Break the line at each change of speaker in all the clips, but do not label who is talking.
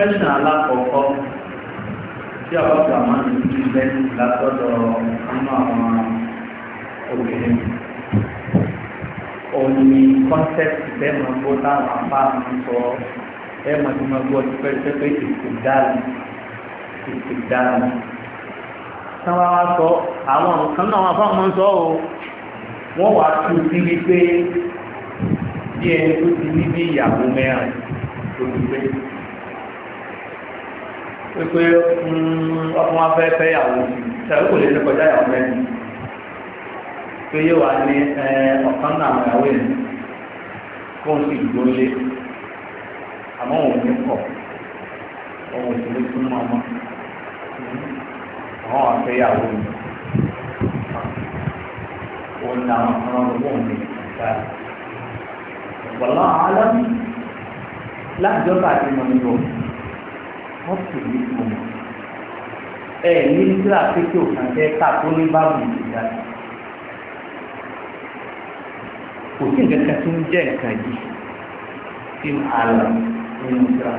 Fẹ́ṣàn alákọ̀ọ́kọ́ tí ọ̀pọ̀pọ̀ máa ń fi ilẹ̀ látọ́dọ̀ nínú àwọn obìnrin.
Òun ni kọ́ńtẹ́ẹ̀tì bẹ́ẹ̀mọ̀ gbọ́ táwọn apá mi sọ bẹ́ẹ̀mọ̀ tí wọ́n gbọ́ tipẹ́ tipẹ́ ètò dáàlì ètò dáàlì. Táwọn wá sọ àwọn nǹkan náà wọn fáwọn máa ń sọ o wọ́n wá tú sí wípé bí ẹni tó ti ní bí ìyàwó mẹ́rin tó ti gbé wípé hmm, ọkùnrin wa fẹ́ fẹ́ yàwó tẹ̀lé kò lè ní kọjá yàwó mẹ́rin pé yóò wá ní ọ̀kan náà àwọn ìyàwó yẹn kó n sì gbó lé àmọ́ òun ní kọ̀
ọmọ òṣèlú tún mọ́ ọmọ
àwọn wa fẹ́ yàwó òun ní àwọn kan náà lọ́wọ́ òun ní ìgbà wọ́n lọ́wọ́ àlọ́ láti jọ́ bá mọ̀ nínú wọ́n sì ní ìmọ̀ ẹ ní sílà pété òkan tẹ́ ká tó ní báàbù ìgbà kò sí nǹkan kan tó ń jẹ́ nǹkan yìí sí àlà nínú sílà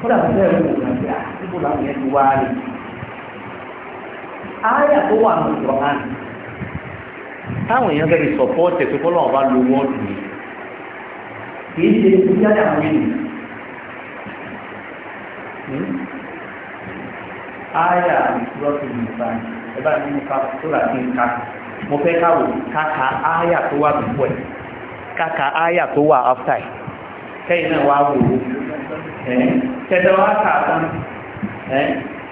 kódà tó fẹ́ wò kàn sí àtúbò làwọn yẹn ti wá rí ààyè tó wà ní ìjọ hàn táwọn èèyàn fẹ́ fi sọ̀pọ́ọ̀tì pé kọ́lọ́ọ̀ bá lo wọ́ọ̀dù yìí kì í ṣe ìjáde àwọn ènìyàn áyà ìṣúrọ́sì nìgbà ẹ bá nínú ká tó rà sí ká mo fẹ́ káwò káka áyà tó wà púpọ̀ ẹ̀ káka áyà tó wà áfíà ẹ̀ kẹ́yìn náà wá wò ó kẹ́tẹ́ wá kà á tán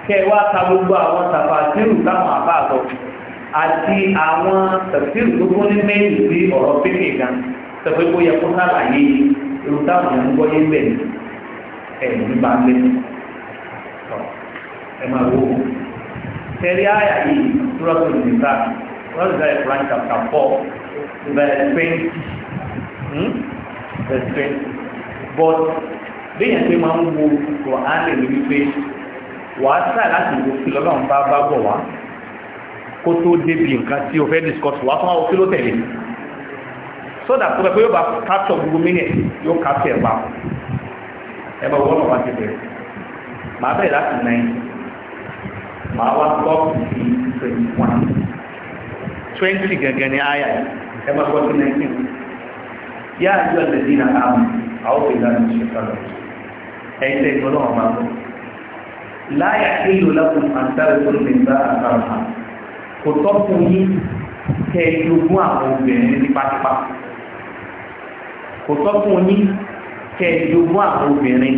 kẹ́ wá ka gbogbo àwọn tàfà táwọn àbá àti àwọn tàfsírù tó kún ní méjì sí ọ̀rọ̀ pínpín gan tẹ̀fẹ́ kó yẹ kó sálàyé irú táwọn ẹ̀ ń gbọ́ yé bẹ́ẹ̀ ẹ̀ nígbà bẹ́ẹ̀ ẹ máa wò ó tẹ̀lé àyà yìí túrọ́tò nìta wọ́n ti sáré Quran chapter four verse twenty hmm? verse twenty but bẹ́ẹ̀ pé máa ń wo Quran lè ní wípé wàá sà láti wo kí lọ́lọ́run bá bá bọ̀ wá kó tó débi nǹkan tí o fẹ́ discuss wàá fún wa kí ló tẹ̀lé so that tó bẹ pé yóò bá capture gbogbo minute yóò capture ẹ̀ pa ẹ bá wọ́n lọ́wọ́ ti bẹ̀rẹ̀ màá bẹ̀rẹ̀ láti nine màá wá tọ́pù sí twenty one twenty gẹ́gẹ́ ní àyà yìí ẹ máa gbọ́ sí nineteen yá àjọ ẹ̀dẹ̀dì náà àmì àwọn òfin náà ní ṣe sọ̀rọ̀ ẹ̀yìn tẹ̀ ìgbọ́n náà máa bọ̀ láyà kí ló lákùn àtàrí tó lè bá àtàrà hàn kò tọ́pù yín kẹ́ ẹ jogún àwọn obìnrin ní pátápá kò tọ́pù yín kẹ́ ẹ jogún àwọn obìnrin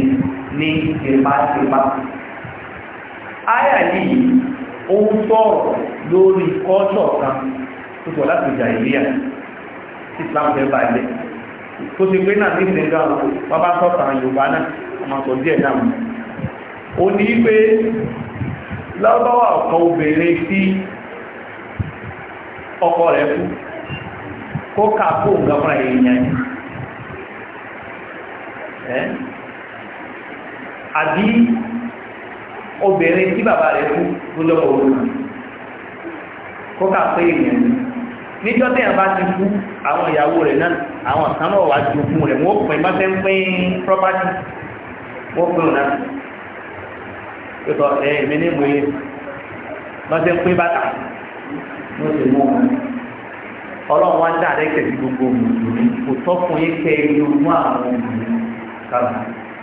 ní ìpátipá áyà yìí ó ń sọ̀rọ̀ lórí kọ́ṣọ̀ kan tó sọ láti ìjà ìlíà tí Islam fẹ́ bàjẹ́ tó ti pé náà ní ìsinmi wọn bá sọ̀tàn Yorùbá náà ọmọ sọ díẹ̀ náà ó ní pé lọ́bọ́wà ọ̀kan obìnrin tí ọkọ rẹ̀ kú kó kàpò gbọ́nà èèyàn àbí obìnrin tí bàbá rẹ̀ kú gbọ́dọ̀ òun kó kà pé èèyàn ni níjọ́ tí a bá ti kú àwọn ìyàwó rẹ̀ náà àwọn kan náà wà ju fún rẹ̀ wọ́n pín bá fẹ́ ń pín property wọ́n pín òun náà pẹ̀tọ̀ ẹ̀yìn mi ní ìwé bá fẹ́ ń pín bàtà ní oṣù mọ́ ọlọ́run wá ń dà rẹ̀ kẹ̀sí gbogbo mùsùlùmí kò tọ́ fún yín kẹ́ ẹ lórí àwọn mùsùlùmí kálá.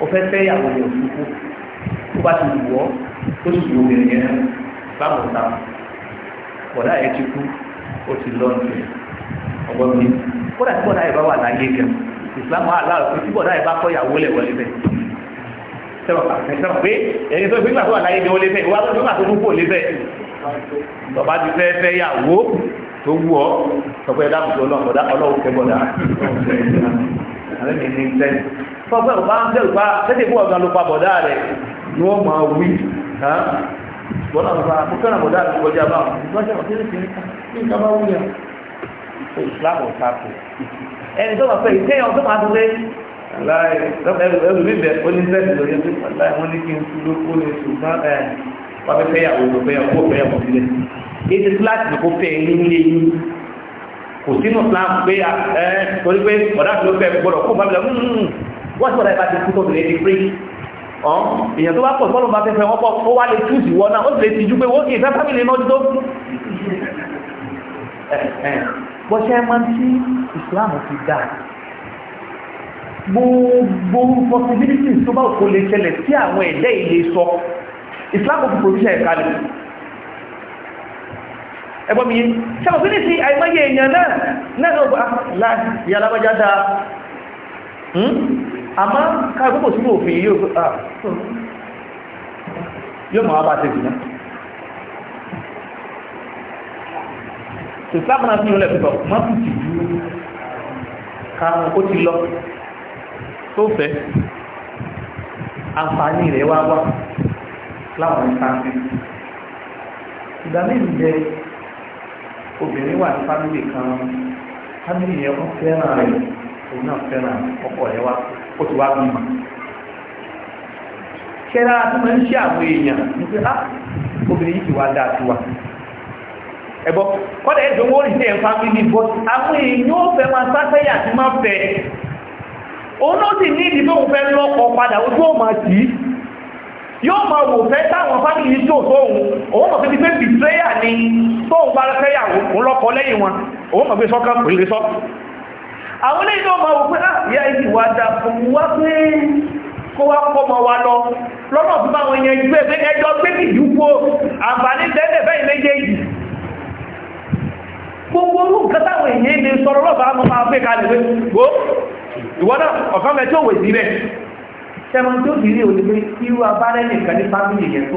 o fẹ́ fẹ́ ìyàwó rẹ̀ òfurufú tó bá ti wù ọ́ tó sì wù obìnrin yẹn báwo ta bọ̀dá yẹn ti kú ó ti lọ ní ọgbọ́n mi kódà tí bọ̀dá yẹn bá wà láyé gẹ̀ ìsìlámù aláwọ̀ pé tí bọ̀dá yẹn bá kọ́ ìyàwó lẹ̀ wọlé bẹ́ẹ̀ sẹ́wọ̀n pé ẹ̀yin tó gbégbà tó wà láyé ni ó lé bẹ́ẹ̀ wà tó gbégbà tó kú kò lé bẹ́ẹ̀ bàbá ti fẹ́ fẹ́ yàwó tó wù ọ́ sọ pé ẹ dábùtò ọlọ́ọ̀kọ̀dá ọlọ́ọ̀kẹ́ bọ̀dá ọlọ́ọ̀kẹ́ sọ́pẹ́ ọ̀bá ń tẹ́rù pa tẹ́tẹ̀ fún ọ̀gá ló pa bọ̀dá rẹ̀ ni wọ́n máa wí bọ́lá ń fa akókẹ́rẹ̀ bọ̀dá rẹ̀ kọjá bá wọn ṣe ọ̀kẹ́rẹ́ kìíní kí nǹkan bá wúyà ṣe ìsìlámù ọ̀tàkù ẹni tó máa fẹ́ ìtẹ́yàn tó máa tó lé ẹrù bíbẹ̀ oníṣẹ́sì lórí ẹgbẹ́ pàtàkì wọn ní kí n tún ló kó lè ṣùgbọ́n wọ́n fẹ́ fẹ́ yàwó ló fẹ́ yàwó kó fẹ́ yàwó sílẹ̀ ètò kíláàsì kó fẹ́ yín lé yín kò sínú plan pé ẹ torí pé ọ̀dà wọ́n ti wọ́n láti bá ti kú tó lè di pé ọ̀n èèyàn tó bá pọ̀ bọ́lọ̀ bá fẹ́fẹ́ wọ́n pọ̀ ó wá lè túùsì wọ́n náà ó sì lè ti jú pé wọ́n kì í fẹ́ fámìlì náà tó bọ́ṣẹ́ máa ń tí Islam ti dá gbogbo possibilities tó bá kò lè ṣẹlẹ̀ tí àwọn ẹ̀dẹ́ ilé sọ Islam ti provision ẹ̀ka lè ẹgbọ́n mi yìí ṣẹ́bọ̀ sí ní sí àìmọye èèyàn náà náà lọ́gbà ah, láì ìyá alábájá àmá káàkókò sínú òfin ah, yóò mọ̀ bá ṣe jùlọ tó sáàmùnà sí ilẹ̀ pípọ̀ má ó ti lọ tó fẹ́ àǹfààní rẹ̀ wá wà láwọn nǹkan ìgbà mẹ́rin obìnrin wà ní fámìlì kan fámìlì yẹn ó fẹ́ràn rẹ̀ òun náà fẹ́ràn ọkọ rẹ̀ wá kú ó ti wá bí mọ̀ ṣẹ́ra tó máa ń ṣe àwọn èèyàn ní pé á obìnrin yìí ti wá dáa sí wa ẹ̀bọ́ kọ́dà ẹ̀dùn owó rí sẹ́yìn fámílì bọ́ àwọn èèyàn ó fẹ́ máa sáfẹ́yà tí máa fẹ́ òun ló sì ní ìdí tóun fẹ́ lọ́kọ padà ojú ò máa tì í yóò máa wò fẹ́ táwọn fámílì tó tóun òun mọ̀ fi pé bìtírẹ́yà ni àwọn ilé ìjọ ma wò pé àyà ah, ìdí wà dà fún wá pé kó wá kọ́ mọ wa lọ lọ́nà fún bá wọn yẹn gbé ẹjọ́ gbé kì í kú àǹfààní tẹ́lẹ̀ bẹ́ẹ̀ méjèèjì gbogbo orú nǹkan táwọn èèyàn lè sọ̀rọ̀ lọ́ba àwọn máa gbé kalẹ̀ pé gbó ìwọ náà ọ̀kan mẹ́ tí ó wè sí rẹ̀ tẹ́mọ tó fi rí òní pé irú abárẹ́ nìkan ní fámìlì yẹn tó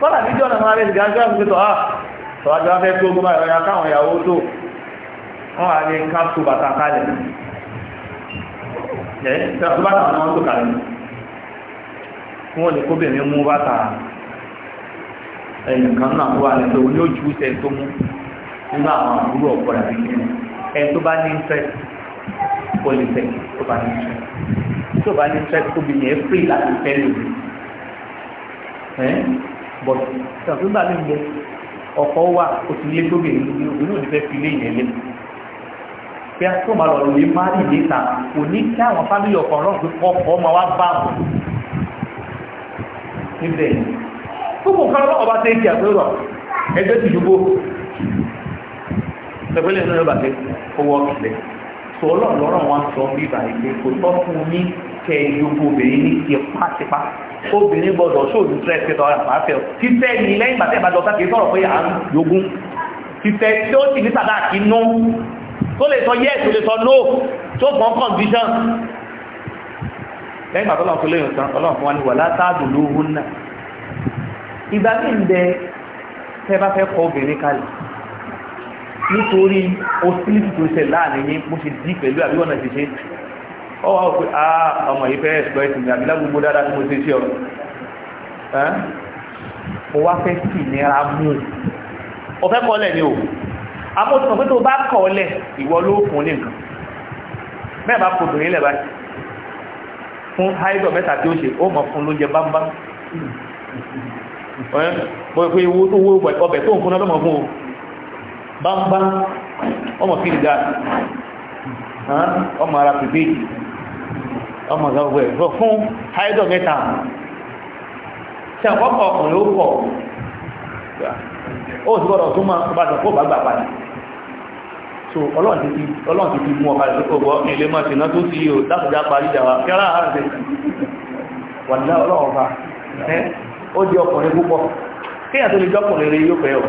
kọ́lá níjọ́ náà máa rẹ̀ sí gáńgá fún pẹ́tọ̀ ah tọ́wájọ́ afẹ́ tó gbọ́ ẹ̀rọ akáwọn ìyàwó tó wọ́n wà ní kápsù bàtà kalẹ̀ ẹ̀ tẹ́lá bàtà wọn tó kalẹ̀ wọ́n lè kóbìnrin mú bàtà ẹ̀yìn kan náà wà ní pé oní ojú tẹ́ tó mú nínú àwọn àbúrò ọ̀pọ̀ rẹ̀ ẹ̀ tó bá ní fẹ́ pọ̀lìfẹ́ tó bá ní fẹ́ tó bá ẹ̀ pè láti fẹ́ but ṣàtúndà lè gbẹ ọkọ wà oṣù ilé tó bèrè ní obìnrin òní fẹ́ fi ilé yẹn lé pé a tó máa lọ lè má rí ìléta kò ní kí àwọn fámìlì ọkọ náà pé ọkọ máa wá bá wọn níbẹ̀ gbogbo nǹkan ọlọ́wọ́ bá tẹ́ kí àpérò ẹgbẹ́ ti dùgbò tẹ̀pẹ́lẹ̀ ní ọba tẹ́ owó ọ̀kẹ́lẹ̀ tó ọlọ́ọ̀lọ́rọ̀ wọn sọ bíbá ìgbé kò tọ́ fún mi kẹ́ ìyókù obìnrin ní tipátipá obìnrin gbọdọ̀ ṣòdù stress pẹ̀tọ̀ àpáfẹ́ títẹ́ ní lẹ́yìn ìgbà tẹ́ẹ̀bá lọ sáàkì sọ̀rọ̀ pé à ń yógún títẹ́ tí ó sì ní sàdáàkì nú tó lè sọ yes tó lè sọ no tó fọ́n condition lẹ́yìn ìgbà tọ́lọ̀ fún lẹ́yìn tán ọlọ́run fún wa ní wà látàdù lóhun náà ìgbà tí ń bẹ tẹ́ bá fẹ́ kọ obìnrin kalẹ̀ nítorí hostility tó ṣe láàrin yín mo ṣe dí pẹ̀lú àbí ọwọ́ òkú àà ọmọ ìfẹ́ ẹ̀sùgbọ́ ìsìn àbílá gbogbo dáadáa tí mo ti ṣe ọ̀rọ̀ mo wá fẹ́ sì nira mú ọ̀fẹ́ kọ́lẹ̀ ni o amóhùn pé tó bá kọ́lẹ̀ ìwọ ló fún ní nǹkan mẹ́ẹ̀bá kòbìnrin lẹ̀ báyìí fún haidọ̀ mẹ́ta tí ó ṣe ó mọ̀ fún lóúnjẹ bámbá mọ̀ pé owó tó wó ọbẹ̀ tó ń fún ọlọ́mọ̀ fún o bámbá ọmọ fíìdá ọmọ ara ọmọ ọ̀gá gbogbo ẹ̀ fún haidọ̀ mẹ́ta tí àkọ́kọ́ ọkùnrin ó kọ̀ ó sì gbọ́dọ̀ tó máa bá kó bá padà so ọlọ́run ti fi mú ọba ìlú ọgbọ́ ilé máa ti náà tó sí yíò dákùjá parí ìjàwà kẹ́rà àárẹ̀ wà ní ọlọ́run bá ó di ọkùnrin púpọ̀ kíyàn tó lè jọ́kùnrin rí yóò fẹ́ ọ̀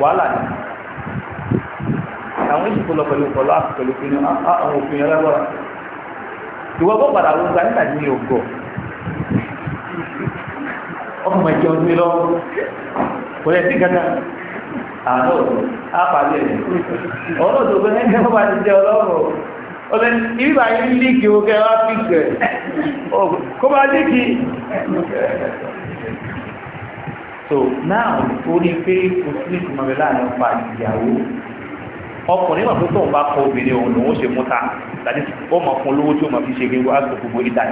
wàhálà ní àwọn ìṣùkú lọ pẹ̀lú pẹ̀lú ìwọ bó padà ló ń gba nígbà tí mi ò gbọ́ ọkùnrin máa jẹun sí lọ kò lè sí kankan àánú àpàdé ọ̀rọ̀ tó gbé ẹgbẹ́ wọn bá ti jẹ ọlọ́rọ̀ ọ̀lẹ́ ìbá yìí líkì oge wá fi gẹ̀ kó bá líkì so now orí pé kò sí ìtumọ̀ rẹ̀ láàrin ọ̀pá ìyàwó ọkùnrin mọ̀ pé tóun bá kọ obìnrin òun lòun ṣe mú ta tàbí ó mọ̀ fún olówó tí ó fi ṣe gbogbo àti gbogbo ìdá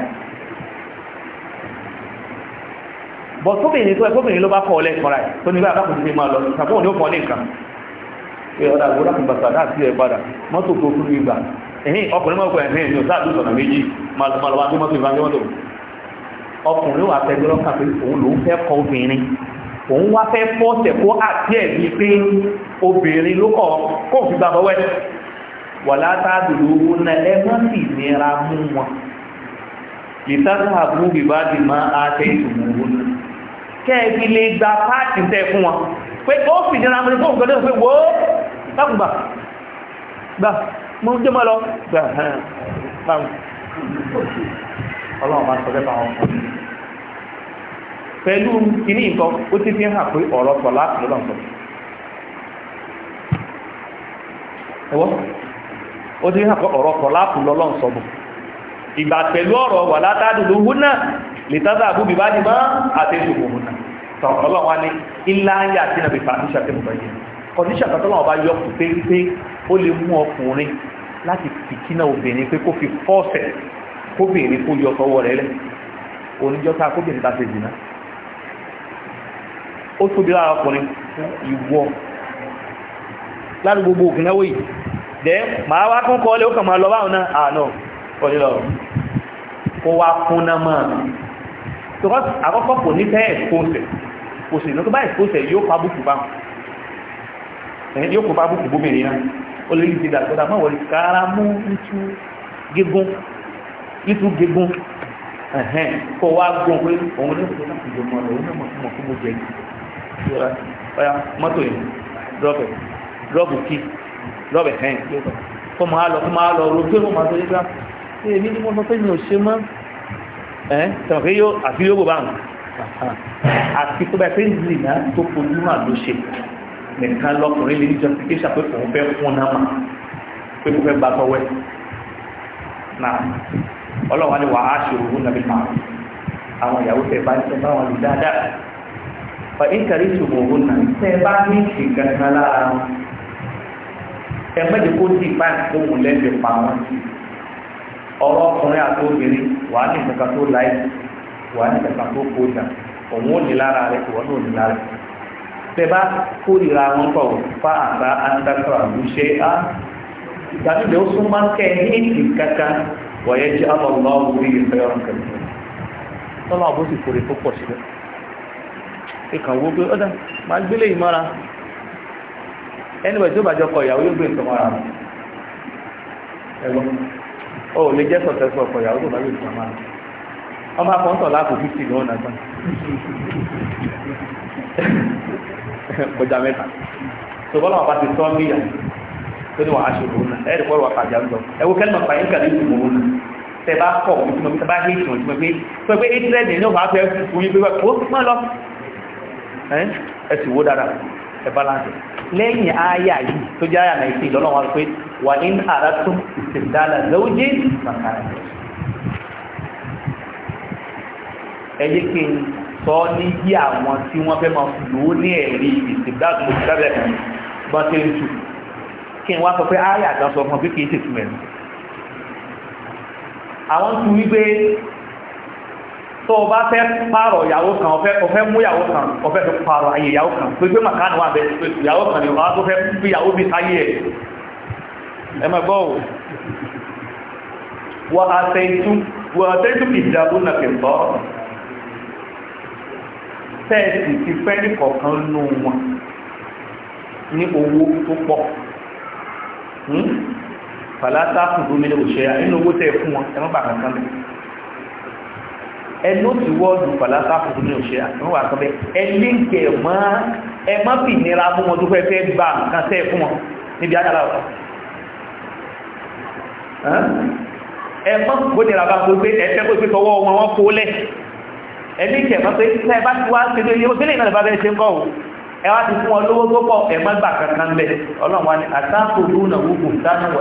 bọ̀ tóbìnrin tó ẹ tóbìnrin ló bá ọlẹ́ ìkọ́ra ẹ̀ tó ní bá máa lọ ní nǹkan pé ọ̀dà ẹ̀ padà mọ́tò tó ìgbà ẹ̀hìn ọkùnrin mọ́kọ̀ ẹ̀hìn sọ̀nà méjì máa mọ́tò mọ́tò ọkùnrin òun wá fẹ́ fọ́ọ̀sẹ̀ kó àti ẹ̀mí pé obìnrin ló kọ̀ kó fi gbà bọ́wẹ́ wà látàdùn owó na ẹgbọ́n sì nira mú wọn ìtàkùn àbúrú bìbáàdì máa àtẹ ìtùmọ̀ owó náà kẹ́ẹ̀bí lè gba páàkì tẹ́ fún wọn pé ó fi nira mú ní fóònù gọ́dọ̀ pé wó tákùgbà gbà mú jẹ́ mọ́ lọ gbà ọlọ́run bá sọ fẹ́ bá pẹ̀lú kìíní nǹkan ó ti fi hàn pé ọ̀rọ̀ sọ láti lọ́dọ̀ nǹkan ẹ̀wọ́ ó ti hàn pé ọ̀rọ̀ sọ láti lọ́dọ̀ nǹkan ìgbà pẹ̀lú ọ̀rọ̀ wà látàdù ló hún náà lè tàbí àbúbí bá ní máa àti ìṣòwò hún náà tọ̀ ọlọ́wọ́ ní ilá ayé àti nàbí fàtíṣà tí mo bá yẹ kọ̀díṣà tọ́lọ́wọ́ bá yọ kù pé ó lè mú ọkùnrin láti fìkínà obìnrin pé kó fi fọ́ọ̀sẹ̀ kóbìnrin kó yọ tọwọ́ rẹ̀ oníjọ́ta kóbìnrin ta ṣe jìnnà ó tóbi lára ọkùnrin ìwọ láti gbogbo òkú náwó yìí dẹ́ màá wá tún kọ́ lé ó kàn máa lọ báwọn náà àná ah, ọ̀lẹ́ lọ kó wá fún náà máa tọ́kọ́ àkọ́kọ́ kò ní fẹ́ ẹ̀kọ́sẹ̀ kò sì ní tó bá ẹ̀kọ́sẹ̀ yóò pa bùkù bá yóò kó bá bùkù wá gún pé ní kó láti ọ̀rọ̀ òun náà fún mọ̀ fún mo jẹ́ ìrọ̀lá ọ̀yà mọ́tò yẹn drọ́bẹ̀ drọ́bù kí drọ́bẹ̀ hẹ́n kó máa lọ kó máa lọ ro pé mo máa sọ́jú gbá ṣe èmi ni mo sọ pé mi ò ṣe mọ́ ẹ̀ tẹ̀wọ̀n pé yóò àfi yóò bò bá wọn àti tó bá pé ń zì náà tó fojú mà ló ṣe nìkan lọkùnrin lè ní justification pé àwọn ìyàwó tẹ̀ bá ń tẹ̀ bá wọn lè dáadáa fàyín kàrí ìṣòwò náà tẹ́ bá ní ìkankan lára wọn ẹ mẹ́jọ kó dì bá ìkóhùn lẹ́gbẹ̀ẹ́ pa wọn sí ọ̀rọ̀ ọkùnrin àti obìnrin wàá ní kankan tó láì wàá ní kankan tó kódà òun ò ní lára rẹ ìwọ náà ò ní lára rẹ tẹ́ bá kórìíra wọn pọ̀ fa àṣà àtàkùn àbúṣe á ìgbàlú ó sún máa ń kẹ́ ní ìkankan wọ̀nyẹn jẹ́ àbọ̀ lọ́wọ́ orí ìfẹ́ ọ̀rọ̀ kẹ̀kẹ́ ìkànwó pé ọ́dá ma gbélé ìmọ́ra ẹniwẹ̀ tí ó bàjọ kọ ìyàwó yóò gbé ìtọ́mọ́ra ẹgbọ́n ó lè jẹ́ sọ̀tẹ́sọ̀ ọkọ ìyàwó tó bá gbé ìtọ́mọ́ra ọmọ akọ́ńtọ̀ láàpù 50 lọ́wọ́ nàgbà kọjá mẹ́ta tó bọ́lá wọn bá ti tọ́ níyà tó ní wà á ṣòro náà ẹ̀rì pọ́lù wà pàjá lọ ẹwọ́ kẹ́lìmọ̀ pàyín kàlí ìtumọ̀ wọn náà tẹ bá kọ̀ òtúmọ̀ pé tẹ bá hé ìtumọ̀ pé pé ní ọ̀fà fẹ́ fún yín pé lọ ẹ sì wó dára ẹ balance lẹ́yìn àyà yìí tó jẹ́ àyà náà ìsìn lọ́nà wa pé wà ní àràtún ìsìndálà lóòjì màkàrà ẹ yé kí n sọ ní bí àwọn tí wọ́n fẹ́ máa lò ó ní ẹ̀rí ìsìndálà lóòjì bá ṣe ń tù kí n wá sọ pé àyà kan sọ fún ọ pé kì í ṣètùmẹ̀ àwọn tún wípé tó o bá fẹ́ pààrọ̀ ìyàwó kan o fẹ́ mú ìyàwó kan o fẹ́ fi pààrọ̀ ayé ìyàwó kan tó gbé màkánù wà bẹ ìyàwó kan ni wàá tó fẹ́ fi ìyàwó bí sáyé ẹ̀ ẹ mọ̀ gbọ́ o wà á tẹ́tú wà á tẹ́tú ìdàbò nà fi tọ́ tẹ́ẹ̀sì ti fẹ́ ní kọ̀ọ̀kan nù wọn ní owó tó pọ̀ fàlátà kùdú mi ní òṣèyà nínú owó tẹ́ fún wọn ẹ ẹnu ti wọ́ọ̀dù pàlásà fún ní òṣèrè àwọn wà sọ́bẹ̀ ẹlẹ́ǹkẹ̀ ẹmọ́ fi nira fún wọn tó fẹ́ fẹ́ gba nǹkan tẹ́ fún wọn níbi àjálà ọ̀tọ̀ ẹmọ́ kó nira bá kó pé ẹ̀fẹ́ kó pé tọwọ́ wọn wọ́n kó lẹ̀ ẹlẹ́ǹkẹ̀ ẹmọ́ pé ẹ bá ti wá ṣe lóye ó sílẹ̀ ìnáyà bá fẹ́ ṣe ń kọ́ ẹ wá ti fún ọ lówó tó pọ̀ ẹmọ́ gbà kankan bẹ̀ ọlọ́run wa ni àtàkùn lónà wúkù dáná wọ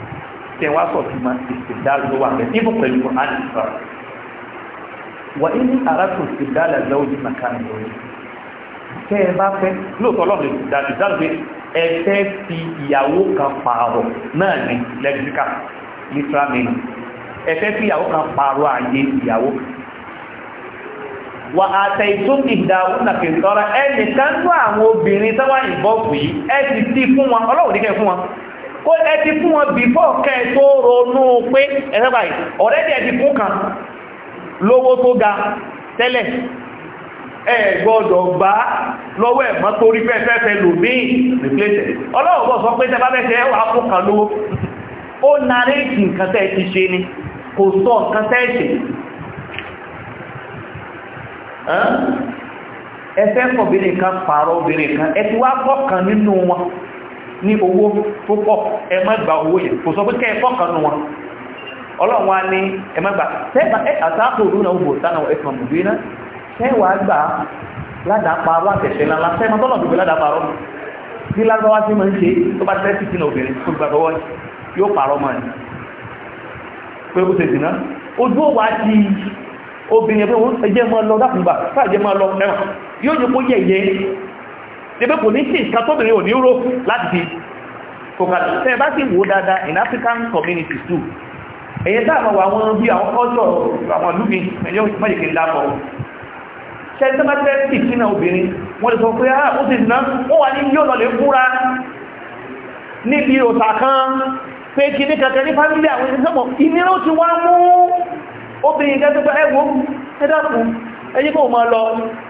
tẹ̀wá sọ̀tún máa ìsìndáàlù ló wà bẹ̀ níbò pẹ̀lú Kùránì ìfà wà ní arákùn ìsìndáàlù àgbáwòjì màkàmì lórí tẹ́ ẹ bá fẹ́ lóòótọ́ lọ́nà ìsìndáàlù ìsìndáàlù pé ẹ fẹ́ fi ìyàwó kan pààrọ̀ náà ní lẹ́gbíkà ní tramina ẹ fẹ́ fi ìyàwó kan pààrọ̀ àyè ìyàwó wà àtẹ̀yìntún ìdáwó nàkè sọ́ra ẹnìkan tó àwọn obìnrin tó wà ìbọ̀ fún yìí ẹ ti ti fún wọn ọlọ́run kó ẹ ti fún wọn bífọ́ kẹ́ tó ronú pé ẹ̀sẹ̀ báyìí ọ̀rẹ́dẹ̀ ti fún kan lówó tó ga tẹ́lẹ̀ ẹ gbọ́dọ̀ gbá lọ́wọ́ ẹ̀mọ́ torí fẹ́fẹ́fẹ́ lò ní replace ọlọ́wọ́ bọ̀ sọ pé ẹfẹ́ kan obìnrin kan nínú wọn ní owó tó pọ̀ ẹ má gba owó yẹn kò sọ pé kẹ́ ẹ̀kọ́ kan nù wọn ọlọ́run wa ní ẹ má gbà tẹ́gbà ẹ àtàkùn òdúnà òbò tánà ẹ̀sùn àmùdú iná tẹ́wà gbà ládàparọ́ àtẹ̀ṣẹ́ ńlá tẹ́mọ tọ́nà òdúnbẹ̀ ládàparọ́ bí lágbàwá sí máa ń ṣe tó bá tẹ́sí sínú obìnrin tó gbà lọ́wọ́ yóò parọ́ mọ́ ni pé ó ṣe dìná ojú òwà ti obìnrin pé ó jẹ́ mọ́ lọ dákùngbà fáà jẹ́ mọ́ lọ débẹ̀ kò ní sí ìkan tóbìnrin ò ní ró láti fi kòkàtà tẹ́ bá sì wò dáadáa in African communities too èyàn dáàmà wà wọn bí àwọn kọ́jọ́ àwọn lúmi ẹjọ́ mọ́jẹ̀kì dáàmọ̀ ṣẹ́ntẹ́mẹ́tẹ́ sì sínà obìnrin wọ́n lè sọ pé ah ó ti dìná ó wà ní yóò lọlẹ̀ fúra níbi òtà kan pé kí ní kankan ní fámílì àwọn ìṣẹ́sọ́pọ̀ ìnira ti wá mú obìnrin kẹ́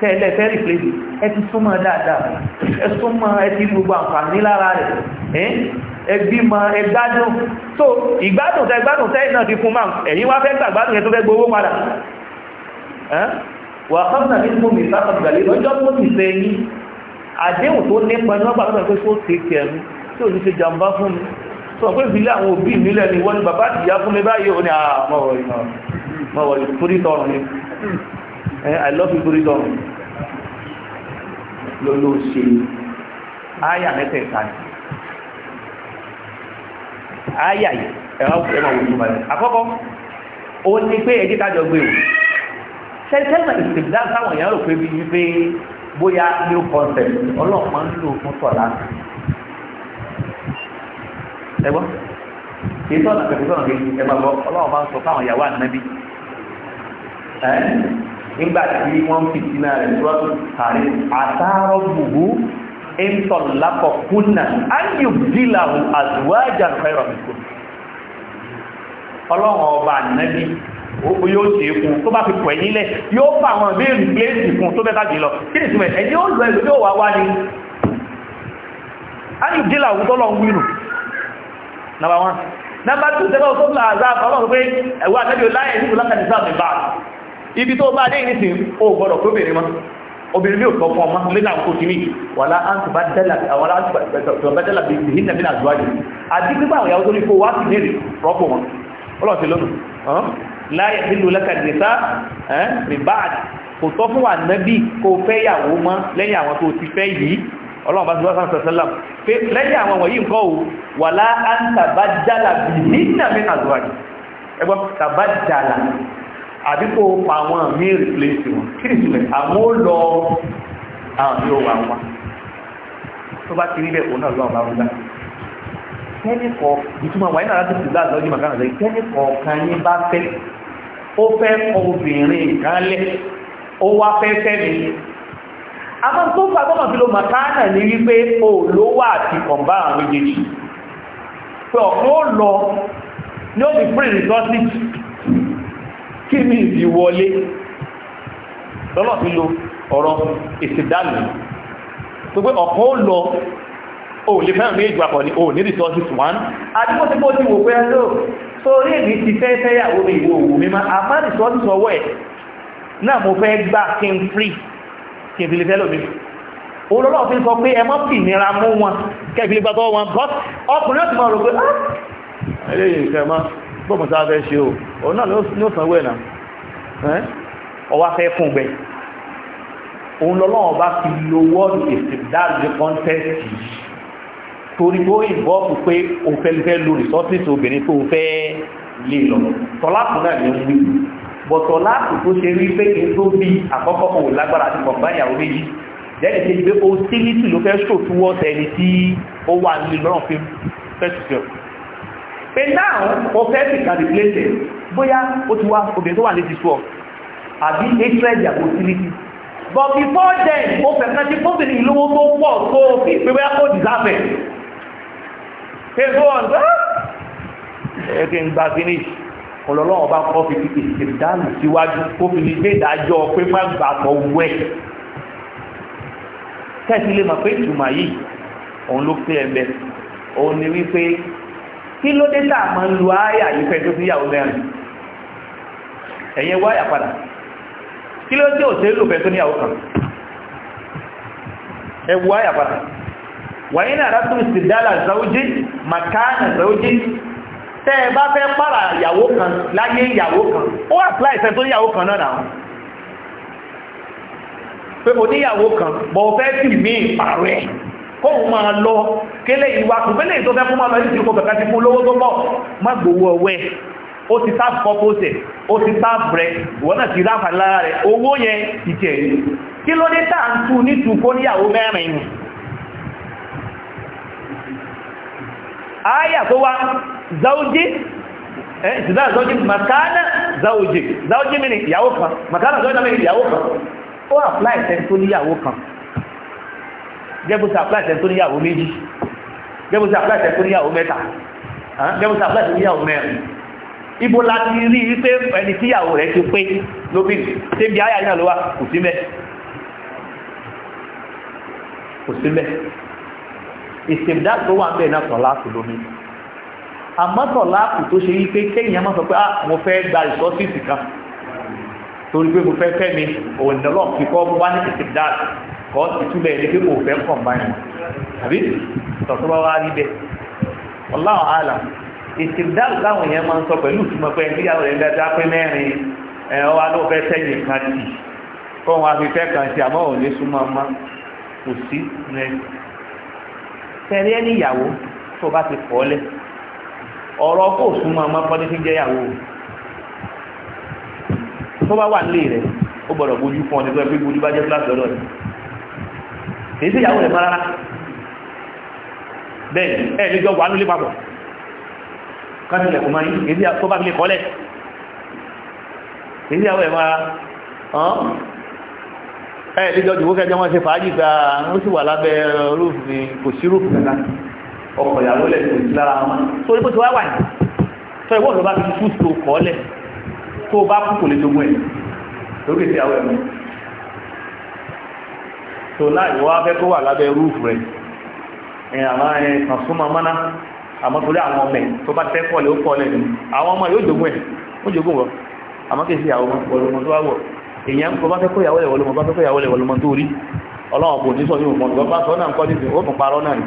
tẹ́lẹ̀ fẹ́rì flébi ẹ ti súnmọ́ dáadáa ẹ súnmọ́ ẹ ti gbogbo àǹfààní lára rẹ̀ ẹgbí ma ẹgbádùn so ìgbádùn tẹ́ gbádùn tẹ́ náà ti fún máa ẹ̀yìn wá fẹ́ gbàgbádùn yẹn tó fẹ́ gbowó padà wà kọ́nà ní fún mi sáfàgbàlẹ̀ lọ́jọ́ tó ti fẹ́ yí àdéhùn tó nípa ní wọ́n bá lọ́pẹ́ tó ṣe kẹrù tí ò ní ṣe jàmbá fún mi sọ pé ìbílẹ̀ àwọn òbí mi lẹ́ni wọ́n ni bàbá àtìyá fún mi báyìí ò ní àmọ́wọ̀ ah, ìmọ̀wọ̀ ìfúrítọ̀rùn ni Eh, I love you freedom ló ló ṣe áyà mẹ́tẹ̀ẹ̀ta ni áyà yìí ẹ̀wà ẹ̀wà wò ló balẹ̀ àkọ́kọ́ ó ní pé ẹ̀jẹ̀ kájọ gbé o sẹ́ńtẹ́lìmọ̀ ìsìnkú sáwọn èèyàn rò pé bí wípé bóyá new concept ọlọ́pàá ń lò fún tọ̀lá ẹgbọ́n kìí tọ́lá kẹfì tọ́lá kejì ẹgbàgbọ́ ọlọ́pàá ń sọ fáwọn ìyàwó ànábì nígbà tí wọ́n fìtí náà rẹ̀ lọ́tún àrí àtàrọ̀ gbogbo ẹ̀ntọ̀ lápọ̀ kúnnà ayùbdílàhù àzúwájà fẹ́rọ̀ mìkò ọlọ́run ọba ànábì yóò ṣe fún tó bá fi pọ̀ ẹ̀yìn lẹ̀ yóò fà àwọn ìbéèrè pléèsì fún tó bẹ́ta jùlọ kí ni ìsinmi ẹ̀yìn ó lọ ẹ̀lú yóò wá wá ní ayùbdílàhù tọ́lọ̀ ń wírù number one number two tẹ́lọ̀ tó ń lọ àzá àbọ̀lọ́ pé ẹ̀wọ́ àtẹ́bí ọláyẹ̀ nígbò lákàtí sáà mi bá ibi tó bá dé ìnísìn ó gbọ́dọ̀ tó bèrè mọ́ obìnrin yóò tọ́ fún ọmọ lẹ́nà àkókò tí ní wàlá àǹtí bá dẹ́là àwọn àǹtí bá dẹ́là bíi ìhìn nàbí nàìjíríà jù àti pípa àwọn ìyàwó tó ní kó wá sí mẹ́rin rọ́pò wọn ọlọ́ọ̀sẹ̀ lónìí láyé nílùú lẹ́ka nìta rìbáàd kò tọ́ fún wa nábì kó fẹ́ yàwó mọ́ lẹ́yìn àbí kò pa àwọn míì rìpléṣì wọn kí ni ìtumẹ̀ àmọ́ ó lọ àwọn tí ó wà wá tó bá ti rí bẹ́ẹ̀ òun náà lọ́wọ́ bá wúlá kẹ́ni kọ ìtumọ̀ wáyé náà láti fi gbà lọ́jọ́ màkà náà lẹ́yìn kẹ́ni kọ̀ọ̀kan yín bá fẹ́ ó fẹ́ kọ obìnrin kan lẹ̀ ó wá fẹ́ fẹ́ mi àmọ́ tó fà tó màá fi lo màkà náà ní wípé o ló wà àti kọ̀ǹbá àwọn méjèèjì pé ọ̀pọ̀ ó lọ ní ó fi free resources kí ni ìwọlé lọ́nà fi lo ọ̀rọ̀ ìsìdánù tó pé ọ̀pọ̀ ó lọ o lè fẹ́ràn ní ìjọ àkọ́ni o ní resources one adúgbòsígbò ti wò pé ẹ̀lọ́ sórí èmi ti fẹ́ fẹ́yàwó mi ìwò òwò mímá àmá resources ọwọ́ ẹ̀ náà mo fẹ́ gbà kí n free kí n fi lè fẹ́ lómi olólọ́ fi sọ pé ẹ mọ́ fi nira mú wọn kẹ́ fi lè gbàgbọ́ wọn but ọkùnrin ó ti mọ̀ rò pé ah eléyìí gbọ́gbọ̀n sáà fẹ́ ṣe o òun náà ni ó sanwó ẹ̀nà ọwá fẹ́ fún gbẹ òun lọ́lọ́wọ́ bá fi lo wọ́ọ̀dù ìsìndáàdì kọ́ńtẹ́ẹ̀tì torí ó ìbọ́ọ̀fù pé o fẹ́ fẹ́ lo resources obìnrin tó fẹ́ lè lọ tọ́láàpù náà ni ó ń wí bọ̀ tọ́láàpù tó ṣe rí pé kí n tó bí àkọ́kọ́ òun lágbára àti kọ̀ǹbáyàwó méjì jẹ́ni tí pé o sílítì ló fẹ́ ṣòtúwọ́ tẹni tí ó wà nílùú lọ́rùn fẹ́ sùfẹ́ pé náà o fẹ́ sì kàdì pléṣẹ̀ bóyá ó ti wá obìnrin tó wà ní ti sọ àbí hatred àbòsílítì but before then ó fẹ́ kan tí fóbìnrin ìlówó tó pọ̀ tó fi pé bóyá kò dìsáfẹ̀ ẹgbẹ́ ń gba finish ọlọ́lọ́wọ́ bá kọ́ fi fi ìdánù síwájú kó fi gbé ìdájọ́ pé má gbà pọ̀ wẹ̀ tẹ́sí lè mọ̀ pé ìtumọ̀ yìí òun ló pé ẹ̀mẹ́ òun ni wípé kí ló dé tá ń lu ááyà yìí fẹ́ tó fi yàwó mẹ́rin ẹ̀yẹ wáyà padà kí ló dé tó kan ẹ wọ padà wàyí náà látún ìsìdálà ìsáwójí màkánà ìsáwójí tẹ́ ẹ bá fẹ́ pààrà ìyàwó kan láyé ìyàwó kan ó àpílá ìfẹ́ tó kan náà oníyàwó kan bọ̀ fẹ́ mí kóhun máa lọ kélé ìwà kùpẹ́lẹ̀ ìtọ́fẹ́ fún máa lọ ní ìṣẹ́kọ̀ọ́ kẹ̀kẹ́ ti fún lówó tó pọ̀ má gbowó ọwẹ́ ó ti tá kọ́pọ̀ tẹ̀ ó ti tá brẹ̀ wọ́n náà ti ráfà lára rẹ̀ owó yẹn ìtẹ̀ kí ló dé tá à ń tu nítù kó níyàwó mẹ́rin nù áyà tó wá zaújí ìsìdá zaújí makana zaújí zaújí mi ni ìyàwó kan makana zaújí mi ni ìyàwó kan ó apply tẹ́ tó níyàwó kan jẹ́bùsà apply tẹ́ tó níyàwó méjì jẹ́bùsà apply tẹ́ tó níyàwó mẹ́ta jẹ́bùsà apply tẹ́ níyàwó mẹ́rin ibo láti rí wípé ẹni tíyàwó rẹ̀ ti pé lóbìnrin tẹ́bí ayà náà ló wá kò sí mẹ́ kò sí mẹ́ ìsìndá tó wà mẹ́ náà sọ̀lá kò lómi àmọ́ sọ̀lá kò tó ṣe wípé kéèyàn máa sọ pé ah mo fẹ́ gba ìsọ́sìsì kan torí pé mo fẹ́ fẹ́ mi òun náà kíkọ́ wá ní ìsìndá kọ́ ìtumẹ̀ ní pé òfẹ́ kọ̀mbáyìn àbí tọ̀tọ́ bá wá rí bẹ́ẹ̀ Allahu alam ìsìndá láwọn èèyàn máa ń sọ pẹ̀lú ìtumọ̀ pé ìgbéyàwó rẹ̀ dáadáa pé mẹ́rin ẹ̀họ́ kan tì kọ́ kan sí àmọ́ ò lè súnmọ́ ọmọ kò sí rẹ̀ tẹ̀lé ẹni ìyàwó tó bá ti fọ́ lẹ̀ ọ̀rọ̀ kò súnmọ́ ọmọ kọ́ ní fi jẹ́ ìyàwó tó bá wà nílé rẹ̀ ó gbọ́dọ̀ bójú fún ọ nígbà pé bójú bá jẹ́ fúláṣí ọlọ́run èyí sí ìyàwó rẹ̀ mọ́ rárá bẹ́ẹ̀ ẹ̀ lójọ wà nílé papọ̀ káàkiri ẹ̀kọ́ máa yí èyí tó bá fi lè kọ́lẹ̀ èyí sí ìyàwó rẹ̀ mọ́ rárá ẹ̀ lójọ jùwó kẹjọ wọn ṣe fàájì gba ó sì wà lábẹ́ rúfin kò sí rúfin kankan ọkọ̀ ìyàwó lẹ̀ kò sí lára wọn torí bó ti wá wà ní sọ ìwọ́n ló bá fi fúùsù kọ́lẹ̀ tó bá kú kò lè tó náà ìwọ́ afẹ́ tó wà lábẹ́ rúùfù rẹ̀ ẹ̀ àwọn ẹ̀ kàn súnmọ́ mọ́ná àmọ́ torí àwọn ọmọ ẹ̀ tó bá tẹ́ kọ́lẹ̀ ó kọ́lẹ̀ ni àwọn ọmọ yóò jogún ẹ̀ ó jogún wọ àmọ́ kì í ṣe àwọn ọlọmọ tó wá wọ èèyàn kò bá fẹ́ kó ìyàwó ẹ̀wọ̀ lọmọ bá fẹ́ kó ìyàwó ẹ̀wọ̀ lọmọ tó rí ọlọ́wọ̀n kò ní sọ yóò mọ̀ lọ́pàá sọ náà ń kọ́ nísìn ó tún parọ́ náà ni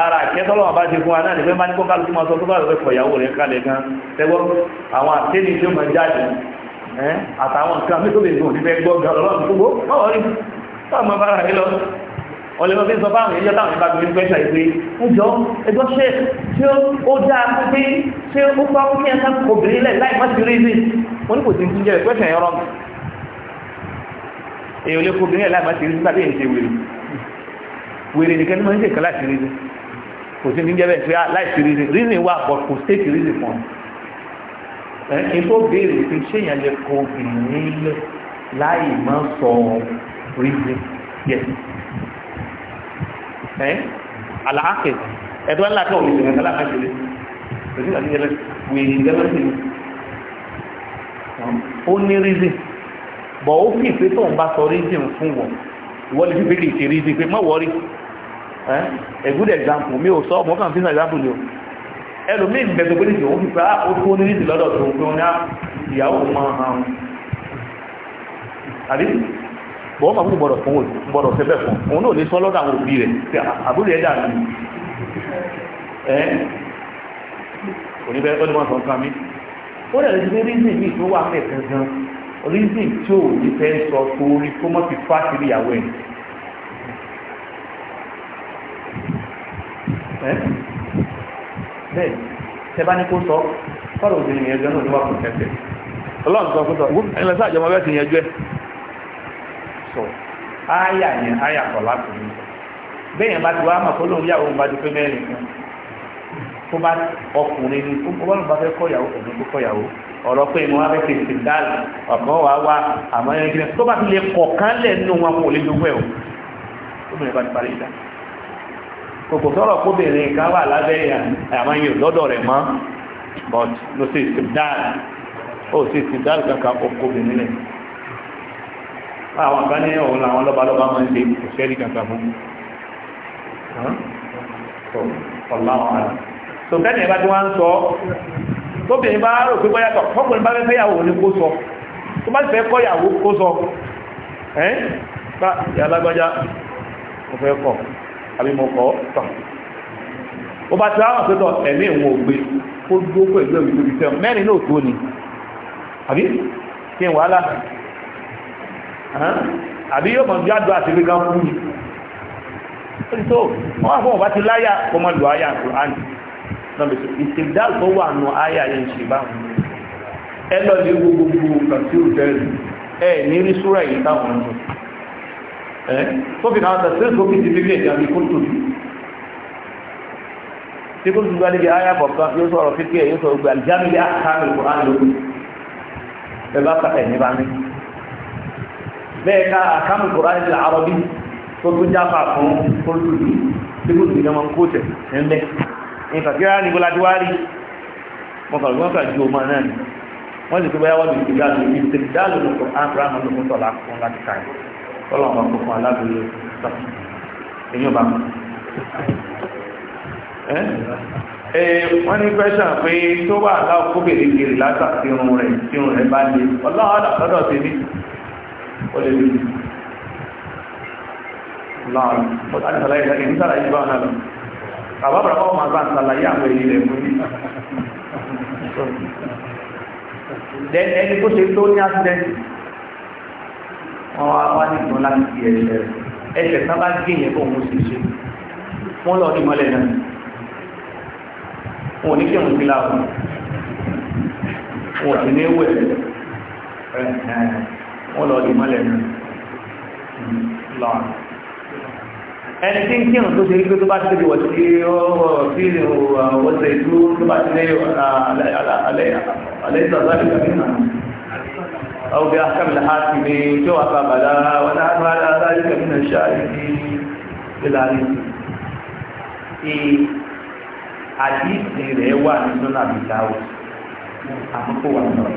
ara ìkẹ́tọ́lọ́wọ̀n bá ti fún wa náà ní fẹ́ máa ní kó kálukú máa sọ tó bá rẹ̀ kọ̀ ìyàwó rẹ̀ kalẹ̀ gan tẹ́gbọ́ àwọn àtẹ́ni tí ó máa jáde àtàwọn nǹkan mẹ́tò lè gùn nífẹ́ gbọ́gbọ́ ọlọ́run gbogbo ọ̀rọ̀ rí sáàmù bára rí lọ ọlẹ́mọ̀ bí sọ báwọn èèyàn táwọn ìbágbé ní pẹ́ṣà ìgbé ẹjọ́ ẹjọ́ ṣe tí ó dáa tó pé ṣé ó pa ó kí ẹ̀ka obìnrin lẹ̀ láì mọ́sí rí rí wọn ní kò sí ti jẹ́ pẹ́ṣà kan láti rí rí kò sí ti jẹ́ bẹ́ẹ̀ pé ah, láì sí rí rí rí ètò béèrè pé ṣéyàn lè kọ obìnrin nílẹ̀ láì má sọ rízi yẹ ẹ àlàáfẹ ẹ̀tọ́ ńlá tó omi ìṣẹ̀lẹ̀ kálá máa ṣẹlẹ̀ òṣìṣẹ́ àti ìṣẹ̀lẹ̀ wèé ìṣẹ̀lẹ̀ sí ni um, ó ní rízi bọ̀ ó fi ìpé tóun bá sọ rízi fún wọn ìwọ́n lè fi pé kì í ṣe rízi pé mọ́ wọ́rí ẹ a good example mi ò sọ ọmọ kan fi sàn example ni o ẹlòmí ń bẹ̀rẹ̀ pẹ́lú ìjọ òun fífà ó tó ah, ní ìdí lọ́dọ̀ tó gbé wọn ah, ìyàwó mọ́ àwọn àbí bọ́ọ̀ máa fún gbọ́dọ̀ fún gbọ́dọ̀ fẹ́ bẹ́ẹ̀ fún òun náà lè sọ lọ́dọ̀ àwọn òbí rẹ̀ tí ah, àbúrò ẹ̀dà mi ẹ́ oníbẹ̀rẹ̀ pẹ́lú wọn sọ nǹkan mi ó rẹ̀ lè rí rízìn mi tó wà mẹ́ gangan rízìn tí ò ní fẹ́ sọ torí kó mọ́ fi fásitì bẹ́ẹ̀ tẹ bá ní kó sọ fọ́rọ̀ òbí nìyẹn jẹ́ náà ló wà fún kẹsẹ̀ ọlọ́run sọ fúnṣọ ẹ̀lẹ́ sáà jọmọ bẹ́ẹ̀ ti yẹn jẹ́ sọ áyà yẹn áyà kọ̀ láti ní bẹ́ẹ̀ bá ti wá mà kó lóun yàwó bá ti pé mẹ́rin kan tó bá ọkùnrin ni tó bá lóun bá fẹ́ kọ́yàwó ọ̀dún tó kọ́yàwó ọ̀rọ̀ pé mo wá fẹ́ fi ìsìndáàlì ọ̀pọ̀ wá wá àmọ́ ẹni tó bá ti lè kọ̀ọ̀kan lẹ̀ wọn kò lè dúpẹ́ o tó bẹ̀rẹ̀ bá ti parí ìdájọ́ kòkò sọ̀rọ̀ kóbìnrin ká wà lábẹ́ àmọ́ yóò lọ́dọ̀ rẹ̀ mọ́ but ló sì ti dáa ó sì ti dáa kankan okòbìnrin rẹ̀ àwọn kan ní òun làwọn lọ́balọ́ba máa ń ṣe òṣèré kankan fún mi ọ̀làwọ̀n àrùn tó kẹ́ni ẹ̀bá tí wọ́n ń sọ tóbìnrin bá rò pé bọ́yá tọ̀kọ́kùnrin bá fẹ́ yàwó ní kó sọ tó bá fẹ́ kọ́ yàwó kó sọ ẹ́ bá yà ọ̀fẹ́ kọ̀ àbí mo kọ́ tọ̀ ó bá ti ráwọ̀n pẹ́tọ̀ ẹ̀mí ìwọ̀n ògbé kó dó pẹ̀lú ẹ̀mí tó fi tẹ́ mẹ́rin náà tó ni àbí kí n wàhálà àbí yóò mọ̀ bí àdó àti gbégbá fún mi ó ti tó wọ́n wà fún ọ̀bá ti láyà kó mọ́ lù áyà Kùránì náà bẹ̀sẹ̀ ní rí súrà yìí táwọn ọmọ tó fi kàwọn tẹ̀sí tó fi ti fi ẹ̀jẹ̀ àbí kó tòbi tí kó tòbi alẹ́ bí ayé àkọ́kọ́ yóò sọ̀rọ̀ fífi ẹ̀ yóò sọ̀rọ̀ gbé àjámi lé àkàmì kò á lóko ẹ bá kà ẹ̀mí bá mi bẹ́ẹ̀ ká àkàmì kò á lè àrọ̀ bí tó tún jáfa fún kó tòbi tí kó tòbi náà kó tẹ̀ ẹ̀ ń bẹ́ ìfàkíra ni bọ́lá ti wá rí wọn kà wọn kà ju ọmọ náà ni wọ́n sì pé báyà wọ́n ti tọ́lọ̀ ọmọ kọ̀ọ̀kan alágbèyẹ sọ èyàn bá wọ́n ní pẹ́ṣà pé tó wà láàkó bèèrè kiri látà tí irun rẹ̀ tí irun rẹ̀ bá lè ọlọ́ọ̀dà lọ́dọ̀ sí ní ọlẹ́ lè láàrín bọ́t á ní sàlàyé ìdájẹ́ ní sàlàyé ìbá ọ̀nà lọ àbábàrà kọ́ máa bá wọn wá wá nìkan láti fi ẹsẹ̀ ẹsẹ̀ tán bá gé yẹn kó òun sì ṣe wọn lọ ní mọ́lẹ̀ náà wọn ò ní kí òun fi láàbù wọn ò sì ní wẹ̀ wọn lọ ní mọ́lẹ̀ náà lọ ẹni tí ń kí òun tó ṣe wípé tó bá ti wọ̀ sí ọwọ́ sí ọwọ́ ṣe ìlú tó bá ti lé alẹ́ alẹ́ ìtọ́jú àti ìgbà أو بأحكم الحاكمين جواب بلا ونحن على ذلك من الشاهدين بالعليم àdíìsì rẹ̀ wà ní sọ́nà àbìdáwò àkókò wà náà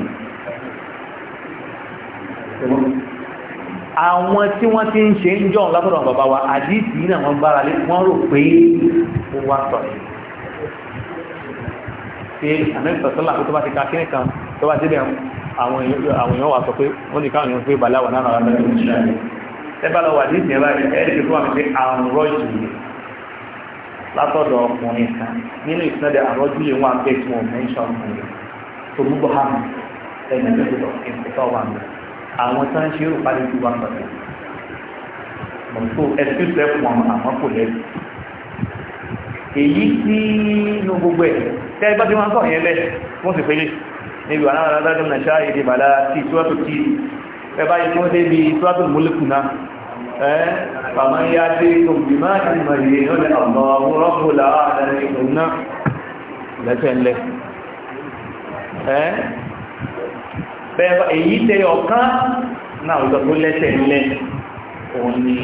àwọn tí wọ́n ti ń ṣe ń jọ látọ̀dọ̀ àwọn bàbá wa àdíìsì yìí náà wọ́n gbára lé wọ́n rò pé ó wá sọ̀rọ̀ pé àmì tó bá ti ka kíní kan tó bá ti bẹ̀rẹ̀ àwọn èèyàn wà sọ pé wọ́n ti káwọn èèyàn pé bàláwà náà rárá lọ́wọ́ ìṣẹ́ ẹbá lọ wà nídìí ẹbá rẹ̀ ẹ̀rì tó wà ní pé àrùn rọ́jù látọ̀dọ̀ ọkùnrin kan nínú ìsinadẹ̀ àrọ́jú yìí wọ́n pé tí wọ́n mẹ́ńṣọ́ ọkùnrin tó gbogbo hàn ẹ̀yìn tó gbogbo ìpẹ́tọ̀ wà ní àwọn tó ń ṣe ó parí ti wà pẹ̀lú mọ̀tò ẹ̀sìkúsù ẹ̀fún àwọn àmọ́ kò lẹ́sì èyí tí inú gbogbo ẹ̀ tẹ́ ẹ bá ti máa ń sọ̀rọ̀ yẹn bẹ́ẹ̀ wọ́n sì fẹ́lẹ́ níbi wà náà lọ́dọ́ na ṣáà èdè bàlá tí tíwọ́tò tí ẹ báyìí fún débi tíwọ́tò múlùkù náà ẹ́ bàmá yá dé tòbí máa ti mọ̀ yé lọ́dẹ àmọ́ rọ́pò làwọn àdàlẹ́ náà lẹ́sẹ̀ ńlẹ̀ ẹ́ bẹ́ẹ̀ èyí tẹ ọ̀kan náà ọ̀dọ́ tó lẹ́sẹ̀ ńlẹ̀ òun ni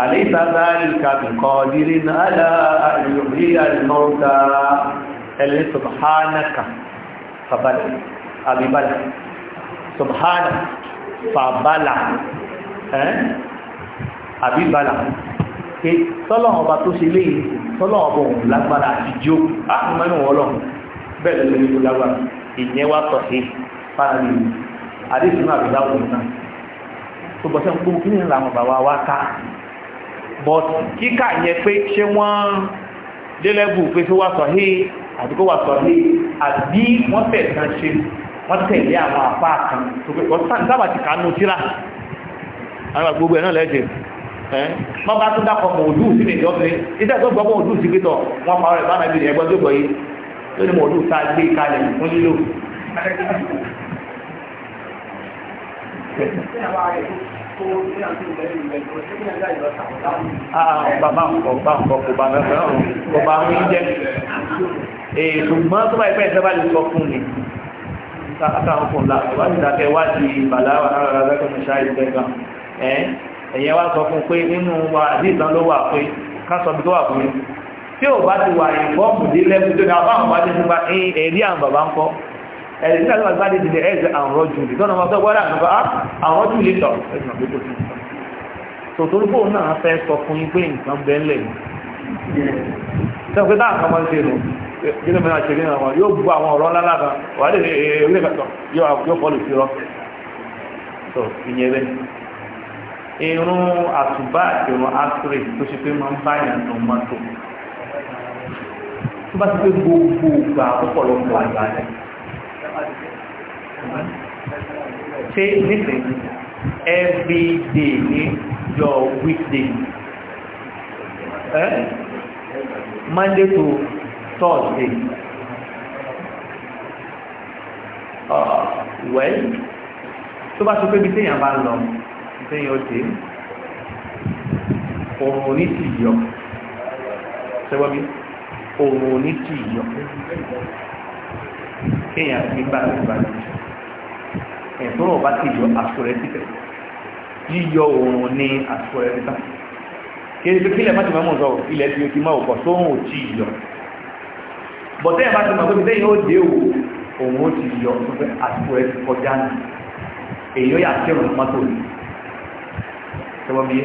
أليس ذلك بقادر على أن يحيي الموتى اللي أبي بلى سبحانك فبلى أبي بلى pé tọ́lọ́wọ́n ọba tó ṣe léyìn tọ́lọ́wọ́n ọba òun lágbára àtijó àmọ́nù ọlọ́run bẹ́ẹ̀ lọ́lọ́ ní lágbára ìyẹn wá sọ sí fáàlì àdéhùn àbúrò àwọn tó bọ́ sẹ́yìn kí ni làwọn bàbá wa but kíkà yẹn pé ṣé wọ́n délẹ́bù pé tó wà sọ̀hí àti kó wà sọ̀hí àbí wọ́n fẹ̀ kan ṣe wọ́n tẹ̀lé àwọn àpá kan tó pé wọ́n sábà ti kánú tíra àwọn àgbogbo ẹ̀ náà lẹ́jẹ̀ wọ́n bá tún dákọ̀ mọ̀ òdú sí nìjọ́ sí iṣẹ́ tó gbọ́ mọ̀ òdú sí pítọ̀ wọ́n pa ọ̀rẹ́ bánà ìbìnrin ẹgbẹ́ tó gbọ́ yìí tó ní mọ̀ òdú sá gbé kalẹ̀ fún lílò bàbá nǹkan bá nǹkan kò bá mẹ́fẹ́ ọ̀run kò bá ń jẹ́ ṣùgbọ́n tó bá ìpẹ́ ìjọba lè sọ fún ni látàwọn fún la wá ti dákẹ́ wá di bàlá aráàlú ṣáà ìgbẹ́gàn ẹ̀yẹn wá sọ fún pé nínú wa àdìsán ló wà pé kásọ bí tó wà fún mi tí ò bá ti wà ìfọ́ọ̀mù délẹ́kùn tó ní abáwọn bá ti ti gba ẹ̀rí àwọn bàbá ń kọ́ ẹ̀rì nígbà tí wọ́n bá dìde ẹ̀ẹ́sì àrùn jùlì tọ́nà wọn fẹ́ wọ́dà nípa àrùn jùlì tọ̀ ẹ̀sìn àgbẹ̀ tó fún un tòtòrí bóun náà fẹ́ sọ fún yín pé nǹkan bẹ́ẹ̀ lẹ̀ sọ pé táwọn kan máa ń ṣe nù nínú mi náà ṣe nínú àwọn yóò bu àwọn ọ̀rọ̀ ńlá lára wà á lè ewé eh, kàtọ̀ yóò fọ́ọ̀lù sí rọ sọ ìyẹn bẹ́ẹ̀ irun àtúbà irun asire tó ṣe pé máa ń bá yàn nù mọ́tò tó bá ti pé gbogbo ìgbà ọ̀pọ̀lọpọ̀ àgbà rẹ̀
Say nísìn
every day ní your weekday eh? Monday to Thursday uh, well tó bá tó pé bí téèyàn bá lọ téèyàn ó dé òun ò ní tì yọ òun ò ní tì kéèyàn nígbà tó bá ti jù ẹ̀tọ́ ọ̀bá ti yọ àṣọ rẹ̀ títẹ̀ yíyọ òun ní àṣọ rẹ̀ títà kéde pé kílẹ̀ má ti máa mọ̀ sọ ilẹ̀ tí o ti máa ọ̀pọ̀ tó ń ò tí yọ bọ̀tẹ́ ẹ̀ bá ti mọ̀ pé bíbẹ́ yìí ó dé òwò òun ó ti yọ tó fẹ́ àṣọ rẹ̀ ti kọjá nù èyí ó yà kírun mọ́tò ni tọwọ́ mi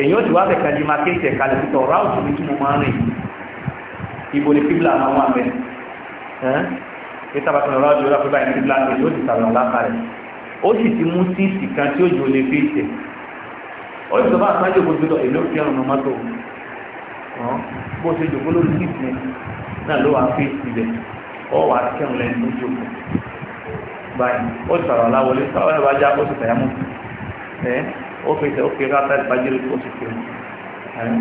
èyí ó ti wá bẹ̀ kájí máa kéèké kalẹ̀ títọ̀ ráùtù mi tí mo máa rìn ibo ni kíbla máa wà bẹ́ẹ̀ pété àbá sọ̀rọ̀ láti ọlọ́pẹ́ báyìí ní bíláàkì ló ti sàrọ̀ lápá rẹ̀ ó sì ti mú síìsì kan tí ó jò lè fi tẹ̀ ó sì sọ bá àtúnájò kó gbé lọ èlò kí ẹrùn ọmọ tó bó ṣe jòkó lórí síìsì náà ló wà fi síbẹ̀ ó wà kẹrùn lẹ́nu tó jòkó báyìí ó ti sàrọ̀ láwọlé sọ̀rọ̀ ẹ̀ bá já ó sì tẹ̀yà mú ẹ̀ ó fi tẹ̀ ó fi ráta ìbájẹ́rẹ́ ó sì tẹ̀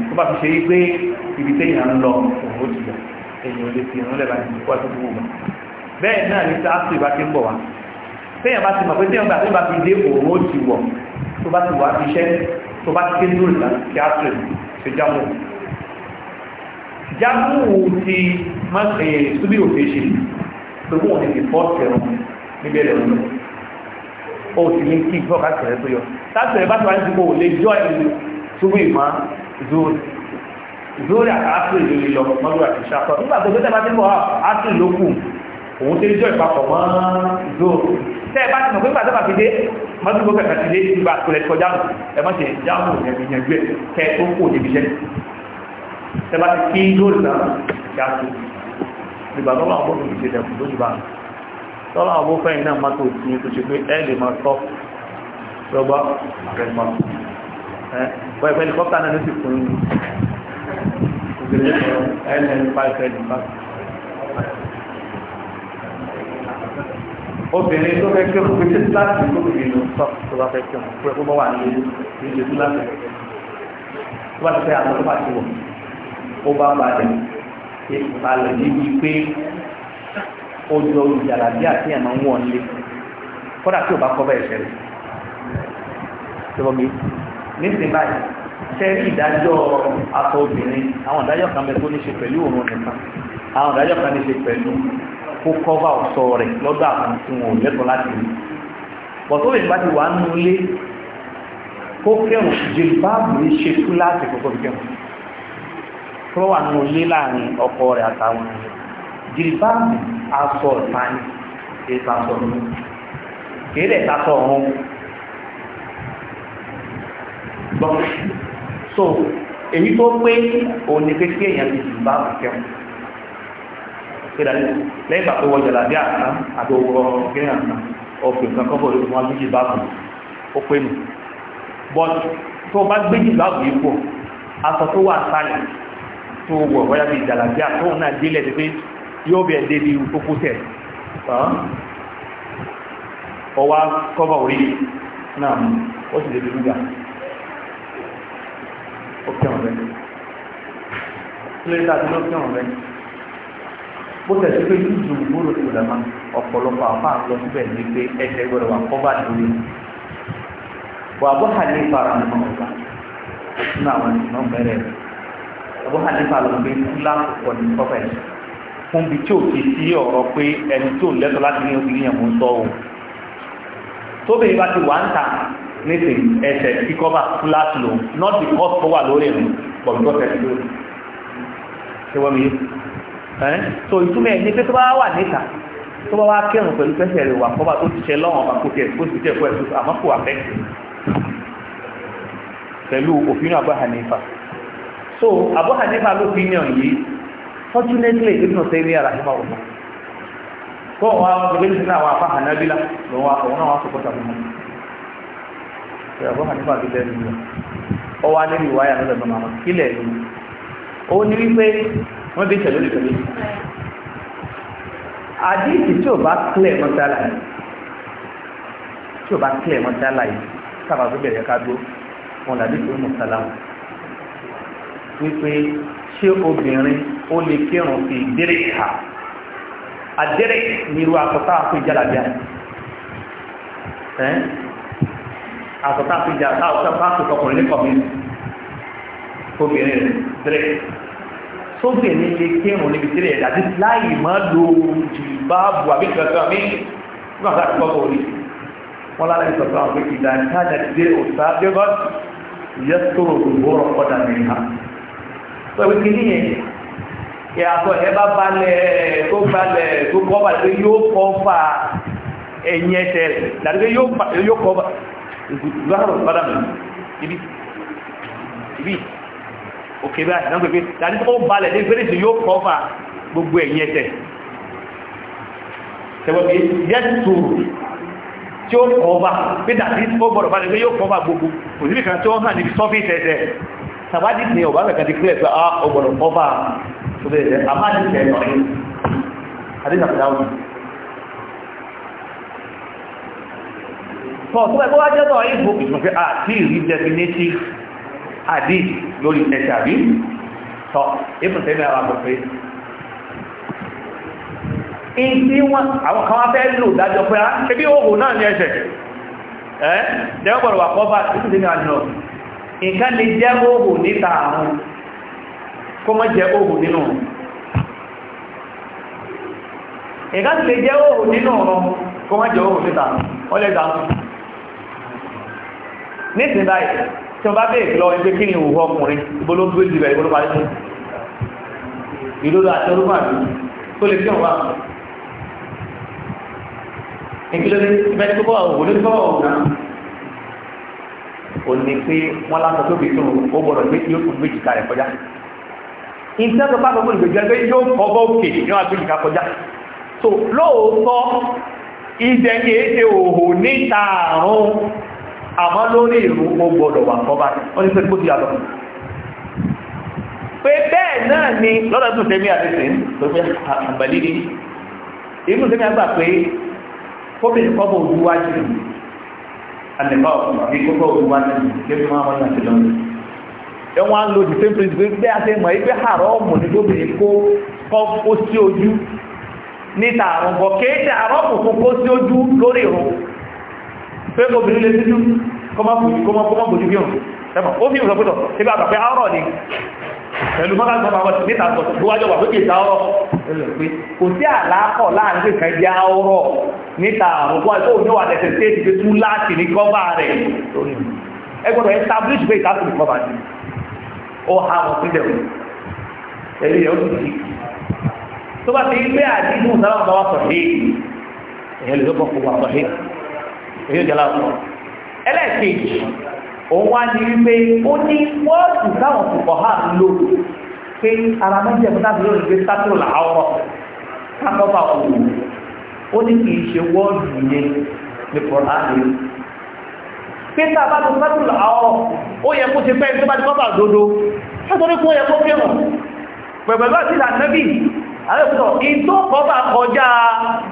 tó bá fi ṣe yí pé ibi téèyàn ń lọ òun ó ti gbà èèyàn ò lè fi ìrànlẹ́ bẹ́ẹ̀ náà ní sáàtù ìbá ti ń bọ̀ wá téèyàn bá ti mọ̀ pé téèyàn gbà tó bá fi dé òun ó ti wọ̀ tó bá ti wà á fi iṣẹ́ tó bá ti ké lórí náà kí á tù ṣe jámù jámù ti má ṣe súbí òfin ṣe pé wọn ò ní fi fọ́ọ̀tì ẹ̀rọ níbi ẹ̀rọ lọ ó sì ní kí fọ́ọ̀kà tẹ̀rẹ̀ tó yọ sáàtù ẹ̀ bá ti wà ní ti kó lè jọ ìlú súbí ìmọ̀ zoro zoro àti áfírí lọ mọ́lú àti ṣàkọ́ nígbà tó gbé òun tẹ́ jọ ìpapọ̀ mọ́ ìlú tẹ́ ẹ bá ti mọ̀ pé pàtó pàfi dé mọ́tò kẹ̀kẹ́ ti dé ìgbà tó lẹ kọ jáàmù ẹ má ṣe jáàmù ìyànjú ẹ kẹ tó kò débi jẹ tẹ́ bá ti kí lóòrì náà yà tó ìgbà tó làwọn bó fi ṣe dẹkùn lójú bá tó làwọn bó fẹ́yìn náà mọ́tò ìyẹn tó ṣe pé ẹ lè máa tọ́ rọgbọ́ àrẹ mọ́ ẹ bọ́ ẹ̀fẹ́ ní kọ́pítà náà ló sì fún un obìnrin tó fẹ́ kí òun pété láti tó fi lò sọ tó bá fẹ́ kí òun pé kó bọ́ wà ní ilé tó láti rẹ̀ tó bá ti fẹ́ àwọn tó bá ti wọ̀ ó bá balẹ̀ ìpalẹ̀ níbi pé ó yọ ìjàlá bí àti ẹ̀mọ́ ń wọ̀ nílé kódà tí ò bá kọ́ bẹ́ẹ̀ ṣẹlẹ̀ tó bọ́ mi nísìnyí báyìí sẹ́rí ìdájọ́ aṣọ obìnrin àwọn ìdájọ́ kan bẹ tó ní ṣe pẹ̀lú òun nìkan àwọn ìdájọ́ kan ní ṣe pẹ̀lú kó kọ́fà ọ̀ṣọ́ rẹ̀ lọ́dọ̀ àwọn tí wọn ò lẹ́tọ̀ọ́ láti rí bọ̀tọ́ bẹ̀rẹ̀ bá ti wà nínú ilé kó kẹ́rùn jìlbáàbù ní ṣe kú láti kọ́kọ́ fi kẹ́rùn tó wà nínú ilé láàrin ọkọ rẹ̀ àtàwọn ènìyàn jìlbáàbù aṣọ ìpani kì í ta aṣọ ìlú kì í dẹ̀ ta aṣọ ọ̀run gbọ́n so èyí tó pé òun ni pé kí èèyàn ti jìlbáàbù kẹ́rùn kéda lẹ́yìn ìgbà tó wọ jàlá bí àtà àti owó gírí àtà ọ̀pẹ̀ nǹkan kọ́kọ́ lórí wọn méjì báàbù ó pé nù but tó bá gbé jì báàbù yìí pọ̀ aṣọ tó wà sálẹ̀ tó wọ̀ wáyà bí jàlá bí àtà òun náà délẹ̀ ti pé yóò bẹ̀ débi kókó tẹ̀ ọwá kọ́bà orí náà bó tẹ̀sí pé kí jùmùúrò tó lè má ọ̀pọ̀lọpọ̀ àfa àlọ́ síbẹ̀ ní pé ẹsẹ̀ gbọ́dọ̀ wà kọ́ bá lórí wà bó hàlẹ́ ìfara ní ọ̀gá nínú àwọn ìṣúná mẹ́rẹ̀ bó hàlẹ́ ìfara ló ń gbé láàkókò ní kọ́fẹ̀ fún bí tí ò ti sí ọ̀rọ̀ pé ẹni tí ò lẹ́tọ̀ láti ní obìnrin yẹn mú sọ o tóbìnrin bá ti wà ń ta nísìn ẹsẹ̀ kíkọ́bà not because tó wà lórí ẹ̀mí but because ẹ̀sìn ẹ́ tó ìtumẹ̀ ní pé tó bá wà níta tó bá wá kírun pẹ̀lú pẹ́sẹ̀ rẹ̀ wà kọ́bà tó ti ṣe lọ́wọ́n àkókò ẹ̀ kó sì jẹ́ ẹ̀kọ́ ẹ̀ tó àmọ́ pẹ̀lú òfin so Abu Hanifa lópinion yìí fortunately Ibn Taymiyyah rahimahullah kó wọn àwọn ọmọ ìgbésí náà wọn afa hanabila lọ́wọ́ àwọn náà fún wọn ti lẹ́nu ọwọ́ wọ́n dé ìṣẹ̀lẹ̀ ìṣẹ̀lẹ̀ àdéhìí tí ò bá clear mọ́tálà yìí tí ò bá clear mọ́tálà yìí sábà tó bẹ̀rẹ̀ ká dó wọn làdí tó mọ̀ sálámù wípé ṣé obìnrin ó lè kírun sí ìdérè ìhà àdérè nírú àkọ́tà àti ìjàlábíà ẹ́ àkọ́tà àti ìjàlábíà táwọn sábà tó kọkùnrin ní kọ̀mí obìnrin rẹ̀ dérè tóbìnrin lè kírun níbi tí rẹ̀ àti láì má lo jìbáàbù àbí kankan mi nígbà tá a ti kọ́kọ́ rí wọn lára ní sọ̀tún àwọn ìdá ìtajà ti dé òsà bíbá ìyẹ́ sọ̀rọ̀ gbogbo ọ̀rọ̀ kọ́dà nìyà sọ wípé kìíní yẹn ẹ àtọ ẹ bá balẹ̀ tó balẹ̀ tó kọ́ balẹ̀ pé yóò kọ́ fa ẹ̀yìn ẹsẹ̀ rẹ̀ yóò kọ́ ibi ibi òkè báyìí náà pẹ̀pẹ́ tàbí tó balẹ̀ ní fèrèsì yóò kọ́fà gbogbo ẹ̀yìn ẹsẹ̀ tẹ́wọ́pẹ́ yẹ́tù tí ó kọ́fà pé tàbí ó gbọ́dọ̀ balẹ̀ pé yóò kọ́fà gbogbo kò sí nìkan tí ó hàn ní sọ́fíìsì ẹsẹ̀ tàbádìí ni ọ̀bá mẹ́kan ti kílẹ̀ pé a ah, ọgbọ̀dọ̀ kọ́fà tó bẹ̀rẹ̀ ẹsẹ̀ àbádìí tẹ̀ lọ ní adéjàpẹ̀dáwọ̀ Fọ́n tó ẹgbọ́ wá jẹ́ tọ́ ìfò ìfòfẹ́ àti ìrí definitive hadith lórí ẹ̀ṣẹ̀ àbí tọ́ ìbùsẹ̀ ní àwọn àgbẹ̀fẹ́ in tí wọ́n àwọn kan wá fẹ́ lò dájọ́ pé á ah, ṣe bí òhùn náà ní ẹ̀ṣẹ̀ ẹ́ dẹ́gbọ̀rọ̀ wà kọ́fà ìbùsẹ̀ ní àjọ nǹkan lè jẹ́ òhùn níta àrùn kó mọ́ jẹ́ òhùn nínú nǹkan lè jẹ́ òhùn nínú ọ̀rọ̀ kó tí wọ́n bá bèèrè lọ ẹgbẹ́ kí ni òwò ọkùnrin ibo ló ń gbé jùlọ ìbọn parí ìlú àti ọdún màdù tó lè fi hàn wá ìgbìlódé ìbẹ́ni tó bọ́ òwò ló tó bọ́ òwò náà ò ní pé wọ́n lásán tó fi tún ó gbọ́dọ̀ gbé yóò fún méjì kalẹ̀ kọjá ìṣẹ́ tó bá gbogbo ìgbèjì pé yóò kọ́ òkè yóò wá gbèjì ká kọjá so lóòótọ́ ìjẹ̀yìn àmọ́ lórí ìrù ó gbọdọ̀ wà kọba wọ́n ni pé kó ti yàtọ̀ pé bẹ́ẹ̀ ni lọ́dọ̀ tún tẹ́mí ni inú tẹ́mí àgbà pé kóbìnrin kọ́bọ̀ òjúwájú àdẹ̀kọ́ àbí kọ́bọ̀ òjúwájú lórí máa wọ́n láti lọ́nà ẹ wọ́n á lo the same principle pé a ṣe mọ̀ ẹgbẹ́ àárọ̀ ọmọ ní gómìnà kó kó sí ojú níta àrùn bọ̀ kéde àárọ̀ kò kó pé obìnrin lè títú kọmọ bòjú bí òun ẹmọ̀ ó fi ìrọ̀ pẹ́tọ̀ tí bá pẹ́ àárọ̀ ni pẹ̀lú ẹgbọ́dọ̀ establish pé ìtàkùn ìkọba ní ó ha wọ́n sílẹ̀ òun ẹ̀rí ẹ̀ ó ti sí tó bá ti ń gbé àdínú sára ọ̀dọ́wà sọ̀hí ẹ̀yẹ́ lè lọ́pọ̀ kó wà sọ̀hí èyí ò jẹ́lá ọ̀pọ̀ ẹlẹ́ẹ̀kejì òun wá ní wípé ó ní wọ́ọ̀dù táwọn kòkò hà ń lò pé ara méjì ẹ̀kọ́ láti lórí pé sátúrò làárọ̀ kákọ́fà òwò ó ní kì í ṣe wọ́ọ̀dù yẹn ní kòránì pé tá a bá lo sátúrò làárọ̀ ó yẹ kó ṣe pẹ́ẹ́ni tó bá ti kọ́fà dodo nítorí kó yẹ kó fi hàn pẹ̀pẹ̀lú àti ìlànàbì àlẹ́kùtọ̀ ìtó kọ́fà kọjá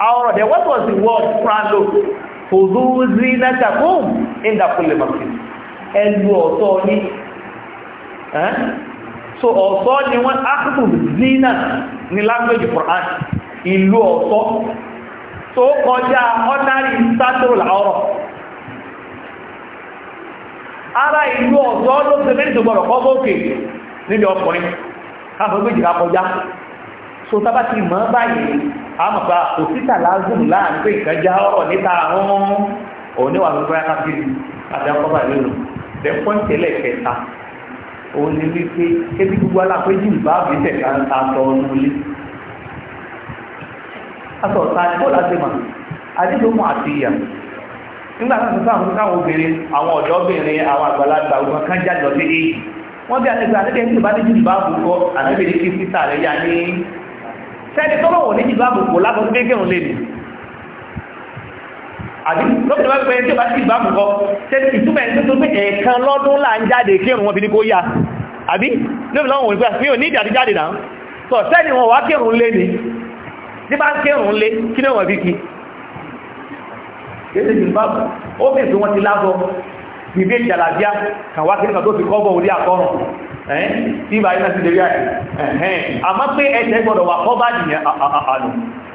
àọrọ̀ dẹ̀ what was the word fòdó zinata fún ìdàkùnlé màkì ẹlú ọ̀tọ́ ní so ọ̀tọ́ ni wọ́n ákùtù zina ní language Quran ìlú ọ̀tọ́ tó kọjá ordinary status ọ̀rọ̀ ara ìlú ọ̀tọ́ ló ṣe mẹ́rin tó gbọ́rọ̀ kọ́kọ́ òkè nílẹ̀ ọkùnrin káàkiri méjìlá kọjá so tábàtì mọ́ báyìí àmọ̀pá kò sí tàlázùm láàrin pé nǹkan já ọ̀rọ̀ níta àwọn òun níwà ló bóyá káfíìrì àti akọ́bà lónìí lẹ́pọ́ǹtì ẹlẹ́kẹta òun ni wípé kébí gbogbo alápéjì ìbáàbí tẹ̀ka ń ta tọ́ ọ́nú ilé aṣọ ta ni bọ́ọ̀lù àti màá adédọ́mọ àti ìyà nígbà tó ń sọ àwọn káwọn obìnrin àwọn ọ̀dọ́bìnrin àwọn àgbàlagbà ogun kan jáde lọ sí èyí wọ́n bí àtẹ̀sẹ̀ àtẹ̀sẹ̀ ní ìbádẹ́jú ìbáàbò kọ́ ànábìrin kí sísà rẹ̀ yá ní sẹ́ni tó lọ́wọ́ ní ìbáàbò kò látọ̀ sí kéèkéèrún lè ní àbí lókè wọ́n pẹ̀lú tí ó bá sí ìbáàbò kọ́ sẹ́ni ìtumẹ̀ tó tó pé ẹ̀ẹ̀kan lọ́dún là ń jáde kéèrún wọn fi ní kó yá àbí lókè lọ́wọ́ wọn pé ní ìdí àti jáde náà sọ sẹ́ni wọn wá kéèrún lé ní tí bá kéèrún lé kí náà wọ́n fi kí kéde ìbáàbò ó fi tí ìbá iná sí lórí àìsàn àmọ́ pé ẹ̀ṣẹ̀ gbọ́dọ̀ wà kọ́ bá dìyàn àlù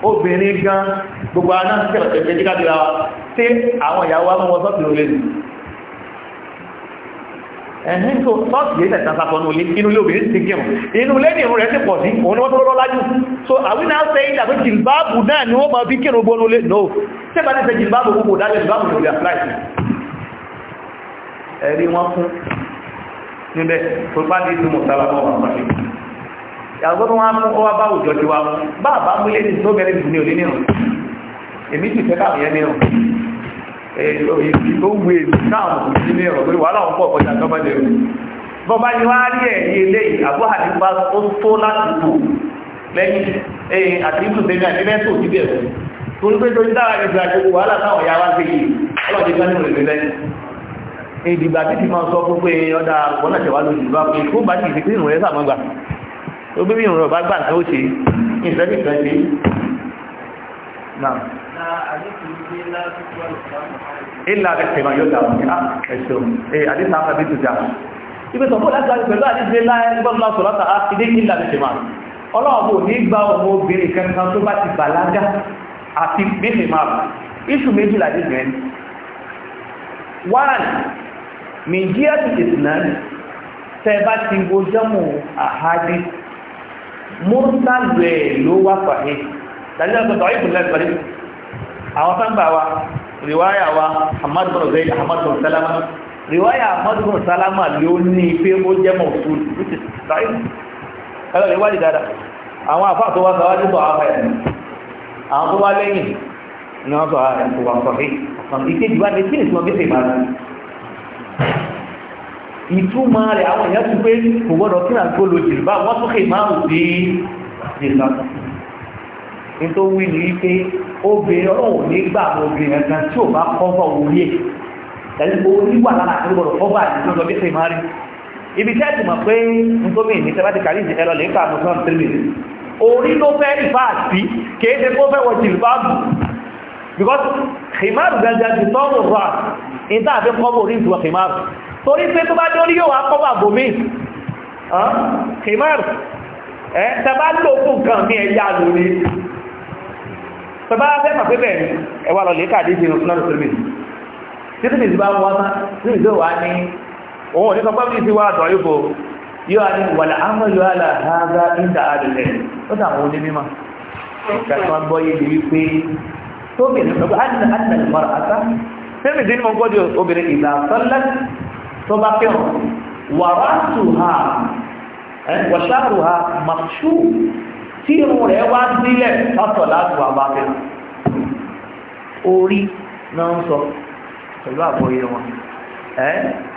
obìnrin gan gbogbo aná kẹrọ tẹ̀fẹ́ jíká jùlọ wa tí àwọn ìyàwó amú wọn sọ́ọ̀tì lórí lẹ́nu ẹ̀hìn tó sọ́ọ̀tì yìí tẹ̀sán sáfọ́ ní inú ilé obìnrin ti kírun inú ilé ní irun rẹ̀ so àwọn iná ṣe ìjà pé jìlbáàbù ni wọ́n máa fi kírun no tí ìbá ti ṣe jìlbáàbù gbogbo dájọ́ jìlbáàbù lórí àfúláìsì ẹ̀rí wọn níbẹ̀ tó bá dé tó mọ̀tàlá bọ́ wọn pàṣẹ. ìyàgbọ́ tó wá mú ọwá bá òjò ti wá bá àbá mú lé ní tó bẹ̀rẹ̀ jù ní òní nìrùn èmi sì fẹ́ káwọn yẹn nìrùn èyí tó wù èyí táwọn kò sí nìrùn pé wàhálà wọn pọ̀ kọjá tó bá dé rùn. bọ́bá ni wá rí ẹ̀yí eléyìí àbúrò àdìpá ó tó láti tò lẹ́yìn àtìkù tèmi àti mẹ́tò ti bẹ̀rù torí pé torí ìdìgbà títí máa sọ fún pé ọ̀dà wọn náà tẹ̀wá lójú bá pé kó bá ti ìdí kírìnrún rẹ̀ sàmọ́gbà ó bí ìrùn rẹ̀ bá gbà tó ṣe ìfẹ́lẹ̀ kan ṣe
ah, eh, náà. ìlà ẹ̀sẹ̀ máa yóò dáhùn ẹ̀sùn
àdísà àbí tó dá. ibi sọ̀pọ̀ láti láti pẹ̀lú àdísẹ́ láì gbọ́dọ̀ sọ̀rọ̀ ta ah, ìdí ìlà ẹ̀sẹ̀ máa. ọlọ́run kò ní gba ọmọ obìnrin kankan tó bá ti bàlágà àti mìíjíà ti tètè náà tẹ́ bá ti wo jẹ́mù àhádí mọ́sálù ẹ̀ ló wà fàáyé dájọ́ ọ̀sán tọ́ ìpínlẹ̀ pẹ̀lú àwọn sáńgbà ahmad bin zayd ahmad bin salama rìwáyà ahmad bin salama ló ní pé ó jẹ́mù òṣùl which is tọ́yìn ẹ̀rọ ìwádìí dáadáa àwọn àfáà tó wá sáwájú bọ̀ àwọn ẹ̀ àwọn tó wá lẹ́yìn ni wọ́n sọ àwọn ẹ̀kọ́ wa sọ̀rí ní kí ni tí wọ́n ìbára ìtumọ̀ rẹ̀ àwọn èèyàn ti pé kò gbọ́dọ̀ kí náà gbọ́lò jìlbá wọ́n tó kè máa ń dé jìlbá ní tó wí ní pé obìnrin ọlọ́wọ̀ nígbà obìnrin kan tí ò bá kọ́fọ̀ orí ẹ̀ tẹ̀lé owó nígbà lára àti gbọ́dọ̀ kọ́fọ̀ àti lọ́dọ̀ bí kè máa rí ibi tẹ́ ti mọ̀ pé n tó mìíràn because kìmáàrù gangan ti tọ́rọ̀ rọ̀ ìta àfi kọ́bù orí ìtùwọ̀ kìmáàrù torí pé tó bá dé orí yóò wá kọ́bù àbòmí kìmáàrù ẹ́ tẹbá lò fún nǹkan ní ẹ̀yà lórí tẹbá fẹ́ pàpẹ́ bẹ̀rẹ̀ ẹwà lọ lẹ́kà dé jẹun fúnlọ́rù sílẹ̀ títí ti bá wọ́n má sí ìjọ wà ní òun òní sọpọ́ bí ti wá àtọ̀ yóò yóò wà ní wàlà ámọ́lù aláàbá ìdá àdìlẹ̀ ó dàwọn onímọ̀ kẹsàn-án gbọ́ yé sẹ́mi dín ní mo gbọ́dọ̀ obìnrin ìlà sọ́lẹ̀ tó bá kẹ́rùn wàrà tù ha wàṣàrù ha màṣú tí irun rẹ̀ wá sílẹ̀ ọ̀tọ̀ láti wà bá kẹ́rùn orí náà ń sọ pẹ̀lú àbọ̀yé wọn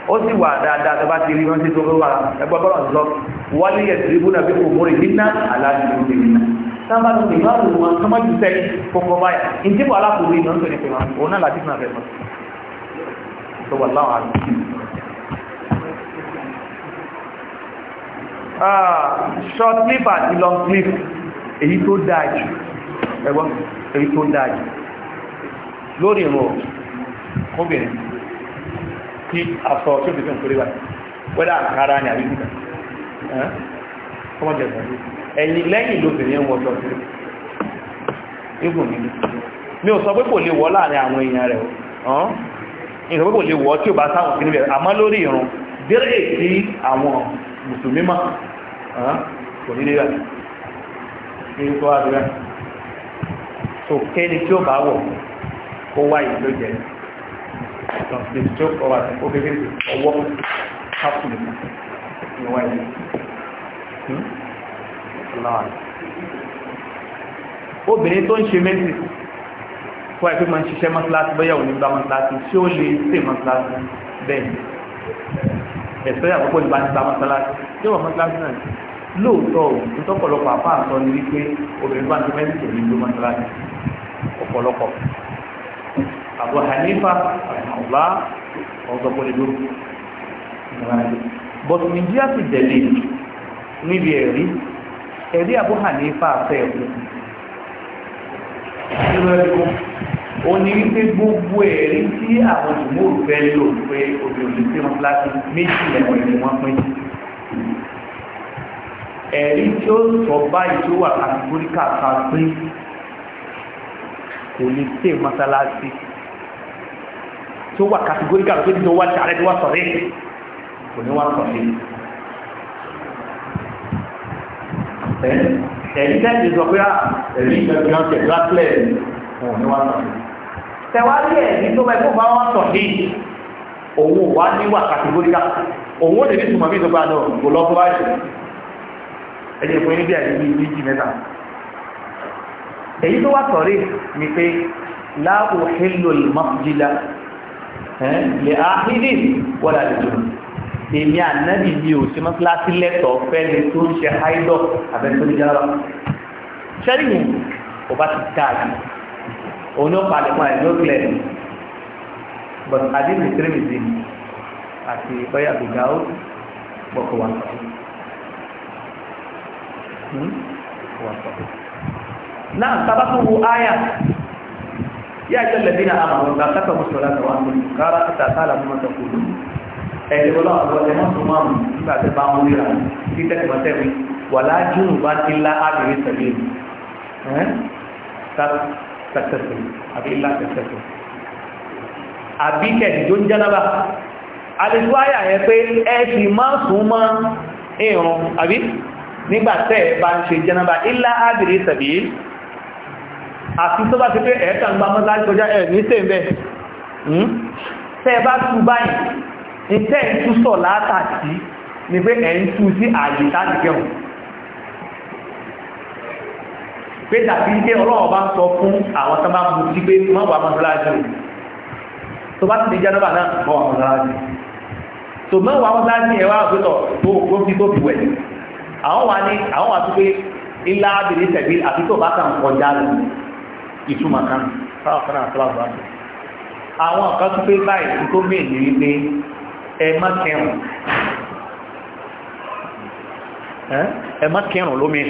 ó sì wà dáadáa tó bá ti rí wọn sí tó wà ẹgbẹ́ bọ́lá ń lọ wọ́n ní ẹ̀sìn ìbú náà bí kò mórí nínà aláàbí ló ti nínà sábà tó nìyá ló wọn tó má ju sẹ́yìn kókó báyà ìdí bọ̀ alákòóbí náà ń tó ní pé wọn òun náà láti fún abẹ́ mọ́ ah, short clip àti long clip èyí tó dáa jù ẹgbọ́n èyí tó dáa jù lórí ìrọ̀ obìnrin sí aṣọ tí ó fi fi ń torí wa wẹ́dà àkàrà ni àbí nìkan ọmọdé ẹ̀sán ẹ̀yìn lẹ́yìn lóbìnrin ń wọ́jọ́ sí ibùn nínú mi ò sọ pé kò lè wọ́ láàrin àwọn èèyàn rẹ̀ ìsọ pé kò lè wọ́ tí ò bá sáwọn sí níbẹ̀ àmọ́ lórí ìrun dérè sí àwọn mùsùlùmí mọ́ kò ní lérà ní ikú àdúrà so kẹ́ni tí ó bá wọ̀ kó wáyé ló from the joke or as an obligation or what happened in a while. Hmm? obìnrin tó ń ṣe méjì kó ẹ pé máa ń ṣiṣẹ́ mọ́síláṣí bóyá òun nígbà mọ́síláṣí ṣé ó lè ṣe mọ́síláṣí bẹ́ẹ̀ ẹ̀sọ́ àkókò nígbà nígbà mọ́síláṣí ṣé wọ́n mọ́síláṣí náà lóòótọ́ òun tó pọ̀lọpọ̀ àpá àtọ́ ni wípé obìnrin bá ń ṣe méjì kò ní ló mọ́síláṣí ọ̀pọ̀lọpọ̀
Abu Hanifa
ọ̀la ọ̀sọ̀pọ̀lẹ̀ lórí but Nigeria ti tẹ̀lé níbi ẹ̀rí ẹ̀rí Abu Hanifa fẹ́ ẹ̀kú oni ní wípé gbogbo ẹ̀rí tí àwọn ìmúrù fẹ́ lò pé obìnrin tí wọ́n láti méjì lẹ́wọ̀n ni wọ́n pín ẹ̀rí tí ó sọ báyìí tó wà kàtìkóríkà kan pín kò lè tẹ̀ mọ́sálásí tó wà kàtìgóríkà tó ti tó wà tààrẹ tó wà sọ̀rẹ́ kò ní wà sọ̀rẹ́ ẹ̀yìn tẹ́sí sọ pé ẹ̀rí ìgbẹ̀gbẹ̀ ọ̀tẹ̀ lápẹ̀ wọn ní wà sọ̀rẹ́ tẹ̀wárí ẹ̀rí tó bá ẹ̀kọ́ bá wà sọ̀rẹ́ òun wà ní wà kàtìgóríkà òun ò lè ní tùmọ̀ bí ìjọba ah, náà kò lọ́ fún wáyé ẹ̀jẹ̀ fún yín ni pé láàbò hélò lè lè áhídì wọ́dà lè dùn èmi ànábì mi ò sí mọ́sálásí lẹ́tọ̀ọ́ fẹ́ni tó ń ṣe háídọ̀ àbẹ́ni tó ń jẹ́ rárá sẹ́rí yẹn kò bá ti káàdì òun yóò palẹ̀ mọ́ àìló clear but àdínì tírèmìtì àti bọ́yà gbèjà ó bọ̀kọ̀ wà sọ́kù. náà sábà tó wo áyà يا أيها الذين آمنوا لا تقربوا الصلاة وأنتم سكارى حتى تعلموا ما تقولون ẹ̀yìn wọlé àwọn ọ̀dọ́ ẹ̀mọ́ tó máa mú nígbà tí bá wọn ríra sí tẹ́kùmọ́tẹ́mi wà lájú bá ti lá àbẹ̀rẹ̀ sẹ̀lẹ̀ ẹ̀ tàtẹ̀sẹ̀ àbí ilá tẹ̀sẹ̀sẹ̀ àbí kẹ̀dì tó ń jánábà àlejò àyà yẹn pé ẹ sì máa sùn mọ́ ìrùn àbí nígbà tẹ́ ẹ bá ń ṣe jánábà ilá àbẹ̀rẹ̀ sẹ̀lẹ̀ àti tó bá ti pé ẹ̀ẹ́kà ń gba mọ́sálásí kọjá ẹ̀ ní hmm? tẹ́ ìbẹ̀ tẹ́ bá tú báyìí ní tẹ́ ń tú sọ látàtí ni pé ẹ̀ ń tú sí ààyè láti kẹwọ̀n pé tàbí pé ọlọ́wọ́ bá sọ fún àwọn tó bá mú sí pé má wà mọ́sálásí tó bá ti di jánúbà náà mọ́ wà mọ́sálásí tó mọ́ wà mọ́sálásí ẹ̀wà àgbẹ̀tọ̀ tó fi tó tẹ̀bí àti tó bá kàn kọjá lọ ìtumọ̀ kan fáwọn àtàlàbà tó àwọn kan tó pé báyìí tó mẹ́ ní wípé ẹ má kẹrùn ẹ má kẹrùn lómi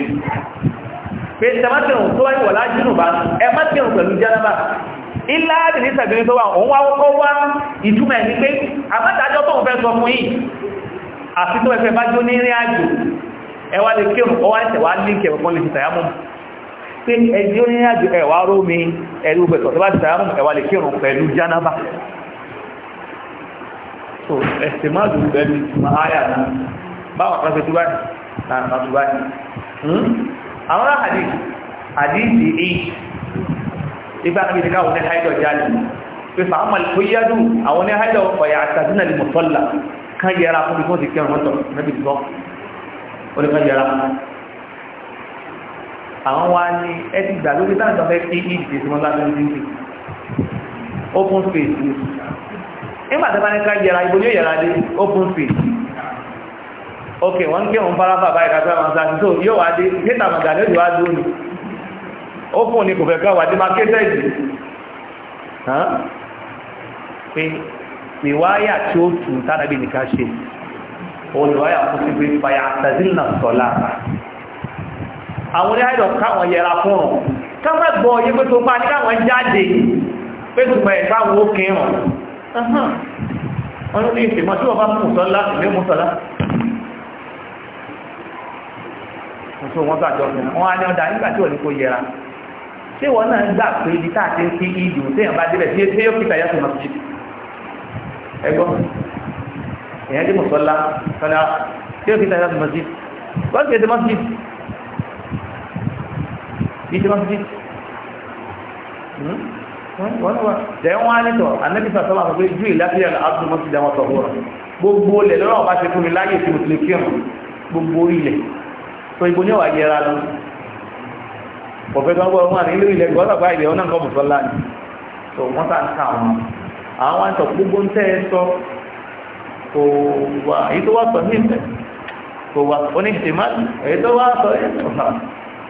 pé tẹmátẹrùn tó wáyé wà lájínú bá ẹ má kẹrùn pẹ̀lú jẹ́nàbà ilá àdì ní sàbíní tó wà òun wá kọ́ wá ìtumọ̀ ẹ̀ ní pé àbájájọ́ tó ń fẹ́ sọ fún yìí àti tó ẹfẹ́ bá jó ní rí àjò ẹ wá lè kẹrùn ọwá ìtẹ̀wá ní kẹrùn fún lè pé ẹjọ́ ní àjò ẹ̀wà rómi ẹ̀rù pẹ̀tọ̀ tó bá ti tààmù ẹ̀wà lè kírun pẹ̀lú jánábà so ẹ̀sẹ̀ má dùn pẹ̀lú ìtumọ̀ àyà náà báwọn kan ṣe túbáyì náà kan túbáyì hmm? àwọn àdì àdì ìdí èyí ibà níbi ní káwọn ní haidọ̀ jáde pé fàámà tó yádù àwọn ní haidọ̀ ọ̀yà àwọn wá ní ẹtì gbà lórí táwọn ìjọba ẹtì ìdìbò tí wọ́n lábẹ́ ní ìdìbò open space ni nígbà tí wọ́n ní ká yẹra ibo ní ó yẹra dé open space ok wọ́n gbé òun fara bàbá ìkàtà àwọn àti tó yóò wá dé níta màgà lórí wá dúró ni ó fún ni kò fẹ́ ká wà dé máa kéṣẹ́ ìdí pé ìwáyà tí ó tù tánàbí nìkan ṣe olùwáyà fún sí pé fàyà àtàzínà àwọn oníhàìdọ̀ káwọn yẹra fún ọ̀rùn káwọn gbọ́ yí pé tó bá ní káwọn jáde pé tùmọ̀ ẹ̀fà wo kírùn wọn ló ní ìfèmọ̀ tí wọ́n bá mú sọ́lá ìlé mú sọ́lá tó wọ́n sàjọ fún wọn á wọ́n ní kó yẹra ṣé wọn tí tí fi tàyà sọ̀rọ̀ sí ẹgbọ́ tí wọ́n ti yìí ṣe mọ́sídì hmm? wọ́n wá jẹ́ wọ́n á nítọ̀ anábì sọ̀tọ́ wà pé ju ìlàfíà àbúrò mọ́sídì àwọn ọ̀tọ̀ wọ̀ gbogbo ilẹ̀ lọ́wọ́ bá ṣe fún mi láyé tí mo ti lè kírun gbogbo ilẹ̀ tó ibo ní ọ̀wà yẹra lọ pọ̀fẹ́sọ̀ ọgbọ́n wọn nílé ilẹ̀ gbọ́dọ̀ gba ilẹ̀ ọ̀nà nǹkan mùsọ́lá ni tó wọ́n sá ń ká wọn àwọn àtọ̀ gbogbo ń tẹ́ ẹ sọ kò wà èyí tó wà sọ ní ìfẹ́ kò wà oníṣèmá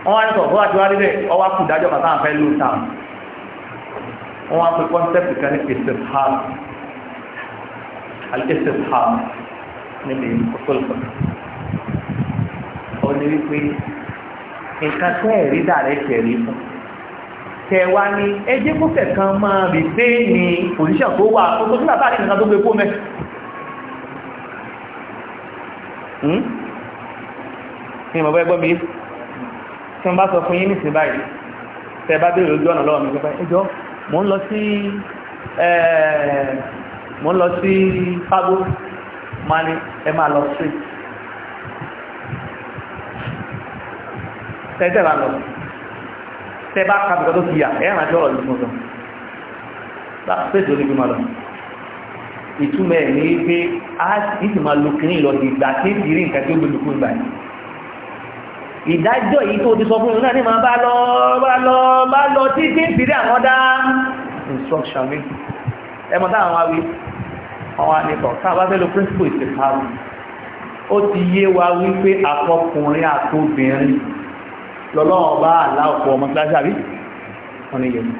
wọ́n wá ní sọ̀rọ̀ àti wárí bẹ́ẹ̀ ọwá kù dájọ́ bàbá àfẹ́ ló tàn wọ́n wá pé kọ́nsẹ́pì kan ní ìsèpàá alẹ́sẹ̀pàá níbi ìkọ́sọ́lùkọ́ ó ní wípé nǹkan tẹ́ ẹ̀rí dàrẹ́ kẹ̀rí fún tẹ wá ní ẹjẹ́ kó kẹ̀kan máa rí pé ní pòsíṣàn tó wà tó tó sí bàbá àti nǹkan tó gbé hmm? mi tí wọ́n bá sọ fún yín nísìn báyìí tẹ́ bá bèèrè ojú ọ̀nà lọ́wọ́ mi pé ẹjọ́ mò ń lọ sí mò ń lọ sí Pago máa ní ẹ máa lọ sí tẹ́tẹ́ bá lọ tẹ́ bá ka tó fi yà ẹ̀ ọ̀rọ̀ yìí fún bá pèsè oníbi máa lọ ìtumọ̀ ní pé a sì máa lo kiri lọ ìgbà tí ìrìn nǹkan ó gbé lukú ìdájọ́ yìí tó ti sọ fún un náà ní máa bá lọ bá lọ bá lọ tí tí ń fìdí àwọn dá instruction mi ẹ táwọn wá wí àwọn àlekọ fẹ́ lo principle ìsèkáwù ó ti yé wa wípé àtọkùnrin àtobìnrin lọ́lọ́wọ́ bá aláwọ̀pọ̀ ọmọ kíláṣí àbí wọn ni yẹ mọ́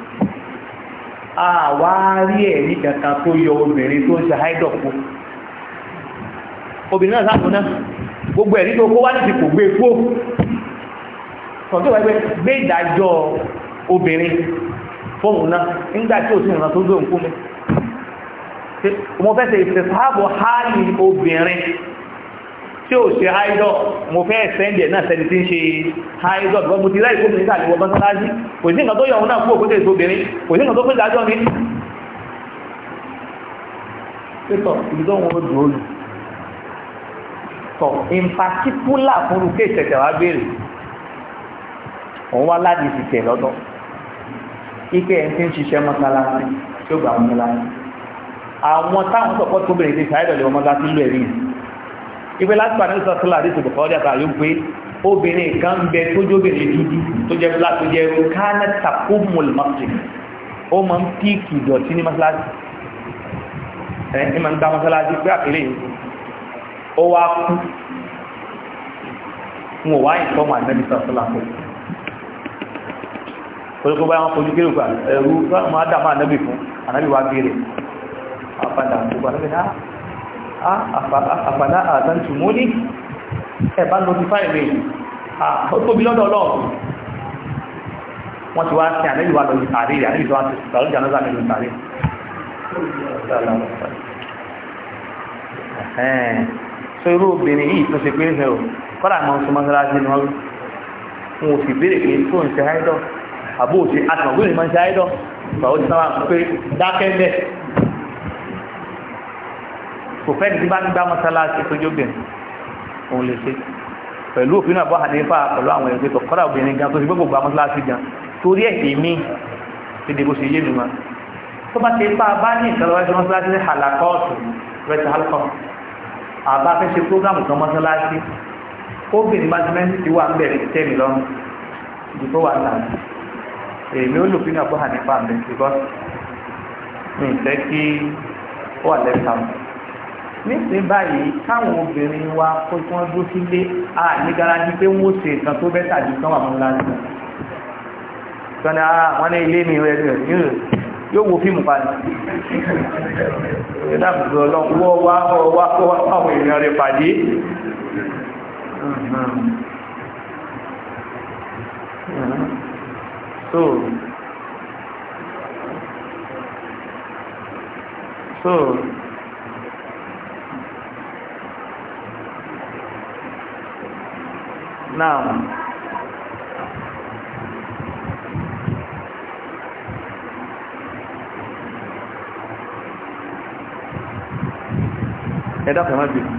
àwa rí ẹ̀rí kankan tó yọ obìnrin tó ń ṣe háìdọ̀pọ̀ obìnrin náà sáàbùn náà gbogbo ẹ̀rí tó kó wá ní kò gbé kó sọ̀tọ̀ wáyé gbé ìdájọ́ obìnrin fóun náà nígbà tí ò sí ìran tó dóhùn kúmi mo fẹ́ ṣe ìfẹ̀sáàbò hálì obìnrin tí ò ṣe haidọ̀ mo fẹ́ ẹ̀sẹ́ndì ẹ̀ náà sẹ́ni tí ń ṣe haidọ̀ bí wọ́n mo ti rẹ́ ìkóbìnrin tàbí wọ́n bọ́n sáájú kò sí ni pẹ́tọ̀ ibi tó wọn dùn ó lù tọ̀ in particular fún rúkè ìṣẹ̀ṣẹ̀ wá òun wá láti ìsìtẹ̀ lọ́dọ̀ ike ẹ̀ ń ti ń ṣiṣẹ́ mọ́sálásí tí ó gbà mọ́sálásí àwọn táwọn sọ̀kọ́ tó bèrè ti ṣàìdọ̀ lè mọ́sálásí lò ẹ̀rí ìpè láti pàdé sọ́sọ́lá àdéṣe kò kọ́ọ́dí àtàyò pé obìnrin kan ń bẹ tójú obìnrin dúdú tó jẹ́ bílá tó jẹ́ ẹrú káánà takomol masjid ó máa ń píìkì ìdọ̀tí ní mọ́sálásí ẹ̀ ní máa ń dá mọ́sálásí pé àkèrè ó wá kú wọn wá ìtọ́mọ̀ àdébísọ̀ sọ́lá pẹ̀lú olùkọ́ bá wọn fojú kéré ẹ̀rú láwọn máa dàmà ànábì fún ànábì wá bèèrè àpàdà gbogbo ànábì náà ah, ah, àpàdà àtàntù mú ní ẹ̀bá notify me ó tóbi lọ́dọ̀ ọlọ́run wọ́n ti wá sí ànábì wá lọ́dọ̀ tàrí ànábì tó wá sí ìgbàlódé ànábì lọ́dọ̀ tàrí so irú obìnrin yìí tó ṣe pé ń sẹ́wọ̀ àbóòṣe àtàwọn ìmọ̀ ṣe àìdọ́ ìgbàwó ti sáwà pé dákẹ́lẹ̀ kò fẹ́ nígbà nígbà mọ́sálásí tó jó bẹ̀rẹ̀ òun lè ṣe pẹ̀lú òfin náà bọ́ àdéfà pẹ̀lú àwọn ẹgbẹ́ tó kọ́ra obìnrin gan tó ti gbogbo gba mọ́sálásí gan torí ẹ̀sìn mi ti dìbò sí yé mi mọ́ tó bá ti pa bá ní ìtàlọ́wọ́sí mọ́sálásí ní halakọ́ọ̀tù rẹ̀tà alkọ́ọ̀ àbá fẹ́ ṣe prógrámù kan mọ́sálásí ó bìnrin bá ti mẹ́rin ti wà ń bẹ̀rẹ̀ tẹ́mi lọ́rùn ìdìbò wà náà èmi ó lò fún ìyàgbọ́ hànífà mi because mi ì fẹ́ kí ó wà lẹ́sà mi nísìnyí báyìí káwọn obìnrin wa kó tí wọ́n dúró sílé à ní garaji pé wọ́n ṣe nǹkan tó bẹ́tà ju kán wà fún láti sọ́nà ah, wọn ní ilé mi rẹ̀ rẹ̀ yóò wo fíìmù pa ní ìdáàbòbò ọlọ́wọ́ wá wá wá àwọn èèyàn rẹ̀ pàdé Mm-hmm.
Mm-hmm so
so now ẹ̀dá kan má bìí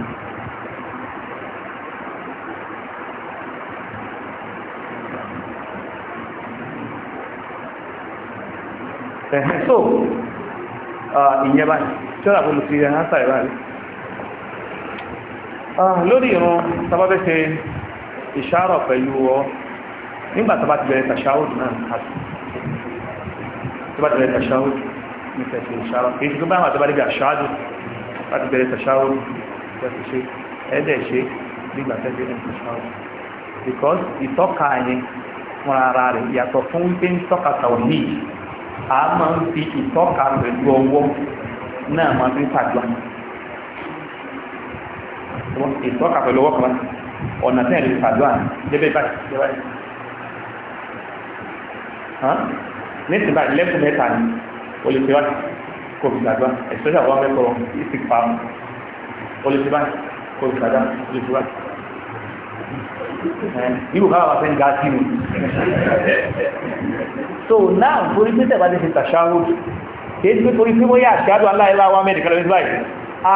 ẹ̀hẹ́ so ah, ìyẹn báyìí tíọ́lá fún mi ti ẹ̀hán sáì báyìí ah, lórí ìrún sábábẹ́ ṣe ìṣàrọ̀ pẹ̀lú ọ nígbà tó bá ti bẹ̀rẹ̀ tàṣáwùd náà àti
tó bá ti bẹ̀rẹ̀ tàṣáwùd
ní tẹ̀sí ìṣàrọ̀ èyí tó bá wà tó bá because ìtọ́ka yẹn fúnra rẹ̀ yàtọ̀ fún wípé ń tọ́ka tàwọn a máa ń fi ìtọ́ka pẹ̀lú ọwọ́ náà máa fi ṣàdúrà ìtọ́ka pẹ̀lú ọwọ́ kan ọ̀nà tẹ́ẹ̀ lè ṣàdúrà débẹ̀ báyìí nísìnyí lẹ́kùn mẹ́ta ni o kò fi ṣàdúrà yíò ká wà fẹ́ ń ga
so now torí
pé tẹ̀bá ti fi tàṣáwò kéé tí torí pé bóyá àṣáàdù aláìláwà mẹ́rin kẹlẹ̀ nígbà yìí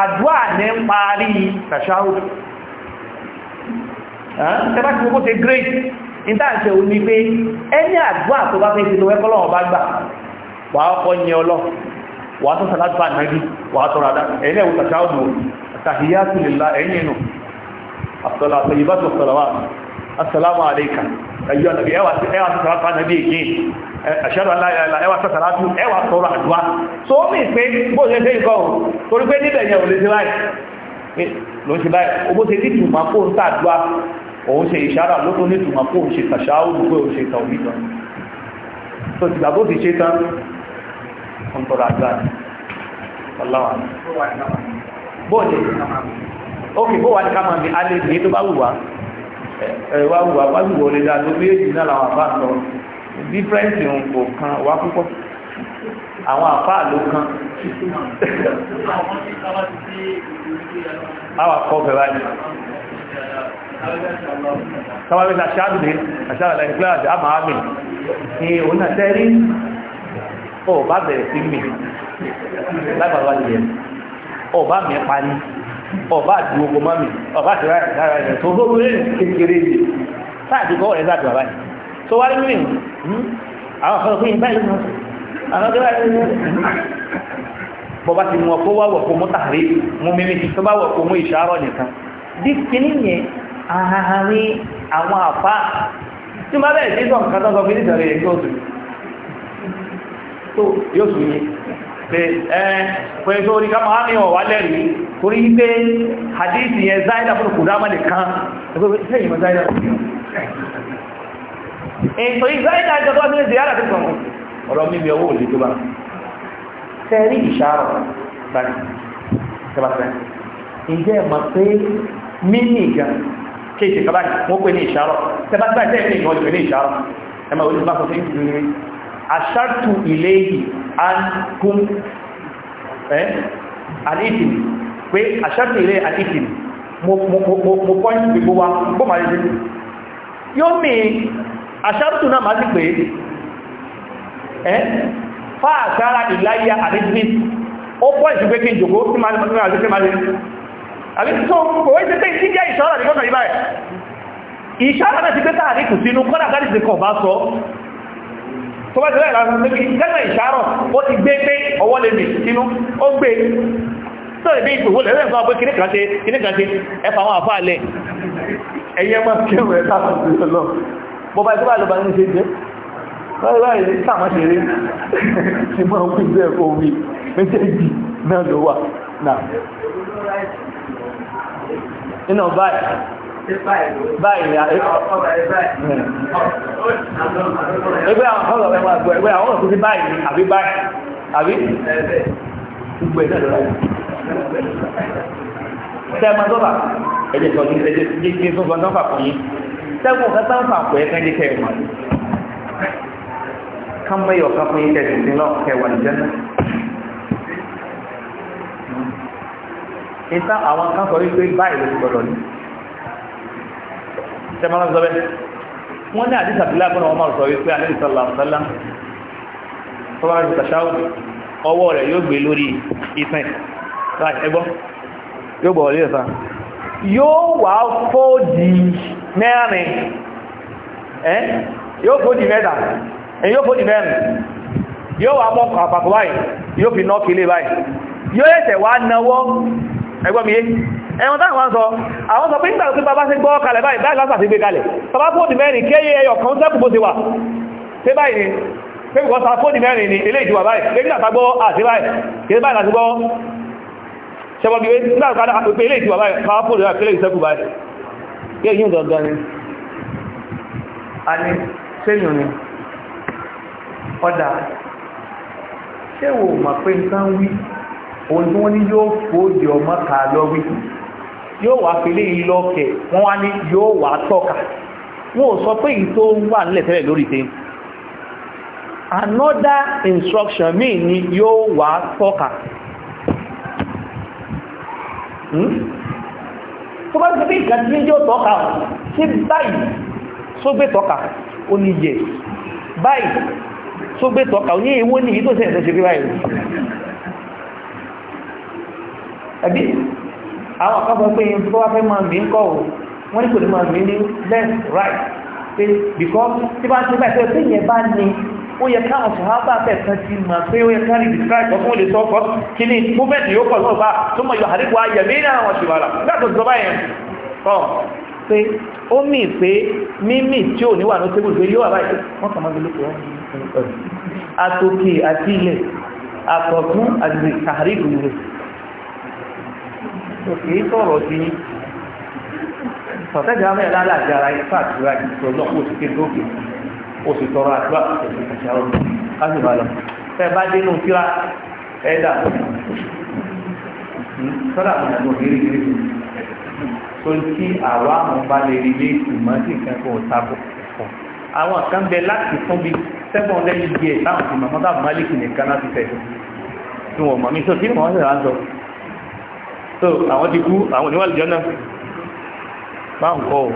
àdúà ní ń parí tàṣáwò tẹ̀bá great ìdáǹṣẹ́ ò ní pé ẹni àdúà tó bá fẹ́ ṣe tó wẹ́kọ́ lọ́wọ́ bá gbà wà ọkọ̀ yẹn ọlọ́ wà á tún sàlágbà náà wà á tọrọ àdá ẹ̀yìn tàṣáwò ẹ̀yìn nù àtọ́lá àtọ́lá ìbá tó sọ̀rọ̀ wà assalamu alaika ayyọ́ nàbí ẹwà sí ẹwà sí sàrátà nàbí èké àṣẹ́rọ aláìlá ẹwà sí sàrátù ẹwà sọ̀rọ̀ àdúwá so ó mì pé bó ṣe ṣe nǹkan o torí pé níbẹ̀ yẹn ò lè ṣe láì ló ṣe báyìí o bó ṣe ní ìtumọ̀ kó ń tàdúwá òun ṣe ìṣára ló tó ní ìtumọ̀ kó ń ṣe tàṣáwó pé òun ṣe tàwí tán so ìgbà tó ti ṣe tán ń tọrọ àdúrà ni ọláwà bóòlù ókè bó wà ní káàmà bí alẹ́ bí tó bá wùwá ẹ̀wà wùwá bá wùwọ́ lè dáa tó bí èjì náà làwọn àfáà sọ dífẹ́ǹsì ń kò kan wá púpọ̀ àwọn àfáà ló kan
àwọn akọ́ fẹ́ wáyé sáwọn ẹgbẹ́ aṣáájú ní
aṣáájú àlàyé kíláàsì àmà àmì ni òun náà tẹ́rí ọ̀ bá bẹ̀rẹ̀ sí mi lágbàlá yẹn ọ̀ bá mi pa ní ọba àti ogun mami ọba àti ráyà lára rẹ̀ tó lórí rẹ̀ kékeré yìí sáàtì kọ́ rẹ̀ sáàtì bàbá yìí tó wá nínú ìlú hmm, àwọn kan fún ìbáyìí náà àwọn tó báyìí náà bọba ti mú ọkọ wá wọ̀pọ̀ mú tàrí mú mímí tó bá wọ̀pọ̀ mú ìṣàárọ̀ nìkan bí kíní yẹn àárín àwọn àfá tí má bẹ́ẹ̀ sí sọ tó sọ fún ìdíjọ̀rẹ̀ yẹn yóò sùn yóò sùn yẹn pé ẹ torí pé hadith yẹn záìdá fún kùdámà nìkan ẹgbẹ́ ṣe ìmọ̀ záìdá fún ìyọ̀ èyí záìdá ìjọba ní ìdíyàrá tó kàn ọ̀rọ̀ mímí owó òlè tó bá tẹ́rí ìṣàrọ̀ báyìí tẹ́bàtẹ́ ǹjẹ́ mọ̀ pé mímí ìgbà kéèkì kaba wọ́n pè ní ìṣàrọ̀ tẹ́bàtẹ́ tẹ́ẹ̀kì ìwọ̀n pè ní ìṣàrọ̀ ẹmọ olùsọ́lá sọ sí ìrìn àṣàtù ilé yìí an ẹ́ alìsìn pé àṣẹ́kù ilé àti ìkìrì mo pọ́ìntì gbogbo wa bó ma lè jẹ́ yóò mi àṣẹ́kù náà máa sí pé ẹ́ fáàkára ìláyà àdíjì ó pọ́ìntì pé kí n jòkó sí máa lè àbí tó kòwé ṣe tẹ́ ìṣíjẹ́ ìṣọ́rọ̀ ní kọ́kànlá ìbáyẹ̀ ìṣọ́rọ̀ náà ti pé táàrí kù sínú kọ́nà káàdì ti kọ̀ bá sọ tó bá ti rẹ̀ lára lẹ́gbẹ̀ẹ́ ìṣàrọ̀ ó ti gbé pé ọwọ́ lè mì sínú ó gbé sọ̀rọ̀ dé ìgbòho lẹ́rẹ́ nǹkan pé kíní kan ṣe kíní kan ṣe ẹfà àwọn àfáà lẹ̀ ẹ̀yẹ máa kẹrù ẹ̀ sáàtùn lọ bọ́bá ìtọ́bà ló bá ní ṣe jẹ́ báyìí sáàmà ṣe rí ṣe máa ń pín bẹ́ẹ̀ kó rí méjèèjì náà ló wà náà nínú báyìí báyìí ni ẹgbẹ́ àwọn ọ̀rọ̀ ẹgbẹ́ àwọn ọ̀rọ̀ tó ti báyìí àbí báyìí àbí gbogbo ẹ̀ náà lọ́la sẹ́gun tó fà ẹ̀jẹ̀ tó ní ẹ̀jẹ̀ tó ní tó gbọ́n tó fún yín sẹ́gun kan tó ń fà fún ẹ̀ kán jẹ́ kẹ́ ẹ̀ bẹ́ yọ̀ kan fún yín kẹ́sì sí lọ kẹ́ wà náà. ìta àwọn kan sọ wípé báyìí ló ti gbọdọ̀ ní sẹ́gun tó bẹ́ẹ̀ wọ́n ní àdìsá ti lágbọ́n wọn sọ wípé alẹ́ sọ̀lá sọ́lá tó ti tàṣáwò ọwọ́ rẹ̀ yóò gbé lórí ìsìn ẹgbọ́ yóò bọ̀ orí ẹ̀sán yóò wà fóòdì mẹ́rin ẹ́ yóò fóòdì mẹ́ta ẹ̀ yóò fóòdì mẹ́rin yóò wà mọ́ àpapọ̀ báyìí yóò fi nọ́ọ̀kì ilé báyìí yóò ẹ̀sẹ̀ wá náwọ́ ẹgbọ́n mi yé ẹ̀wọ̀n táwọn wọ́n sọ àwọn sọ pé nígbà tó bá ṣe gbọ́ kalẹ̀ báyìí báyìí lásà fi gbé kalẹ̀ bàbá fóòdì mẹ́rin kéye ẹyọ kan sẹ́kù bó ti wà pé báyìí ni pé bùkọ́ sa fóòdì mẹ́rin ni ilé ìjìwà báyìí sẹ́wọ́n bí láàrín pé ilé ìtìwà báyìí powerful rẹ̀ pẹ̀lẹ̀ ìṣẹ́kù báyìí yẹ́ yíò gangan ni a ní ṣéyìn ni ọ̀dà ṣé wò mà pé nǹkan wí ohun tí wọ́n ní yóò fòójì ọmọ kà lọ wí yóò wà pẹ̀lú ìlọ́kẹ̀ wọ́n wá ní yóò wà tọ́ka wọ́n sọ pé èyí tó ń wà nílẹ̀ tẹ́lẹ̀ lórí tẹ́ another instruction mi ni yóò wà tọ́ka Hmm? tó bá ti pé ìgbà tí yóò tọ́ka sí báyìí só gbé tọ́ka ó ní yẹ báyìí só gbé tọ́ka ó ní ewó ní ìtò sẹ́yìn tó ṣe rí báyìí ẹ̀bí àwọn àkọ́kọ́ pé left right pé because tí bá ti bá ìfẹ́ pé ó yẹ káwọn sọ̀hábà tẹ̀sán ti mọ̀ pé ó yẹ kárí describe ọkùn olè sọ ọkọ̀ kí ni movement yóò kọ̀ lọ́ọ̀bá tó mọ̀ yóò àríkò ayẹ̀mí náà wọ́n ṣe wàrà látọ̀ ìjọba yẹn kọ́ pé ó mì pé mímì tí ò níwà ní tébùlù pé yóò wà báyìí wọ́n kàn máa gbé lóko àtòkè àti ilẹ̀ àtọ̀tún àti àríkò ilẹ̀ òkè sọ̀rọ̀ sí
sọ̀tẹ́jà mẹ́rin lálàjà
ara ifá àti ìrọ̀ àti ìṣọ̀lọ́pọ̀ òṣìṣẹ́ lókè ó sì tọrọ àdúrà pẹ̀lú ìṣẹ́ ọ̀rọ̀ káṣí máa lọ fẹ́ bá dé inú kíra ẹ̀ dà sọ́dà àwọn ìyàgbọ́ kéré kéré tó ń tí àwa àwọn bá lè rí ilé ìmọ̀ sí nǹkan kan ò takò kọ̀ àwọn kan bẹ láti fún bí seven hundred years táwọn ti mọ̀ mọ́tà malik nìkan láti fẹ̀ tí wọ́n mọ̀ mí sọ kí ni wọ́n sì rà ń sọ so àwọn ti kú àwọn oníwàlùjọ náà máa ń kọ́ ọ́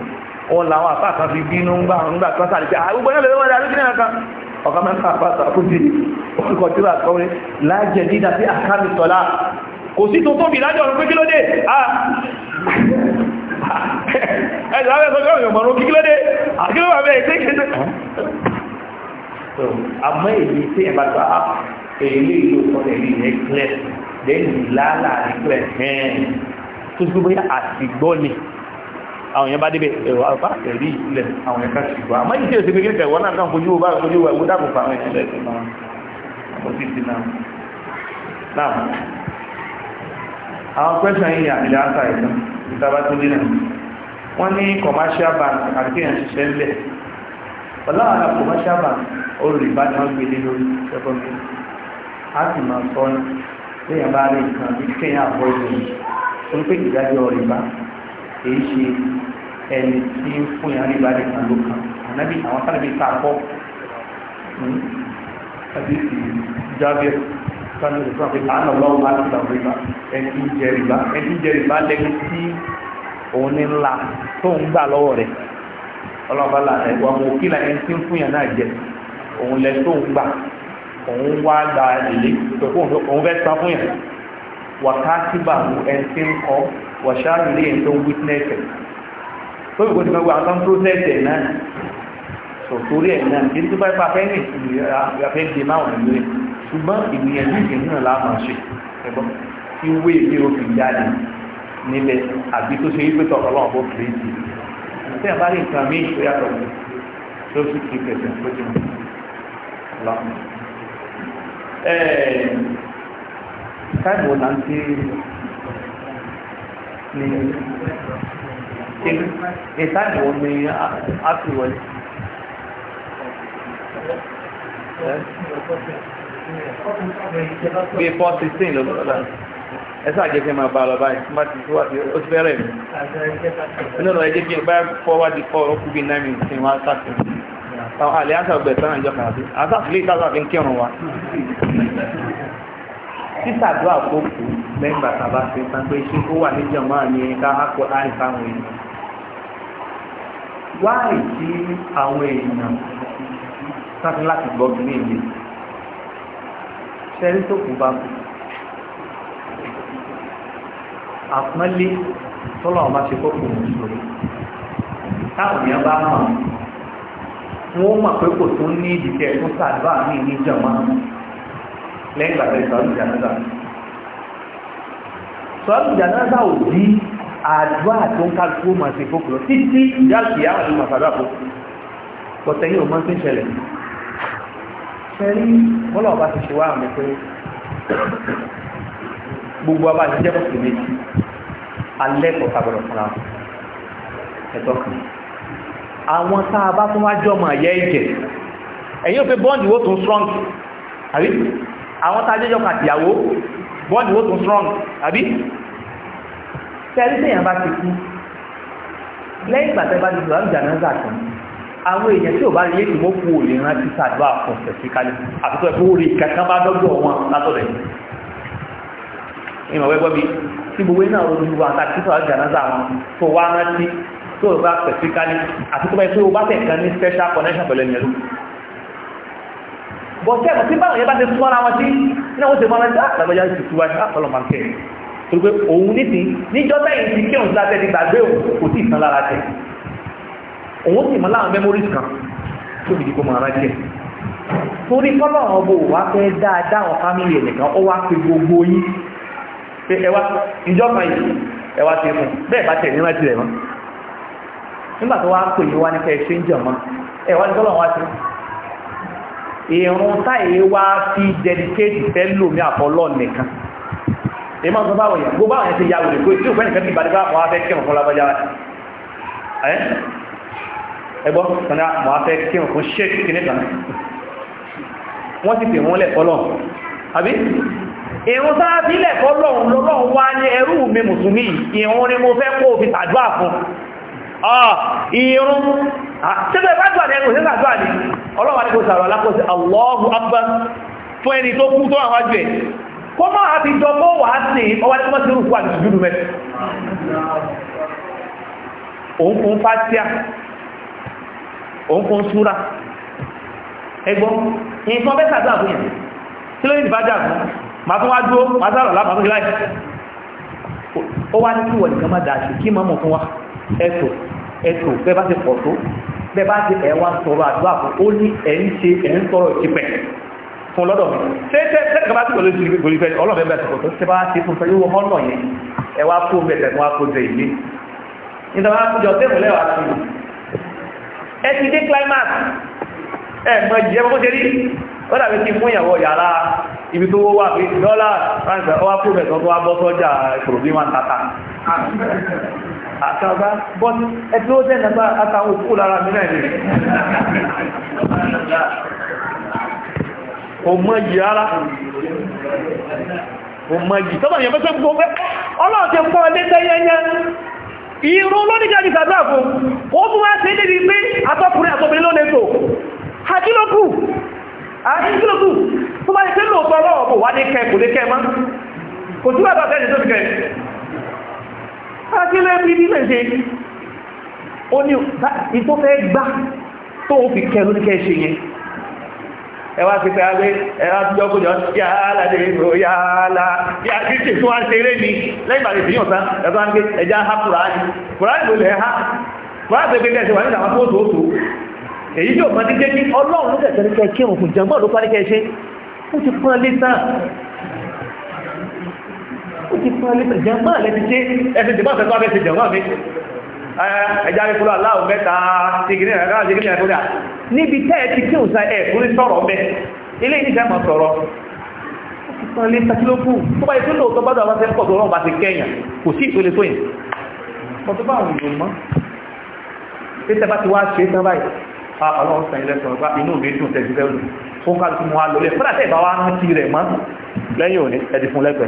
wọn làwọn àfáà kan fi bínú ńgbà ńgbà kan sáré pé àgbègbè ah, náà lè wọ́n darí kíni kan ọ̀kan mẹ́ta àfáà sàkó di orúkọ tí wà kọ́wé láàjẹ dídá sí àkámi sọ́lá kò sí tó tóbi lájọ ọ̀run pé kí ló dé ah. ẹ̀sẹ̀ lábẹ́ sọ́jọ́ ìrìnmọ̀rún kí ló dé àkílọ́wà ah, bẹ́ẹ̀ tẹ́ kí ló dé àmọ́ èyí tí ẹ̀ bá gbà á àwọn èèyàn bá débẹ̀ ẹ̀rọ àpá ẹ̀rí ilẹ̀ àwọn ẹ̀ka ti gbà àmọ́ ìṣẹ́ ìṣẹ́ kékeré ẹ̀wọ́n náà kan fojú bá fojú wà gbódàbò fún àwọn ìṣẹ́ ìṣẹ́ náà àbọ̀ sí ti náà náà wọ́n ní bank àti kéèyàn ṣiṣẹ́ ń bẹ̀ ọ̀la bank olùrìbá ni wọ́n gbé lé lórí ẹ̀kọ́ mi a sì máa sọ ní kéèyàn bá rí èyí ṣe ẹni tí ń fún ìyá nígbà rẹ̀ kan ló kan ànábì àwọn sábẹ̀ tá a kọ́ àti jábẹ́ sanu ìfúnra pé àánà lọ́wọ́ bá ti gbàgbé bá ẹni tí ń jẹ rìbá ẹni tí ń jẹ rìbá lẹ́ni tí òun ní ńlá tó ń gbà lọ́wọ́ rẹ̀ ọlọ́ba là ẹ̀ wà mọ̀ kí là ẹni tí ń fún yàn náà jẹ òun lẹ tó ń gbà òun wá gba èlé pẹ̀lú òun fẹ́ san fún yàn wàkátìbà ẹni tí ń kọ́ wàṣáàrù lè tó witness ẹ̀ tó ìgbò ti gbogbo àwọn process ẹ̀ náà sọ torí ẹ̀ náà kí n tó bá ipa fẹ́ ní ìfẹ́ dé máa wọ̀n lórí ṣùgbọ́n ìgbìyànjú ìgbìyànjú náà láàmà ṣe ẹ̀gbọ́n tí wé ilé òfin jáde nílẹ̀ àbí tó ṣe wípé tọ̀rọ̀ lọ́wọ́ bó kéré jì tí a bá rí nǹkan mí tó yàtọ̀ tó sì kí pẹ̀sẹ̀ tó jẹun lọ́wọ́ táìbù náà ti ní ìtáìbù ní ápìwọlé
bí four sixteen ló gbọ́dọ̀
ẹ sáà jẹ́ kí n máa bá a lọ báyìí tí wọ́n ti tí wọ́n ti ó ti fẹ́rẹ̀ mi nínú ẹ jẹ́ kí n bá forward four ó kú bí nine minutes kí n wá sáàkì àwọn àlẹ́ àṣà ọgbẹ̀ sọ́nà ìjọba àti àṣà títàdúrà kó kú lẹ́yìn bàtà bá ṣe tán pé ṣé ó wà níjọ máa ní ká ápò láì fáwọn èèyàn wáì tí àwọn èèyàn sáfún láti gbọ́ kí ní ìlú ṣẹ́rí tó kù bá kú àpọ́nlé tọ́lọ̀ ọba ṣe kó kù mùsùlùmí táwọn èèyàn bá mọ̀ wọ́n mọ̀ pé kò tún ní ìdíkẹ́ fún sàdúrà ní ìníjọ lẹ́yìn ìgbà tẹ́lẹ̀ sọ́ọ́lù jàǹdà sọ́ọ́lù jàǹdà ò dí àdúrà tó ń kálukú máa ṣe fókùn lọ títí yáàkì yáà ló máa fàdúrà fún pọ̀tẹ́ yóò máa ń fi ṣẹlẹ̀ ṣẹlí bọ́lá ọba ti ṣe wá àmì pé àwọn tá a bá tún wá jọmọ̀ àyẹ́ ìjẹ̀ ẹ̀yìn ò pé bọ́ǹdì tún strong àbí àwọn tàjẹ́ yọkà tìyàwó bọ́ọ̀dì ó tún strong àbí tẹ́rí tẹ́yàn bá ti kú lẹ́yìn ìgbà tẹ́ bá ti sọ̀rọ̀ ìjà náà zàtàn àwọn èèyàn tí ò bá rí ètò mọ́kù ò lè rán ti sàdúrà fún ṣẹ̀fíkalẹ̀ àtúntọ́ ẹ̀kọ́ orí kankan bá dọ́gbọ̀ wọn látọ̀rẹ̀ ìmọ̀ wẹ́gbọ́ bí tí gbogbo iná ojú wa àti sọ̀rọ̀ ìjà náà zàwọn tó wá rántí tó bá ṣẹ̀fíkalẹ̀ àtúntọ́ ẹ̀kọ́ bá tẹ̀ kan ní special connection pẹ̀lú ẹ̀yẹ̀lú bọ̀tẹ́ ẹ̀mọ̀ tí bá àwọn yẹn bá ti súnmọ́ ara wọn sí ní àwọn òṣèlú ọmọdé àgbàgbàjá ti túwá ọlọ́mọ kẹ́ tó pé òun ní ti níjọ́ tẹ́yìn ti kírun sílá tẹ́lẹ̀ gbàgbé òun kò tí ì san lára kan tó fi dìbò màrá jẹ torí fọ́lọ́ ọ̀bọ̀ wá fẹ́ dáadáa àwọn fámìlì ẹ̀ nìkan ó wá pe kan yìí ẹ wá ti fún bẹ́ẹ̀ bá tẹ̀ níwájú rẹ̀ mọ́ nígbà tó wá pè yín wá ní kẹ́ wá ní ìrún táyé wá fi dedicate fẹ́lò ní àfọlọ́ nìkan ìmọ̀ tó báwọn yẹn gbogbo àwọn ẹ̀sẹ̀ ìyàwó rẹ̀ kó tí ò fẹ́ nìkan ní ìbàdígbà wọ́n á fẹ́ kírun fún lábájá ẹgbọ́ kaná wọ́n á fẹ́ kírun fún sheik kìíní kan wọ́n ti fi wọ́n lẹ̀ fọ́lọ́ àbí ìrún sáábí lẹ̀ Ah, ṣẹ́gbẹ́ bá dùn àdẹ́kùn sí sàdúrà ní ọlọ́wà ní kò sàrọ̀ alákòsí Allahu Akbar fún ẹni tó kú tó àwọn jẹ́ kó a àti jọ mọ́ wà á sí ọwá tí wọ́n ti rúkú àti jùlù mẹ́ òun kún fásíà òun kún súra ẹgbọ́n nǹkan bẹ́ sàdúrà fún yẹn tí ló ní ìbájá fún ma tún wá dúró ma sàrọ̀ lápá fún ìláì ó wá ní kí wọ̀ nìkan má dáa ẹ̀sùn ẹ̀tò bẹ́ẹ̀ bá ti pọ̀ tó bẹ́ẹ̀ bá ti ẹ̀ wá sọ̀rọ̀ àdúrà fún ó ní ẹ̀ ń ṣe ẹ̀ ń sọ̀rọ̀ ìtìpẹ̀ fún lọ́dọ̀ mi ṣé ṣé ṣé kaba ti wọlé ju gbòlì fẹ́ ọlọ́mọ ẹgbẹ́ àtìkọ̀ tó ṣe bá ti fún fẹ́yìí wọ́n náà yẹn ẹ wá kó bẹ̀ tẹ̀kún wá kó jẹ ìlé nítorí wọn kújọ tẹ́kùn lẹ́wàá sí i ẹ ti dé climax ẹ mọ ìjẹ́ bó ṣe rí ó dàbí kí fún ìyàwó yàrá ibi tó wó wà pé dọ́là france ọwá kó bẹ̀ tó wá bọ́ sọ́jà ìfòròbí wọn tata àkàbá bọ́n ẹ̀tí ó tẹ́lẹ̀ bá àtàwọn òkú lára mi náà rẹ̀ ọmọ yìí ara ọmọ yìí tọ́bà yẹ̀ mẹ́sàn gbogbo ọlọ́ọ̀tẹ̀ pọ́ lẹ́tẹ́yẹyẹ ìrún lóníkàdì sàdáàfò ó tún wá sí débi pé atọ́kùnrin àtọ́bìnrin ló lẹ́tò àkílókù àkílókù tó bá ní pé lóòtọ́ ọlọ́ọ̀bọ̀ wá ní kẹ kò lé kẹ má kò túbà bá fẹ́ akílẹ̀ bí nílẹ̀ ṣe ó ní ìtó fẹ́ gbá tó ń fi kẹrù ní kẹ́ṣe yẹn ẹwà ti pẹ́ agbé ẹwà tí ọkùnjọ yàálà dé ìrò yàálà yà kí ṣe tó wá ṣe eré ní lẹ́yìn bàrẹ̀ ìfìyàn tán ẹ̀tọ́ ń gbé ẹja ha kùránì kùránì ló lẹ̀ ha kùránì tó gbé kẹ́ṣe wà nígbà wọn tó tó tó èyí yóò máa ní kékeré ọlọ́run ló tẹ̀sẹ̀ ní kẹ́kẹ́ òkùnjọ́gbọ́n ló parí kẹ́ṣe ó ti pọ́n lé sáà ó ti fún ẹlẹ́fẹ̀ jẹ́mọ́ lẹ́ti ṣe ẹfẹ́ jẹ́mọ́ fẹ́ tó wá fẹ́ ṣe jẹ́mọ́ mi ẹja rẹ̀ kúrò aláwọ̀ mẹ́ta tìgìrì ẹ̀rọ àjẹgìrì ẹ̀rọ dà níbi tẹ́ ẹ ti kí òsà ẹ̀ kúrí sọ̀rọ̀ mẹ́ ilé yìí jẹ́ mọ̀ sọ̀rọ̀ ó ti fún ẹlẹ́fẹ̀ kí ló kù tó bá yẹ tó lóòótọ́ bá dàbá fẹ́ pọ̀ tó rọ̀ bá ti kẹ́yìn kò sí ìpele tó yìn mọ̀ tó bá àwọn èèyàn mọ́ pé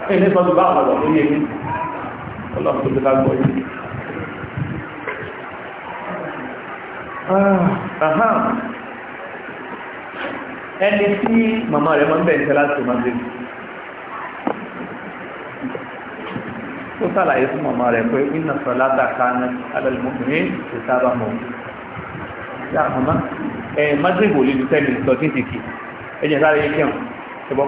ẹ̀lẹ́ sọ́dún bá àwọn ọ̀rọ̀ yẹ ọlọ́pùtò tó ká gbọ́ yìí ah, ẹni tí màmá rẹ̀ máa ń bẹ̀rẹ̀ láti tó máa ń bẹ̀rẹ̀ tó sàlàyé fún màmá rẹ̀ pé iná sọ látàkà ní alẹ́lùmọ́kùnrin ti sábà mọ̀ yá màmá ẹ̀ madrid wò lè lu lọ sí ìsìnkì sáré kí ẹ̀bọ̀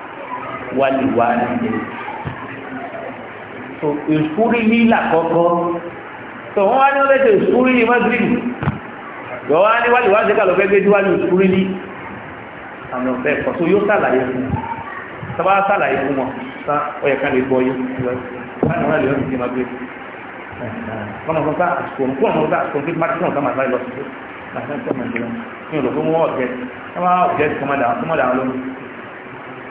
wàlíwà nìyẹn so ìsúrí lílà kọ́kọ́ tó wọ́n wá ní wọ́n fẹ́ ṣe ìsúrí ní mọ́sílì lọ́wọ́ wá ní wàlíwà ṣe kà ló fẹ́ gbé díwájú ìsúrí ní àmì ọ̀fẹ́ kan tó yóò sàlàyé fún wọn sábà sàlàyé fún wọn sá ọyẹ kan lè gbọ́ yé báyìí wọn lè lọ sí ti máa gbé kọ́nà kan sá àsìkò kọ́nà kan sá àsìkò kí mákìtì náà sá máa sáré lọ sí i láti ṣe ọmọ ìṣẹ̀lẹ̀ ní olùkọ́ mọ́ ọ̀jẹ̀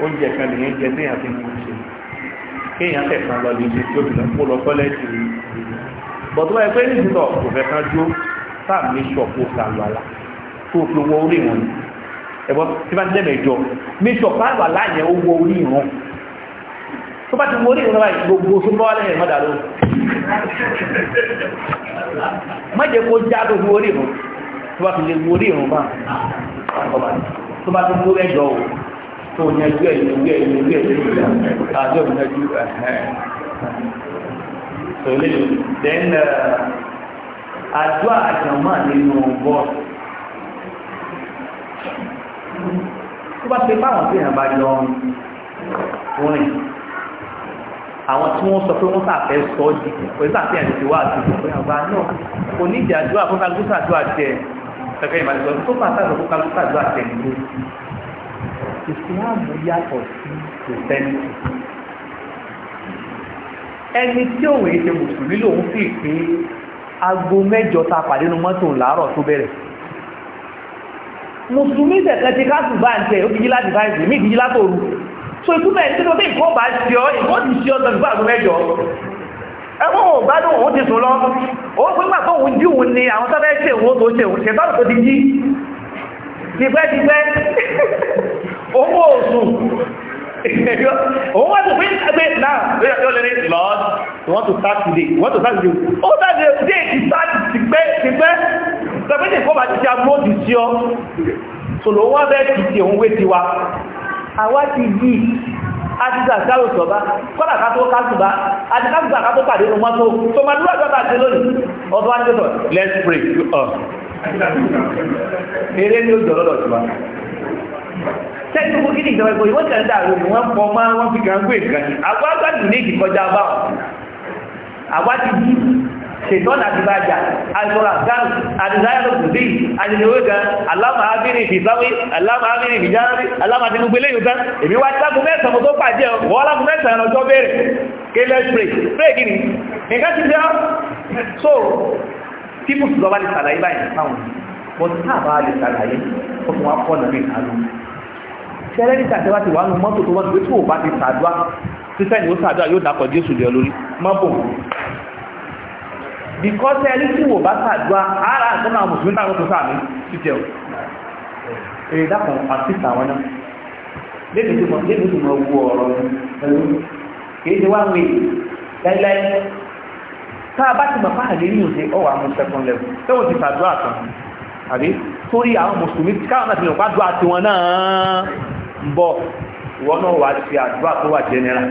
oúnjẹ kan lè yẹn jẹ tí èèyàn fi ń ṣe kéèyàn tẹ̀sán lọ lè ṣe tí obìnrin kó lọ tọ́lẹ́tì rí bọ̀tọ́ ẹ pé nìtọ́ kò fẹ́ kan jó sáà ní ṣọ̀pù sàlùwàlà tó fi wọ orí wọn ẹ̀bọ́ tí bá ti lẹ́mẹ̀ jọ ní ṣọ̀pù sàlùwàlà yẹn ó wọ orí wọn tó bá ti wọ orí wọn báyìí gbogbo tó bá lẹ́yìn mọ́dà ló má kó já tó fi wọ orí wọn tó bá ti lè wọ orí wọn bá tó bá ti wọ ẹjọ́ tó yanjú ẹ̀ yanjú ẹ̀ yanjú ẹ̀ yanjú ẹ̀ àjọ yanjú ẹ̀hẹ́n tó lè then uh, àjọ àjọmọ́ nínú bọ́ọ̀lù tó bá ṣe báwọn tí ìrìnàbá yọ orin àwọn tí wọ́n sọ pé wọ́n sàfẹ́ sọ jì pẹ̀lú àti ẹ̀rìn tí wà àti ìgbà náà onídìí àjọ àfọ́nkálùkù sàjọ àjẹ kẹkẹ ìbàdàn tó pàtàkì àjọ àfọ́nkálùkù sàjọ àjẹ nìyẹn ìsìláàmù yàtọ̀ sí kìrìsẹ́nì ẹni tí òwe ṣe mùsùlùmí lòun sì pé aago mẹ́jọ ta pàdé nu mọ́tò làárọ̀ tó bẹ̀rẹ̀ mùsùlùmí tẹ̀tẹ̀ ti káàtù bá ń tẹ̀ ó kìí láti báyìí mí kìí látò òru so ìtumọ̀ ẹni tí wọ́n bí nǹkan bá ṣe ọ́ ìwọ́n ti ṣe ọ́sàn nípa aago mẹ́jọ ẹgbọ́n ò bá dùn òun ti sùn lọ ó pín pàtó òun jí òun ni àwọn sábẹ́ ṣe òun tó ṣe òun ṣe tó ti jí ti owó oṣù òun wá tó pé ẹgbẹ́ náà lórí ọjọ́ lẹ́rẹ́ lord you want to start today you want to start today ó start today ti start ti pẹ́ ti pẹ́ tẹ̀pẹ́ tí kọ́bà ti ṣe agbóòdì sí ọ tó ló wá bẹ́ẹ̀ ti ti òun wé ti wa àwa ti yí àtìsà sáwò sọ̀bá kọ́nà ká tó kásùbá àti kásùbá ká tó pàdé ní mọ́tò tó máa dúró àjọba àti lónìí ọdún wá ní let's pray eré ni ó jọ lọ́dọ̀ ṣùgbọ́n tẹ́tí gbogbo kíni ìjọba ìbò ìwọ́n tẹ̀ ń dàrú ni wọ́n pọ̀ máa wọ́n fi kàn gbé nǹkan àgbà gbàdùn ní ìdíkọjá bá wọn àgbà ti bí
ṣètọ́n àti bájà àìsọ̀rọ̀ àgbàrù
àdìsáyàlógùnbí àdìsẹ̀wégan alámàábìnrin ìfìsáwé alámàábìnrin ìfìjárárí alámàdínúgbélé yóò tán èmi wá tágún mẹ́sàn tó pàjẹ́ wọ́n lágún mẹ́sàn ọjọ́ bẹ̀rẹ̀ kélẹ̀ spray spray gini nǹkan ti jẹ́ so people to lọ́wọ́ lè sàlàyé báyìí tẹ́lẹ̀ ní sàtẹ́wà ti wà nù mọ́tò tó wọ́n ti tó bá ti sàdúà sísẹ́ni ó sàdúà yóò dákọ̀ Jésù lé lórí mọ́bò bìkọ́sẹ́ ẹni tí wò bá sàdúà ara àtọ́nà mùsùlùmí táwọn tó sàmì ti jẹ́ èrè dákọ̀ àtìsà wọn náà lẹ́nu tó mọ̀ lẹ́nu tó mọ̀ wú ọ̀rọ̀ ẹ̀rú kìí ṣe wá ń wé láíláí tá a bá ti mọ̀ fáàlì ní òde ọ̀wà mú second level tẹ́wọ̀n ti sàdúà kan àbí sórí àwọn mùsùlùmí káwọn náà ti mọ̀ fáàdúà tiwọn náà bọ́ ìwọ náà wà ṣe àdúrà tó wà jẹnẹra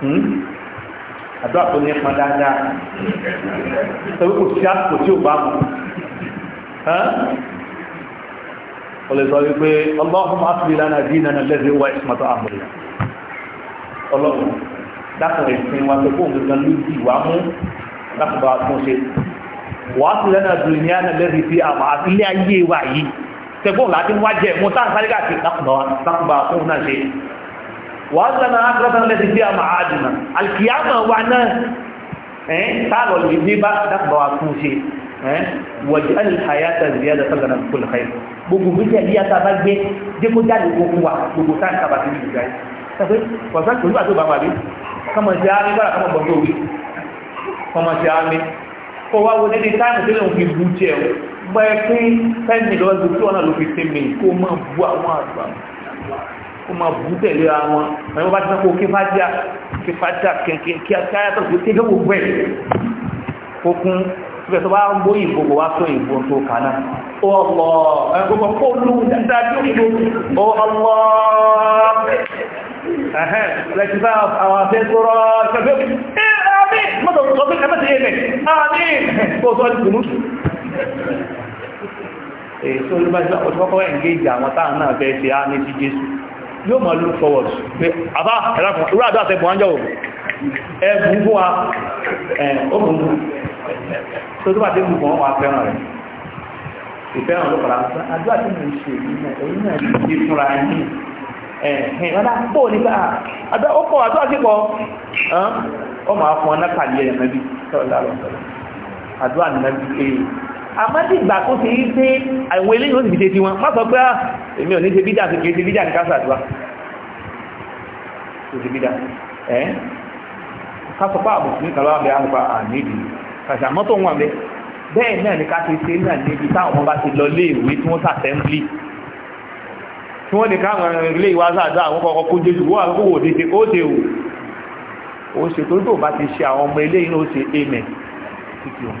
hmm? àdúrà tó nípa dáadáa tẹ̀wé kò sí àpò tí ò bá mu ó lè sọ wípé Allahumma asli lana dinana allazi huwa ismatu amrina ọlọ́run dákùn ẹ̀sìn wa tó kó nǹkan lójú ìwà mú dákùn bá tún ṣe wàá sì tẹ̀gbọ́n láti wájẹ̀ mú tán sáré káàkiri lákùnbà fún náà ṣe wà sánà ágbàtàn lẹ́sí sí àmà àdùnà alkiyama wa náà ẹ́ tààlọ̀ lè ní bá lákùnbà wa fún ṣe wọ̀jẹ́ alìhayata ziyada sọ́gbọ̀nà kúlù kai gbogbo gbígbẹ́ ilé yàtà bá gbé dépò jáde gbogbo wa gbogbo tán kaba sí ìlú gáyé sọ́gbẹ́ wọ̀sán kò nígbà tó bá ní táàmù tó lè fi bú tiẹ̀ pẹ́ pé ten million ju two hundred ló fi ṣe mìí kó máa bu àwọn àgbà kó máa bu tẹ̀lé àwọn ẹ̀rọ bá ti sọ pé kí fájà kí fájà kẹ̀kẹ́ kí ayatọ̀ tó kéde gbogbo ẹ̀ kókún síbẹ̀ tó bá ń bó ìbò wá tó ìbò tó kà náà ó ọlọ́ ẹgbogbo kó lù dáadáa tó ìbò ó ọlọ́ ẹ̀hẹ́n lẹ́tí bá èso olùbáṣọ ọ̀tọ́kọ́ engage àwọn táwọn náà fẹ́ ṣe á ní sí jésù yóò mọ̀ look forward pé àbá ẹ̀lákùn irú àdó àtẹ́kùn wájọ́ òun ẹ̀bùn fún wa ọkùn tó tó bá dé gbùgbọ́n wọn wà fẹ́ràn rẹ̀ ìfẹ́ràn ló fara àdó àti mò ń ṣe èyí náà ní ti fúnra ní ẹ̀hìn rárá pò nígbà ọkọ̀ ọmọ afọ náà kàlí tọ́lá lọ́sọ̀rọ̀ àdó ànàbí àmọ́dìgbà kó ti rí pé àwọn eléyìn ó sì fi ṣe ti wọn má sọ pé ah, èmi ò ní ṣe bídà sí kìí ṣe bídà ní káṣà àdúrà kò ṣe bídà ẹ́ kásọpá àbùkù ní kàlọ́ àbẹ̀ àlùpà àníbi kàṣà mọ́tò wọn bẹ bẹ́ẹ̀ náà ni ká ti ṣe náà níbi táwọn ọmọ bá ti lọ lé ìwé tí wọ́n sàtẹ́ńblì tí wọ́n ní káwọn ilé ìwà sáàdá àwọn kọ̀ọ̀kọ́ kó jésù wọ́n àkókò òde ṣe ó ṣe ò ó ṣe torí tó bá ti ṣe àwọn ọmọ ilé ìnáwó ṣe amen títí wọn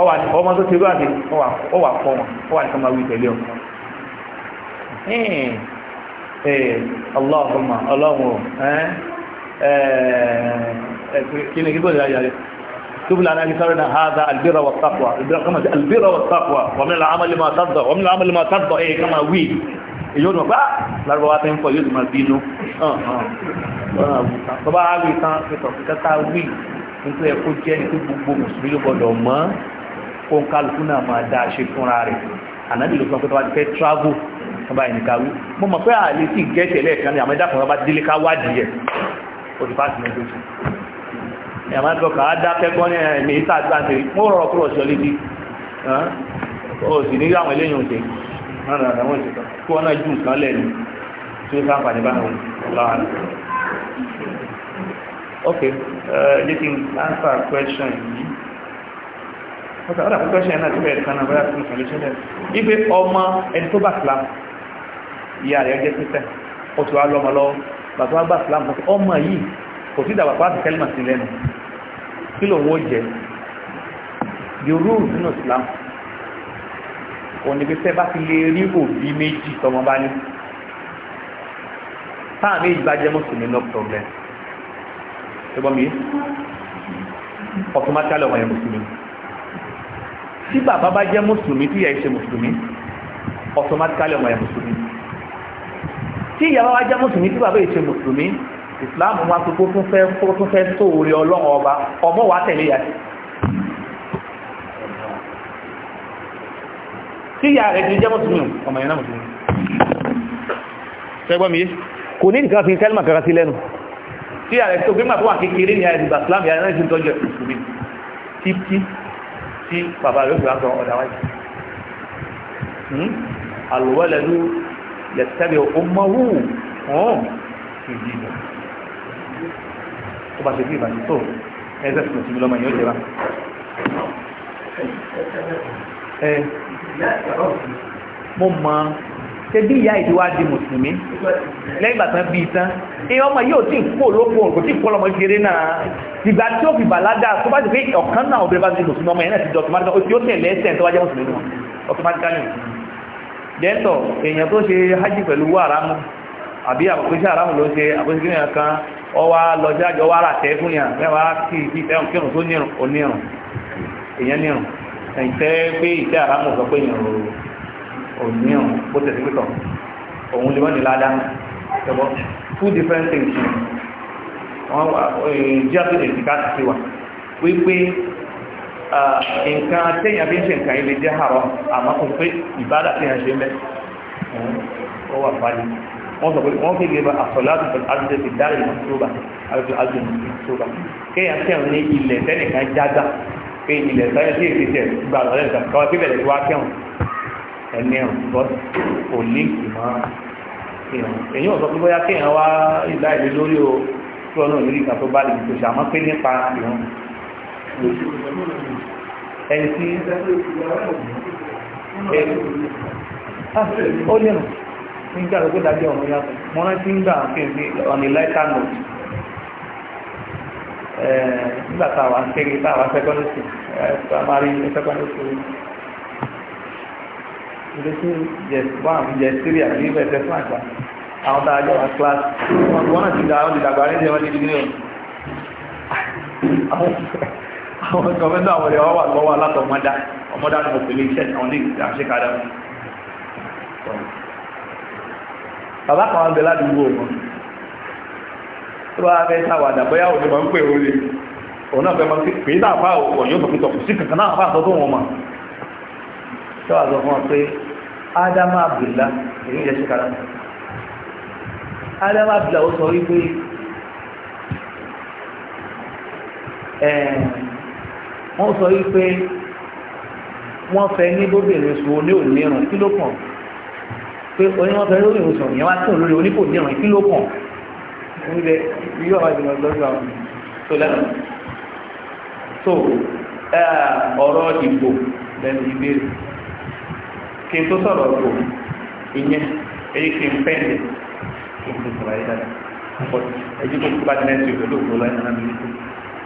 ọwà ọmọ tó ti rú àti ọwà fọ wọn ọwà nìkan máa wí tẹ̀lé ọ. ọlọ́ọ̀fọ́mà ọlọ́wọ́ kí ni kí tó lè yára yẹ شوف لنا مثالنا هذا البر والتقوى البر والتقوى ومن العمل ما ترضى ومن العمل ما ترضى ايه كما وي yóò dùn bá ah! lárúbáwá tẹ́ ń pọ̀ yóò dùn máa bínú tọ́ba àwìn tán ṣe tọ̀ fún kẹta wí nítorí ẹ̀kọ́ jẹ́ ní pé gbogbo mùsùlùmí ló gbọ́dọ̀ mọ̀ kó ń kálukú náà máa dá ṣe fúnra rẹ̀ ànábì ló sọ pé tọ́wá ti fẹ́ travel tọ́ba ẹni ká wí mo mọ̀ pé àlè sì gẹ́ẹ̀tì ẹlẹ́ẹ̀kan ní àmọ́ ẹ̀dá kan bá délé ká wádìí ẹ̀ ó ti fásitì mẹ́jọ sí i àmọ́ ẹ̀dọ́ kà á dá kẹ́kọ́ ní ẹ̀mí sáàdúrà ṣe mo rọrọ̀ kúrò sí ọ létí ó sì ní àwọn eléyìí òde kí wọ́n náà jù nǹkan lẹ́nu tí ó sáà pàdé báwọn láwọn. Okay, uh, let answer question yìí ọ̀dà púpọ̀ ṣe náà tíbẹ̀ ìtànà bọ́yá tí mo sọ lè ṣe lẹ́nu wípé ọmọ ẹni tó bá Islam ìyá rẹ̀ jẹ́ sísẹ̀ ó ti wá lọ́mọ lọ́wọ́ bàtọ́ wá gbà Islam mọ́ ọmọ yìí kò sí ìdàgbàpá àti kẹ́lìmà sí lẹ́nu kí Islam ò ní pípẹ́ bá ti lè rí òbí méjì tọmọ bá ní táà méjì bá jẹ́ mùsùlùmí no problem ṣùgbọ́n mi automatically ọmọ yẹn tí bàbá bá jẹ́ mùsùlùmí tí ìyá ìṣe mùsùlùmí automatically ọmọ ìyá mùsùlùmí tí ìyá bá jẹ́ mùsùlùmí tí bàbá ìṣe mùsùlùmí islam wa tó tún fẹ́ tó fẹ́ sóore ọlọ́run ọba ọmọ wa tẹ̀lé ìyá sí tí ìyá rẹ̀ ti jẹ́ mùsùlùmí ọmọ ìyá mùsùlùmí ṣẹgbọ́n mi kò ní nǹkan fi tẹ́lmà kankan sí lẹ́nu tí ìyá rẹ̀ tó gbé tí bàbá rẹ̀ gbà sọ ọ̀dà wáyé alùwẹ́lẹ́lú yẹtẹ́bẹ̀ ọmọwú ọ̀hún ìdí ìbò ó bá ṣe bí ìbàjẹ́ tó ẹgbẹ́ tó ti lọ́mọ yóò jẹba mo mọ ṣe bí ìyá ìdíwá di mùsùlùmí lẹ́yìn ìgbà tán bí tán ìyá ọmọ yóò tí kó lóko kò tí kó lọmọ kéré náà ìgbà tí ó fi bàlágà tó bá ti pé ọ̀kan náà obìnrin bá ti mùsùlùmí ọmọ yẹn náà ti di ọ̀tọ̀mátì ó ti ó tẹ̀lé ẹsẹ̀ tó wá jẹ́ mùsùlùmí wọn ọ̀tọ̀mátíkálì dẹ́tọ̀ èèyàn tó ṣe hajj pẹ̀lú wàrámù àbí àbòkúṣe àrámù ló ṣe àbòkúṣe yẹn kan ọwá lọ́jọ́ àjọ wàrà tẹ́ òmíràn bó tẹ̀sí pẹ́tọ̀ òun lè wọ́n ní ládá ẹ̀bọ́ two different things wọ́n wà jíàtò ìsìnká ti ti wà wípé nǹkan tẹ́yìn àbí ṣe nǹkan ilé jẹ́ àrọ àmọ́ kò pé ìbádà tí a ṣe mẹ́ ó wà fàájì wọ́n sọ pé wọ́n fi gbé àsọ̀láàtù àdúgbò ti dárí ìmọ̀síwòbà àdúgbò àdúgbò ìmọ̀síwòbà kéèyàn tẹ̀wọ̀n ní ilẹ̀ tẹ́nìkan jágbà pé ilẹ̀ sáyẹ́ sí èsì tẹ̀ gbà lọ́lẹ́ ìgbà kọ́wọ́ pípẹ̀lẹ̀ tí wá kẹ́wọ̀n ẹ̀mí ọ̀gbọ́n kò ní ìmọ̀ èèyàn èyí ọ̀sọ́ tó bóyá kéèyàn wá ìlà ìlú lórí o tó ọ̀nà ìlú ìkà tó bá lè tó ṣàmọ́ pé nípa ìrún ẹni tí ah, ó nìrùn nígbà tó dájẹ́ ọ̀nà yàtọ̀ mọ́ rántí ń gbà kéèké ọ̀nà ìlẹ́ta nọ̀ nígbà táwa ń kéré táwa secondary school ilé tí yẹ wá àmì fún àgbà àwọn a jọ class wọn náà ti da àwọn ìdàgbà ní ìjẹun ní ìdílé àwọn gọ́ọ̀mẹ́ntà àwọn ìyàwó wà lọ́wọ́ alátọ̀mọ́dá ọmọdá ni mo pèlè iṣẹ́ àwọn ádámà àbùlá èyí ilẹ̀ ṣekara ádámà àbùlá ó sọ wípé wọ́n sọ wípé wọ́n fẹ́ ní bóbìnrin sùn oní òmíràn kí ló kàn pé oní wọ́n fẹ́ lórí ìwòsàn ìyẹn wá sí òun lórí oníkò níràn kí ló kàn nílẹ̀ yóò wá ìdìbò lọ́dún àwọn tó lẹ́nu tó ọ̀rọ̀ ìbò lẹ́nu ìbéèrè kí n tó sọ̀rọ̀ ọ̀gbọ̀ ìyẹn èyí kí n pẹ́ẹ̀lì kí n tó sọ̀rọ̀ ayé dáadáa pọ̀ ẹjú tó bá ti lẹ́sìn ìwé lóògùn lọ́wọ́ ẹ̀nà mi nípa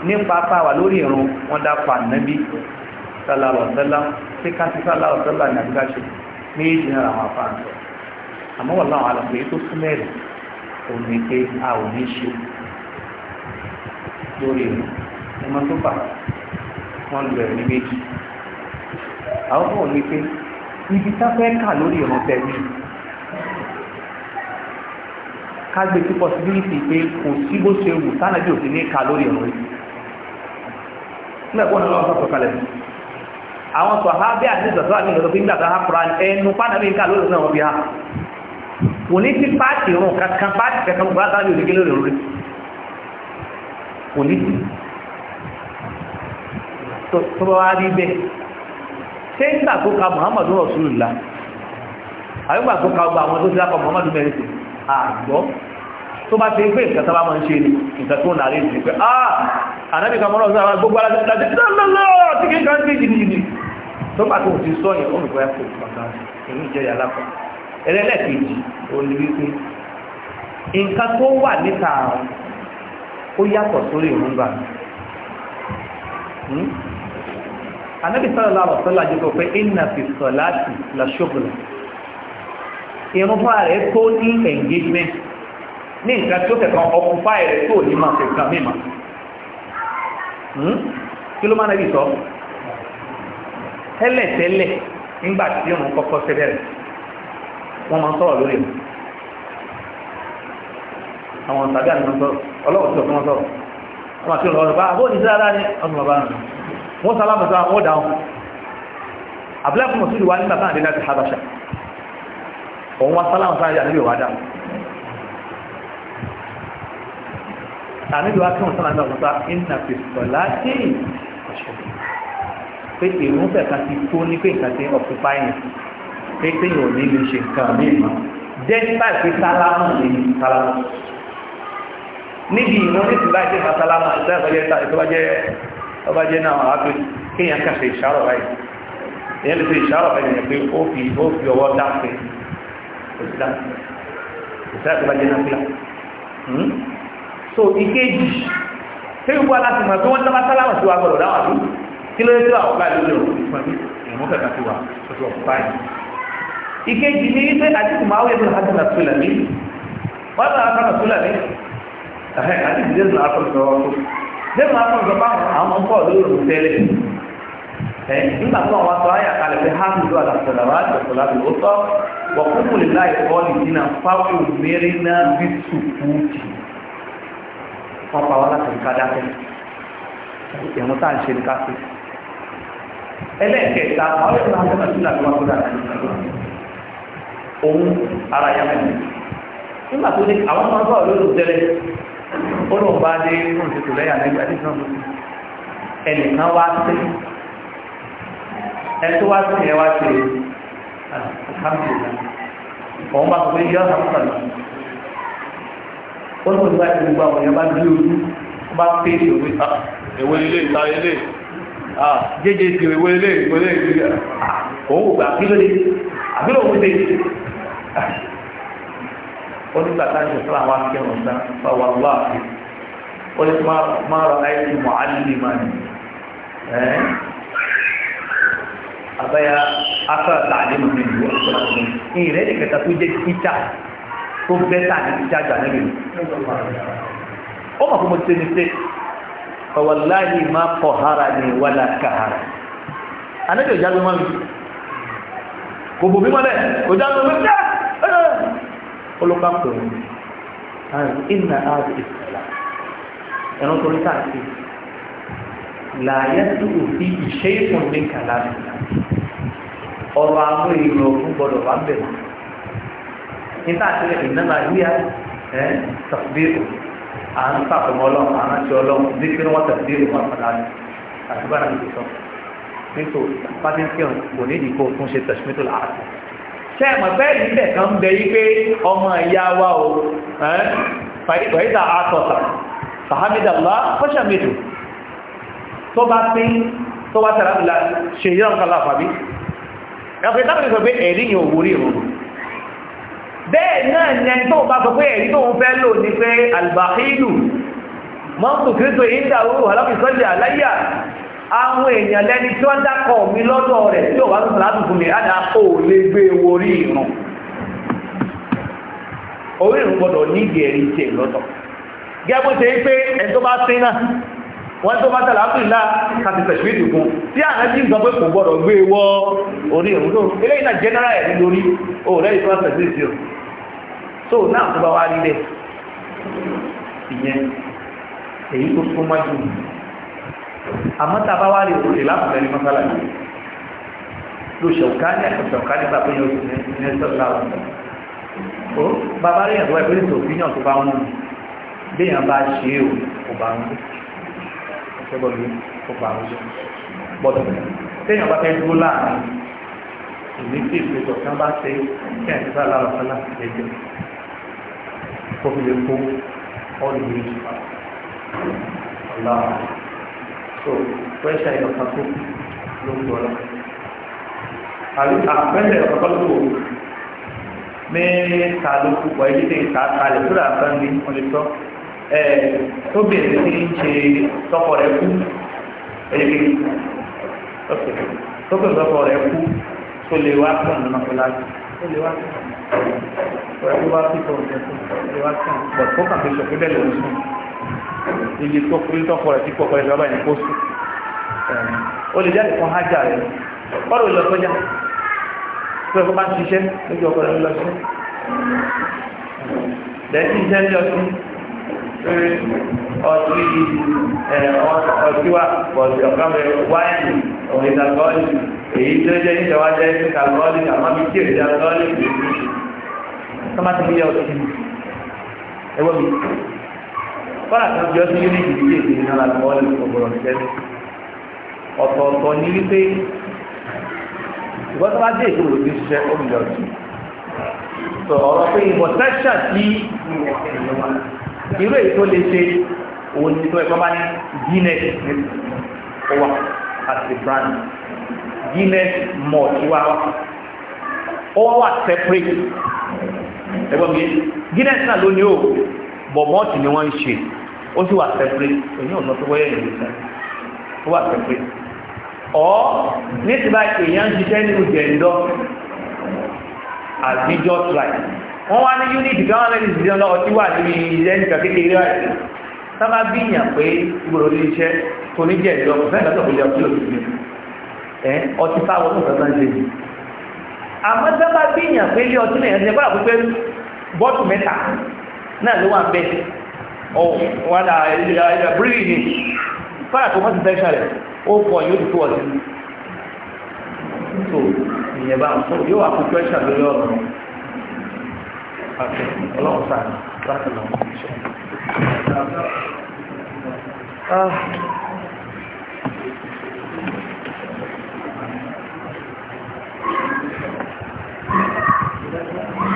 nípa apáwà lórí ìrun wọn dápa nàbí sálàlọ̀ sẹ́lá sí káńtì sálàlọ̀ sẹ́lá ní àbíkáṣe méjì náà àwọn afá ń àmọ́ wọ́n láwọn àlọ́ pé tó súnmẹ́rì òun ni pé a ò ní ṣe lórí ìrun ẹ̀mọ́ tó fà wọ́n lu ẹ̀mí méjì àwọn fún òun pé ibi táfẹ́ kà lórí ìrànṣẹ́ mi kágbé tí possibility pé kò sí bó ṣe wù sánàbí òsì ní kà lórí ìrànṣẹ́ lẹ́kọ̀ọ́ náà sọ̀tọ̀ kalẹ̀ àwọn sọ̀hábẹ́ àti ìsọ̀tọ̀ àti ìsọ̀tọ̀ fíńgbà tó hápùra ẹnu pánàbí ń kà lórí náà wọ́n fi há kò ní sí páàtì rùn kankan páàtì kankan gbọ́dá sánàbí òsì kí lórí ìrànṣẹ́ kò ní sí tó ṣé ń gbà tó ka muhammadu rasulullah àyùgbà tó ka gba àwọn tó ti dákọ̀ muhammadu mẹ́rin tó àgbọ́ tó bá ti gbé nǹkan tó bá ṣe ni nǹkan tó nàrí ìdí pé ah ànábì kan mọ́rọ̀ sára gbogbo alájẹ́ lọ́lọ́lọ́ tí kí kan gbé jìnnìjìnnì tó bá tó ti sọ yẹn olùkọ́ ẹ̀ kò pàtàkì inú ìjẹ́ yà lápá ẹlẹ́lẹ́kejì anábì sallallahu alaihi wasallam jẹ́ pé inna fi salati la shughla ìrún fún ààrẹ tó ní engagement ní nǹkan tó kẹ̀kan ọkùnfà rẹ̀ tó ní máa kẹ̀kan mímọ̀ hmm? kí ló máa nábì sọ tẹ́lẹ̀tẹ́lẹ̀ nígbà tí òun kọ́kọ́ sẹ́rẹ̀ rẹ̀ wọ́n máa ń sọ̀rọ̀ lórí rẹ̀ àwọn tàbí àti wọn sọ̀rọ̀ ọlọ́wọ́ tí wọ́n sọ̀rọ̀ wọ́n máa ti rọ̀ ọ̀rọ̀ bá àbó ìdílára ní ọdún bàbá rẹ̀ wọ́n sálámù sára wọ́n dáhùn abúlẹ́kùn mọ̀sílù wá nígbà táàdé láti habasha òun wá sálámù sára yà nílò wá dáhùn ànílò akẹ́wọ̀n sára náà wọ́ta iná pẹ̀sọ̀ láti pé èrún fẹ̀ka ti tó ní pé nǹkan ti ọ̀pùpáyìn pé pé yóò ní lè ṣe nǹkan mìíràn jẹ́ nípa ìpè sálámù ní sálámù níbi ìwọ́n ní ìtìláṣẹ́ ìfàsálámù àti ìtàkọ́jẹ́ ọba jẹ́ náà àpò kéèyàn kàṣẹ ìṣàrọ̀ láì èyàn lè fi ìṣàrọ̀ ẹ̀yàn pé ó fi ó fi ọwọ́ dáfẹ́ òṣìṣẹ́ so ìkéjì tí ó wá láti mọ̀ tí wọ́n tábá sálámà sí wa gbọ́dọ̀ dáwà sí kí ló tó àwọn báyìí lórí òun fún mi ìmú kẹta sí wa tó tó báyìí ìkéjì ní ilé àdìsí máa wẹ́ẹ́ bẹ̀rẹ̀ hásánà wọ́n bá hásánà sólà ní àdìsí lẹ́nu àwọn ìjọba àwọn ọkọ̀ lóòrùn tẹ́lẹ̀ ẹ̀ nígbà tó àwọn aṣọ ayà kalẹ̀ pé ha ń lo àlàfọ̀là wà àjọpọ̀ láti ó tọ́ wọ́n kún mú lílá ìkọ́ nìdínà fáwọn mẹ́rin náà bí sùkú jì wọ́n pa wá láti ká dákẹ́ ìrún tá à ń ṣe ní káfí ẹlẹ́ẹ̀kẹta àwọn ìlú àwọn ọmọ ìlú àti wọn kúrò àti òun ara yá mẹ́rin nígbà tó ní àwọn ọmọ ó bá dé inú ìṣètò lẹ́yà lẹ́yà àti ìṣàn ẹnìkan wá sí ẹni wá sí ẹ wá sí ah, alhamdulillah òun bá pè yọ hasan ó lọ bá ti gbogbo àwọn èèyàn bá gbé ojú ah, ah, ó onígbà tá a ṣe fún àwọn akẹ́rùn sán fáwọn wà á ó lè máa rọ àìsí mọ̀álì máa nì àbáyá afẹ́ àtàlẹ́mù ní ìlú ọ̀sán ọ̀sán ìrẹ́ nìkẹta tó jẹ́ títà tó bẹ́tà ní títà jà níbi ó mọ̀ fún mo ṣe ní ṣe fọwọ́láyé máa kọ̀ hara ní wàlá kàhara anájọ́ ìjágbé mọ́ mi kò bò mí mọ́lẹ̀ kò jágbé mọ́ mi olùkọ́ àpòrò ìnà ààbò ìsìlá ẹ̀rọ tó ń tààtì làyẹ̀ tó kò sí ìṣe ìfún ní kàlámì ọ̀rọ̀ àwọn èèyàn ògùn gbọ́dọ̀ wà bẹ̀rẹ̀ níta àtìlẹ̀ ìnáwó àríyá ẹ̀ tàbíyèwò à ń sàkómọ́ ọlọ́run à ń ṣe ọlọ́run bí kí wọ́n tàbíyèwò wọn padà àti bá nàìjíríà sọ nítorí pàtẹ́ńtì kò ní ìdíkò fún ṣe tẹ̀símẹ́tò tẹ́ẹ̀mọ̀ fẹ́ẹ̀lì ń bẹ̀ kan bẹ yí pé ọmọ ìyá wa o fàíta àtọ̀tà fàhámídàlá fọ́ṣàmìtò tó bá pín tó wá tàrà ìlà ṣe yọ́n kọlá fàbí ẹ̀fẹ́ tábìlì sọ pé ẹ̀rí yìí òwúrí ìrùn bẹ́ẹ̀ náà ni ẹni tó bá sọ pé ẹ̀rí tó ń fẹ́ lò ní pé albàkílù mọ́tò kìrìtò ìdáwó aláfisọ́lẹ̀ aláyà àwọn èèyàn lẹ́ni tí wọ́n dákọ̀ mi lọ́dọ̀ rẹ̀ tí ò wá ń sàlátù fún mi àdá kò lè gbé orí ìrùn orí ìrùn gbọdọ̀ ní ìgẹ̀rí tiẹ̀ lọ́tọ̀ gẹ́gbó ṣe é pé ẹ̀ tó bá sín náà wọ́n tó bá sàlátù ìlà kàti tẹ̀síwìtì fún tí àná jí nǹkan pé kò gbọdọ̀ gbé wọ orí ìrùn tó eléyìí náà jẹ́nẹ́rà ẹ̀ ní lórí òòrẹ́ ìfọ́n tẹ̀síwìtì o so náà tó bá wá rí bẹ́ẹ̀ èyí tó súnmọ́ jù àmọ́ tàbá wà lè ròlè lápùlẹ̀ ní mọ́sálà yìí ló ṣọ̀kánì àkọṣọ̀kánì gbà pé yóò ní sọ́lá ọ̀sán ó bàbá rí ẹ̀dọ́ ẹgbẹ́ tó fi yàn tó bá wọn béèyàn bá ṣe é o bá wọn ṣẹ́gbọ́n mi kan bá ṣe kí ẹ̀ nígbà
lára so
pẹ́ṣà ìyọ̀kan tó ló ń dọ́là àpẹẹrẹ ọ̀kọ́ tó wò ní kàlùkù pọ̀ èyí tí kàlẹ̀ tó rà fẹ́ ní ọdún tó ẹ̀ tó bèèrè sí ń ṣe tọkọ rẹ̀ kú èyí tó bèèrè tọkọ rẹ̀ kú tó lè wá fún ọ̀nà ọ̀làjì tó lè wá fún ọ̀nà ọ̀làjì tó lè wá fún ọ̀nà ọ̀làjì tó lè wá fún ọ̀nà iye tó kúrí tọ́kọ rẹ̀ tí kọ̀kọ́ rẹ̀ lọ́bàá ní kó sùn ó lè jáde fún hajj rẹ̀ kọ́rọ̀ lọ sọ́jà tó ẹ̀kọ́ bá ń ṣiṣẹ́ lójú ọkọ̀ rẹ̀ lọ sí lẹ́yìn iṣẹ́ ní ọtí ọtí ọtí wa bọ̀dì ọ̀gáwẹ̀ wáìnì ọ̀rẹ́ ìdàgbọ́ọ̀lì èyí tó jẹ́ ìjọwájẹ́ ìkàlọ́ọ̀lì àmọ́ bí kí èrè ìdàgbọ́ọ̀lì tó má ti fi yẹ ọtí ẹwọ́ mi fọ́nà tó jọ sí yúnì ìdí tí èdè náà láti wọ́n lè ọ̀gbọ̀rọ̀ ṣẹ́lẹ̀ ọ̀tọ̀ọ̀tọ̀ ní wípé ìwọ́n tó bá dé èkó lòdì ṣiṣẹ́ ó ń lọ guinness ó wà àti brand guinness malt wà wà separate ẹgbọ́n mi guinness náà ló ní o bọ̀ ni wọ́n ń ṣe ó sì wà sẹ́pẹ́rẹ́ èyí ò sọ pé wọ́yẹ̀ ìlú sẹ́ ó wà sẹ́pẹ́rẹ́ ọ́ ní ti bá èèyàn ṣiṣẹ́ nínú jẹ̀ndọ́ àbíjọ́ tribe wọ́n wá ní unity káwọn lẹ́yìn ìṣiṣẹ́ lọ́wọ́ tí wà níbi ilẹ̀ nìkan kékeré rẹ̀ sábà bíyàn pé ìgbòrò ní iṣẹ́ tó ní jẹ̀ndọ́ kò fẹ́ẹ̀ lọ́sọ̀ kòjá òkúlò sí ẹ ọtí fáwọn tó sọ́tàn ṣe àmọ́ sábà bíyàn pé ilé ọtí lẹ́yìn ẹ̀sìn wọ́n na ilẹ̀ bíríì ní fáyà tó mọ́sí fẹ́ ṣàrẹ̀ ó pọ̀ yóò ti tó ọ̀sí tó ìyẹn bá tó yóò wà fún pẹ́ṣà lórí ọ̀rọ̀ ọlọ́run láti lọ
Thank ah. you.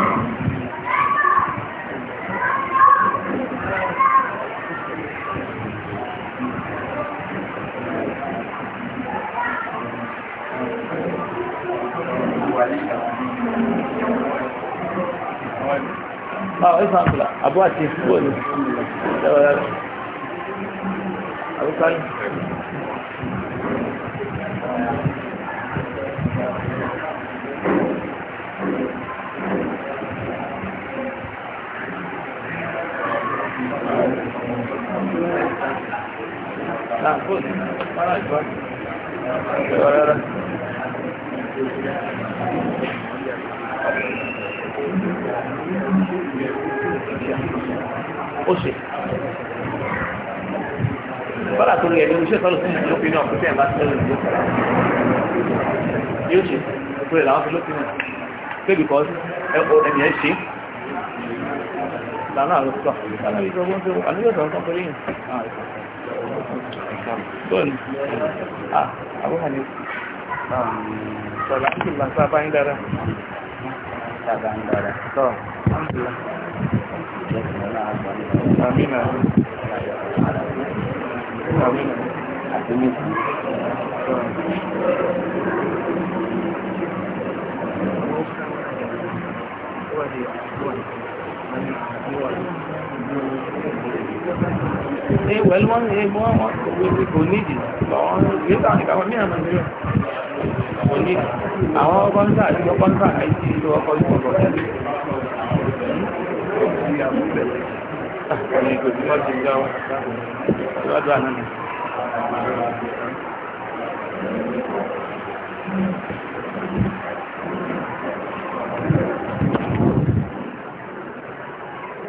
Aa Elhamdülillah. Abu Atif böyle. Abu Karim.
Tamam, bu. Bana bak. Bana bak.
ó ṣe bọ́lá tó rí ẹni oníṣẹ́ tọ́lù sí ìlú òfin náà kò sí ẹ̀ bá ti tẹ́lẹ̀ ìlú yóò ṣe tó rẹ̀ làwọn fi lófin náà pé bìkọ́sì ẹni ẹ̀ ṣe lànà àrùn sọ lànà ìjọ wọn tó àní yóò sọ̀rọ̀ sọ́kọ́ lẹ́yìn bọ́ọ̀lù àbúrò àti ìgbà sábà dára
sábà dára sọ̀rọ̀ Amina. Amina.
wọn ní egbò wọn kò nídìí lọ́wọ́ nígbà nígbà wọn ní àmà nílò. Àwọn ọkọ̀ ń sá àti ọkọ̀ ń sá àìsí
ìlú ọkọ̀ ìgbọ̀gbọ̀ sí àmúbẹ̀ ọ̀nà ìgbòsí mọ́ ti gbá wọn lọ́dọ̀ àná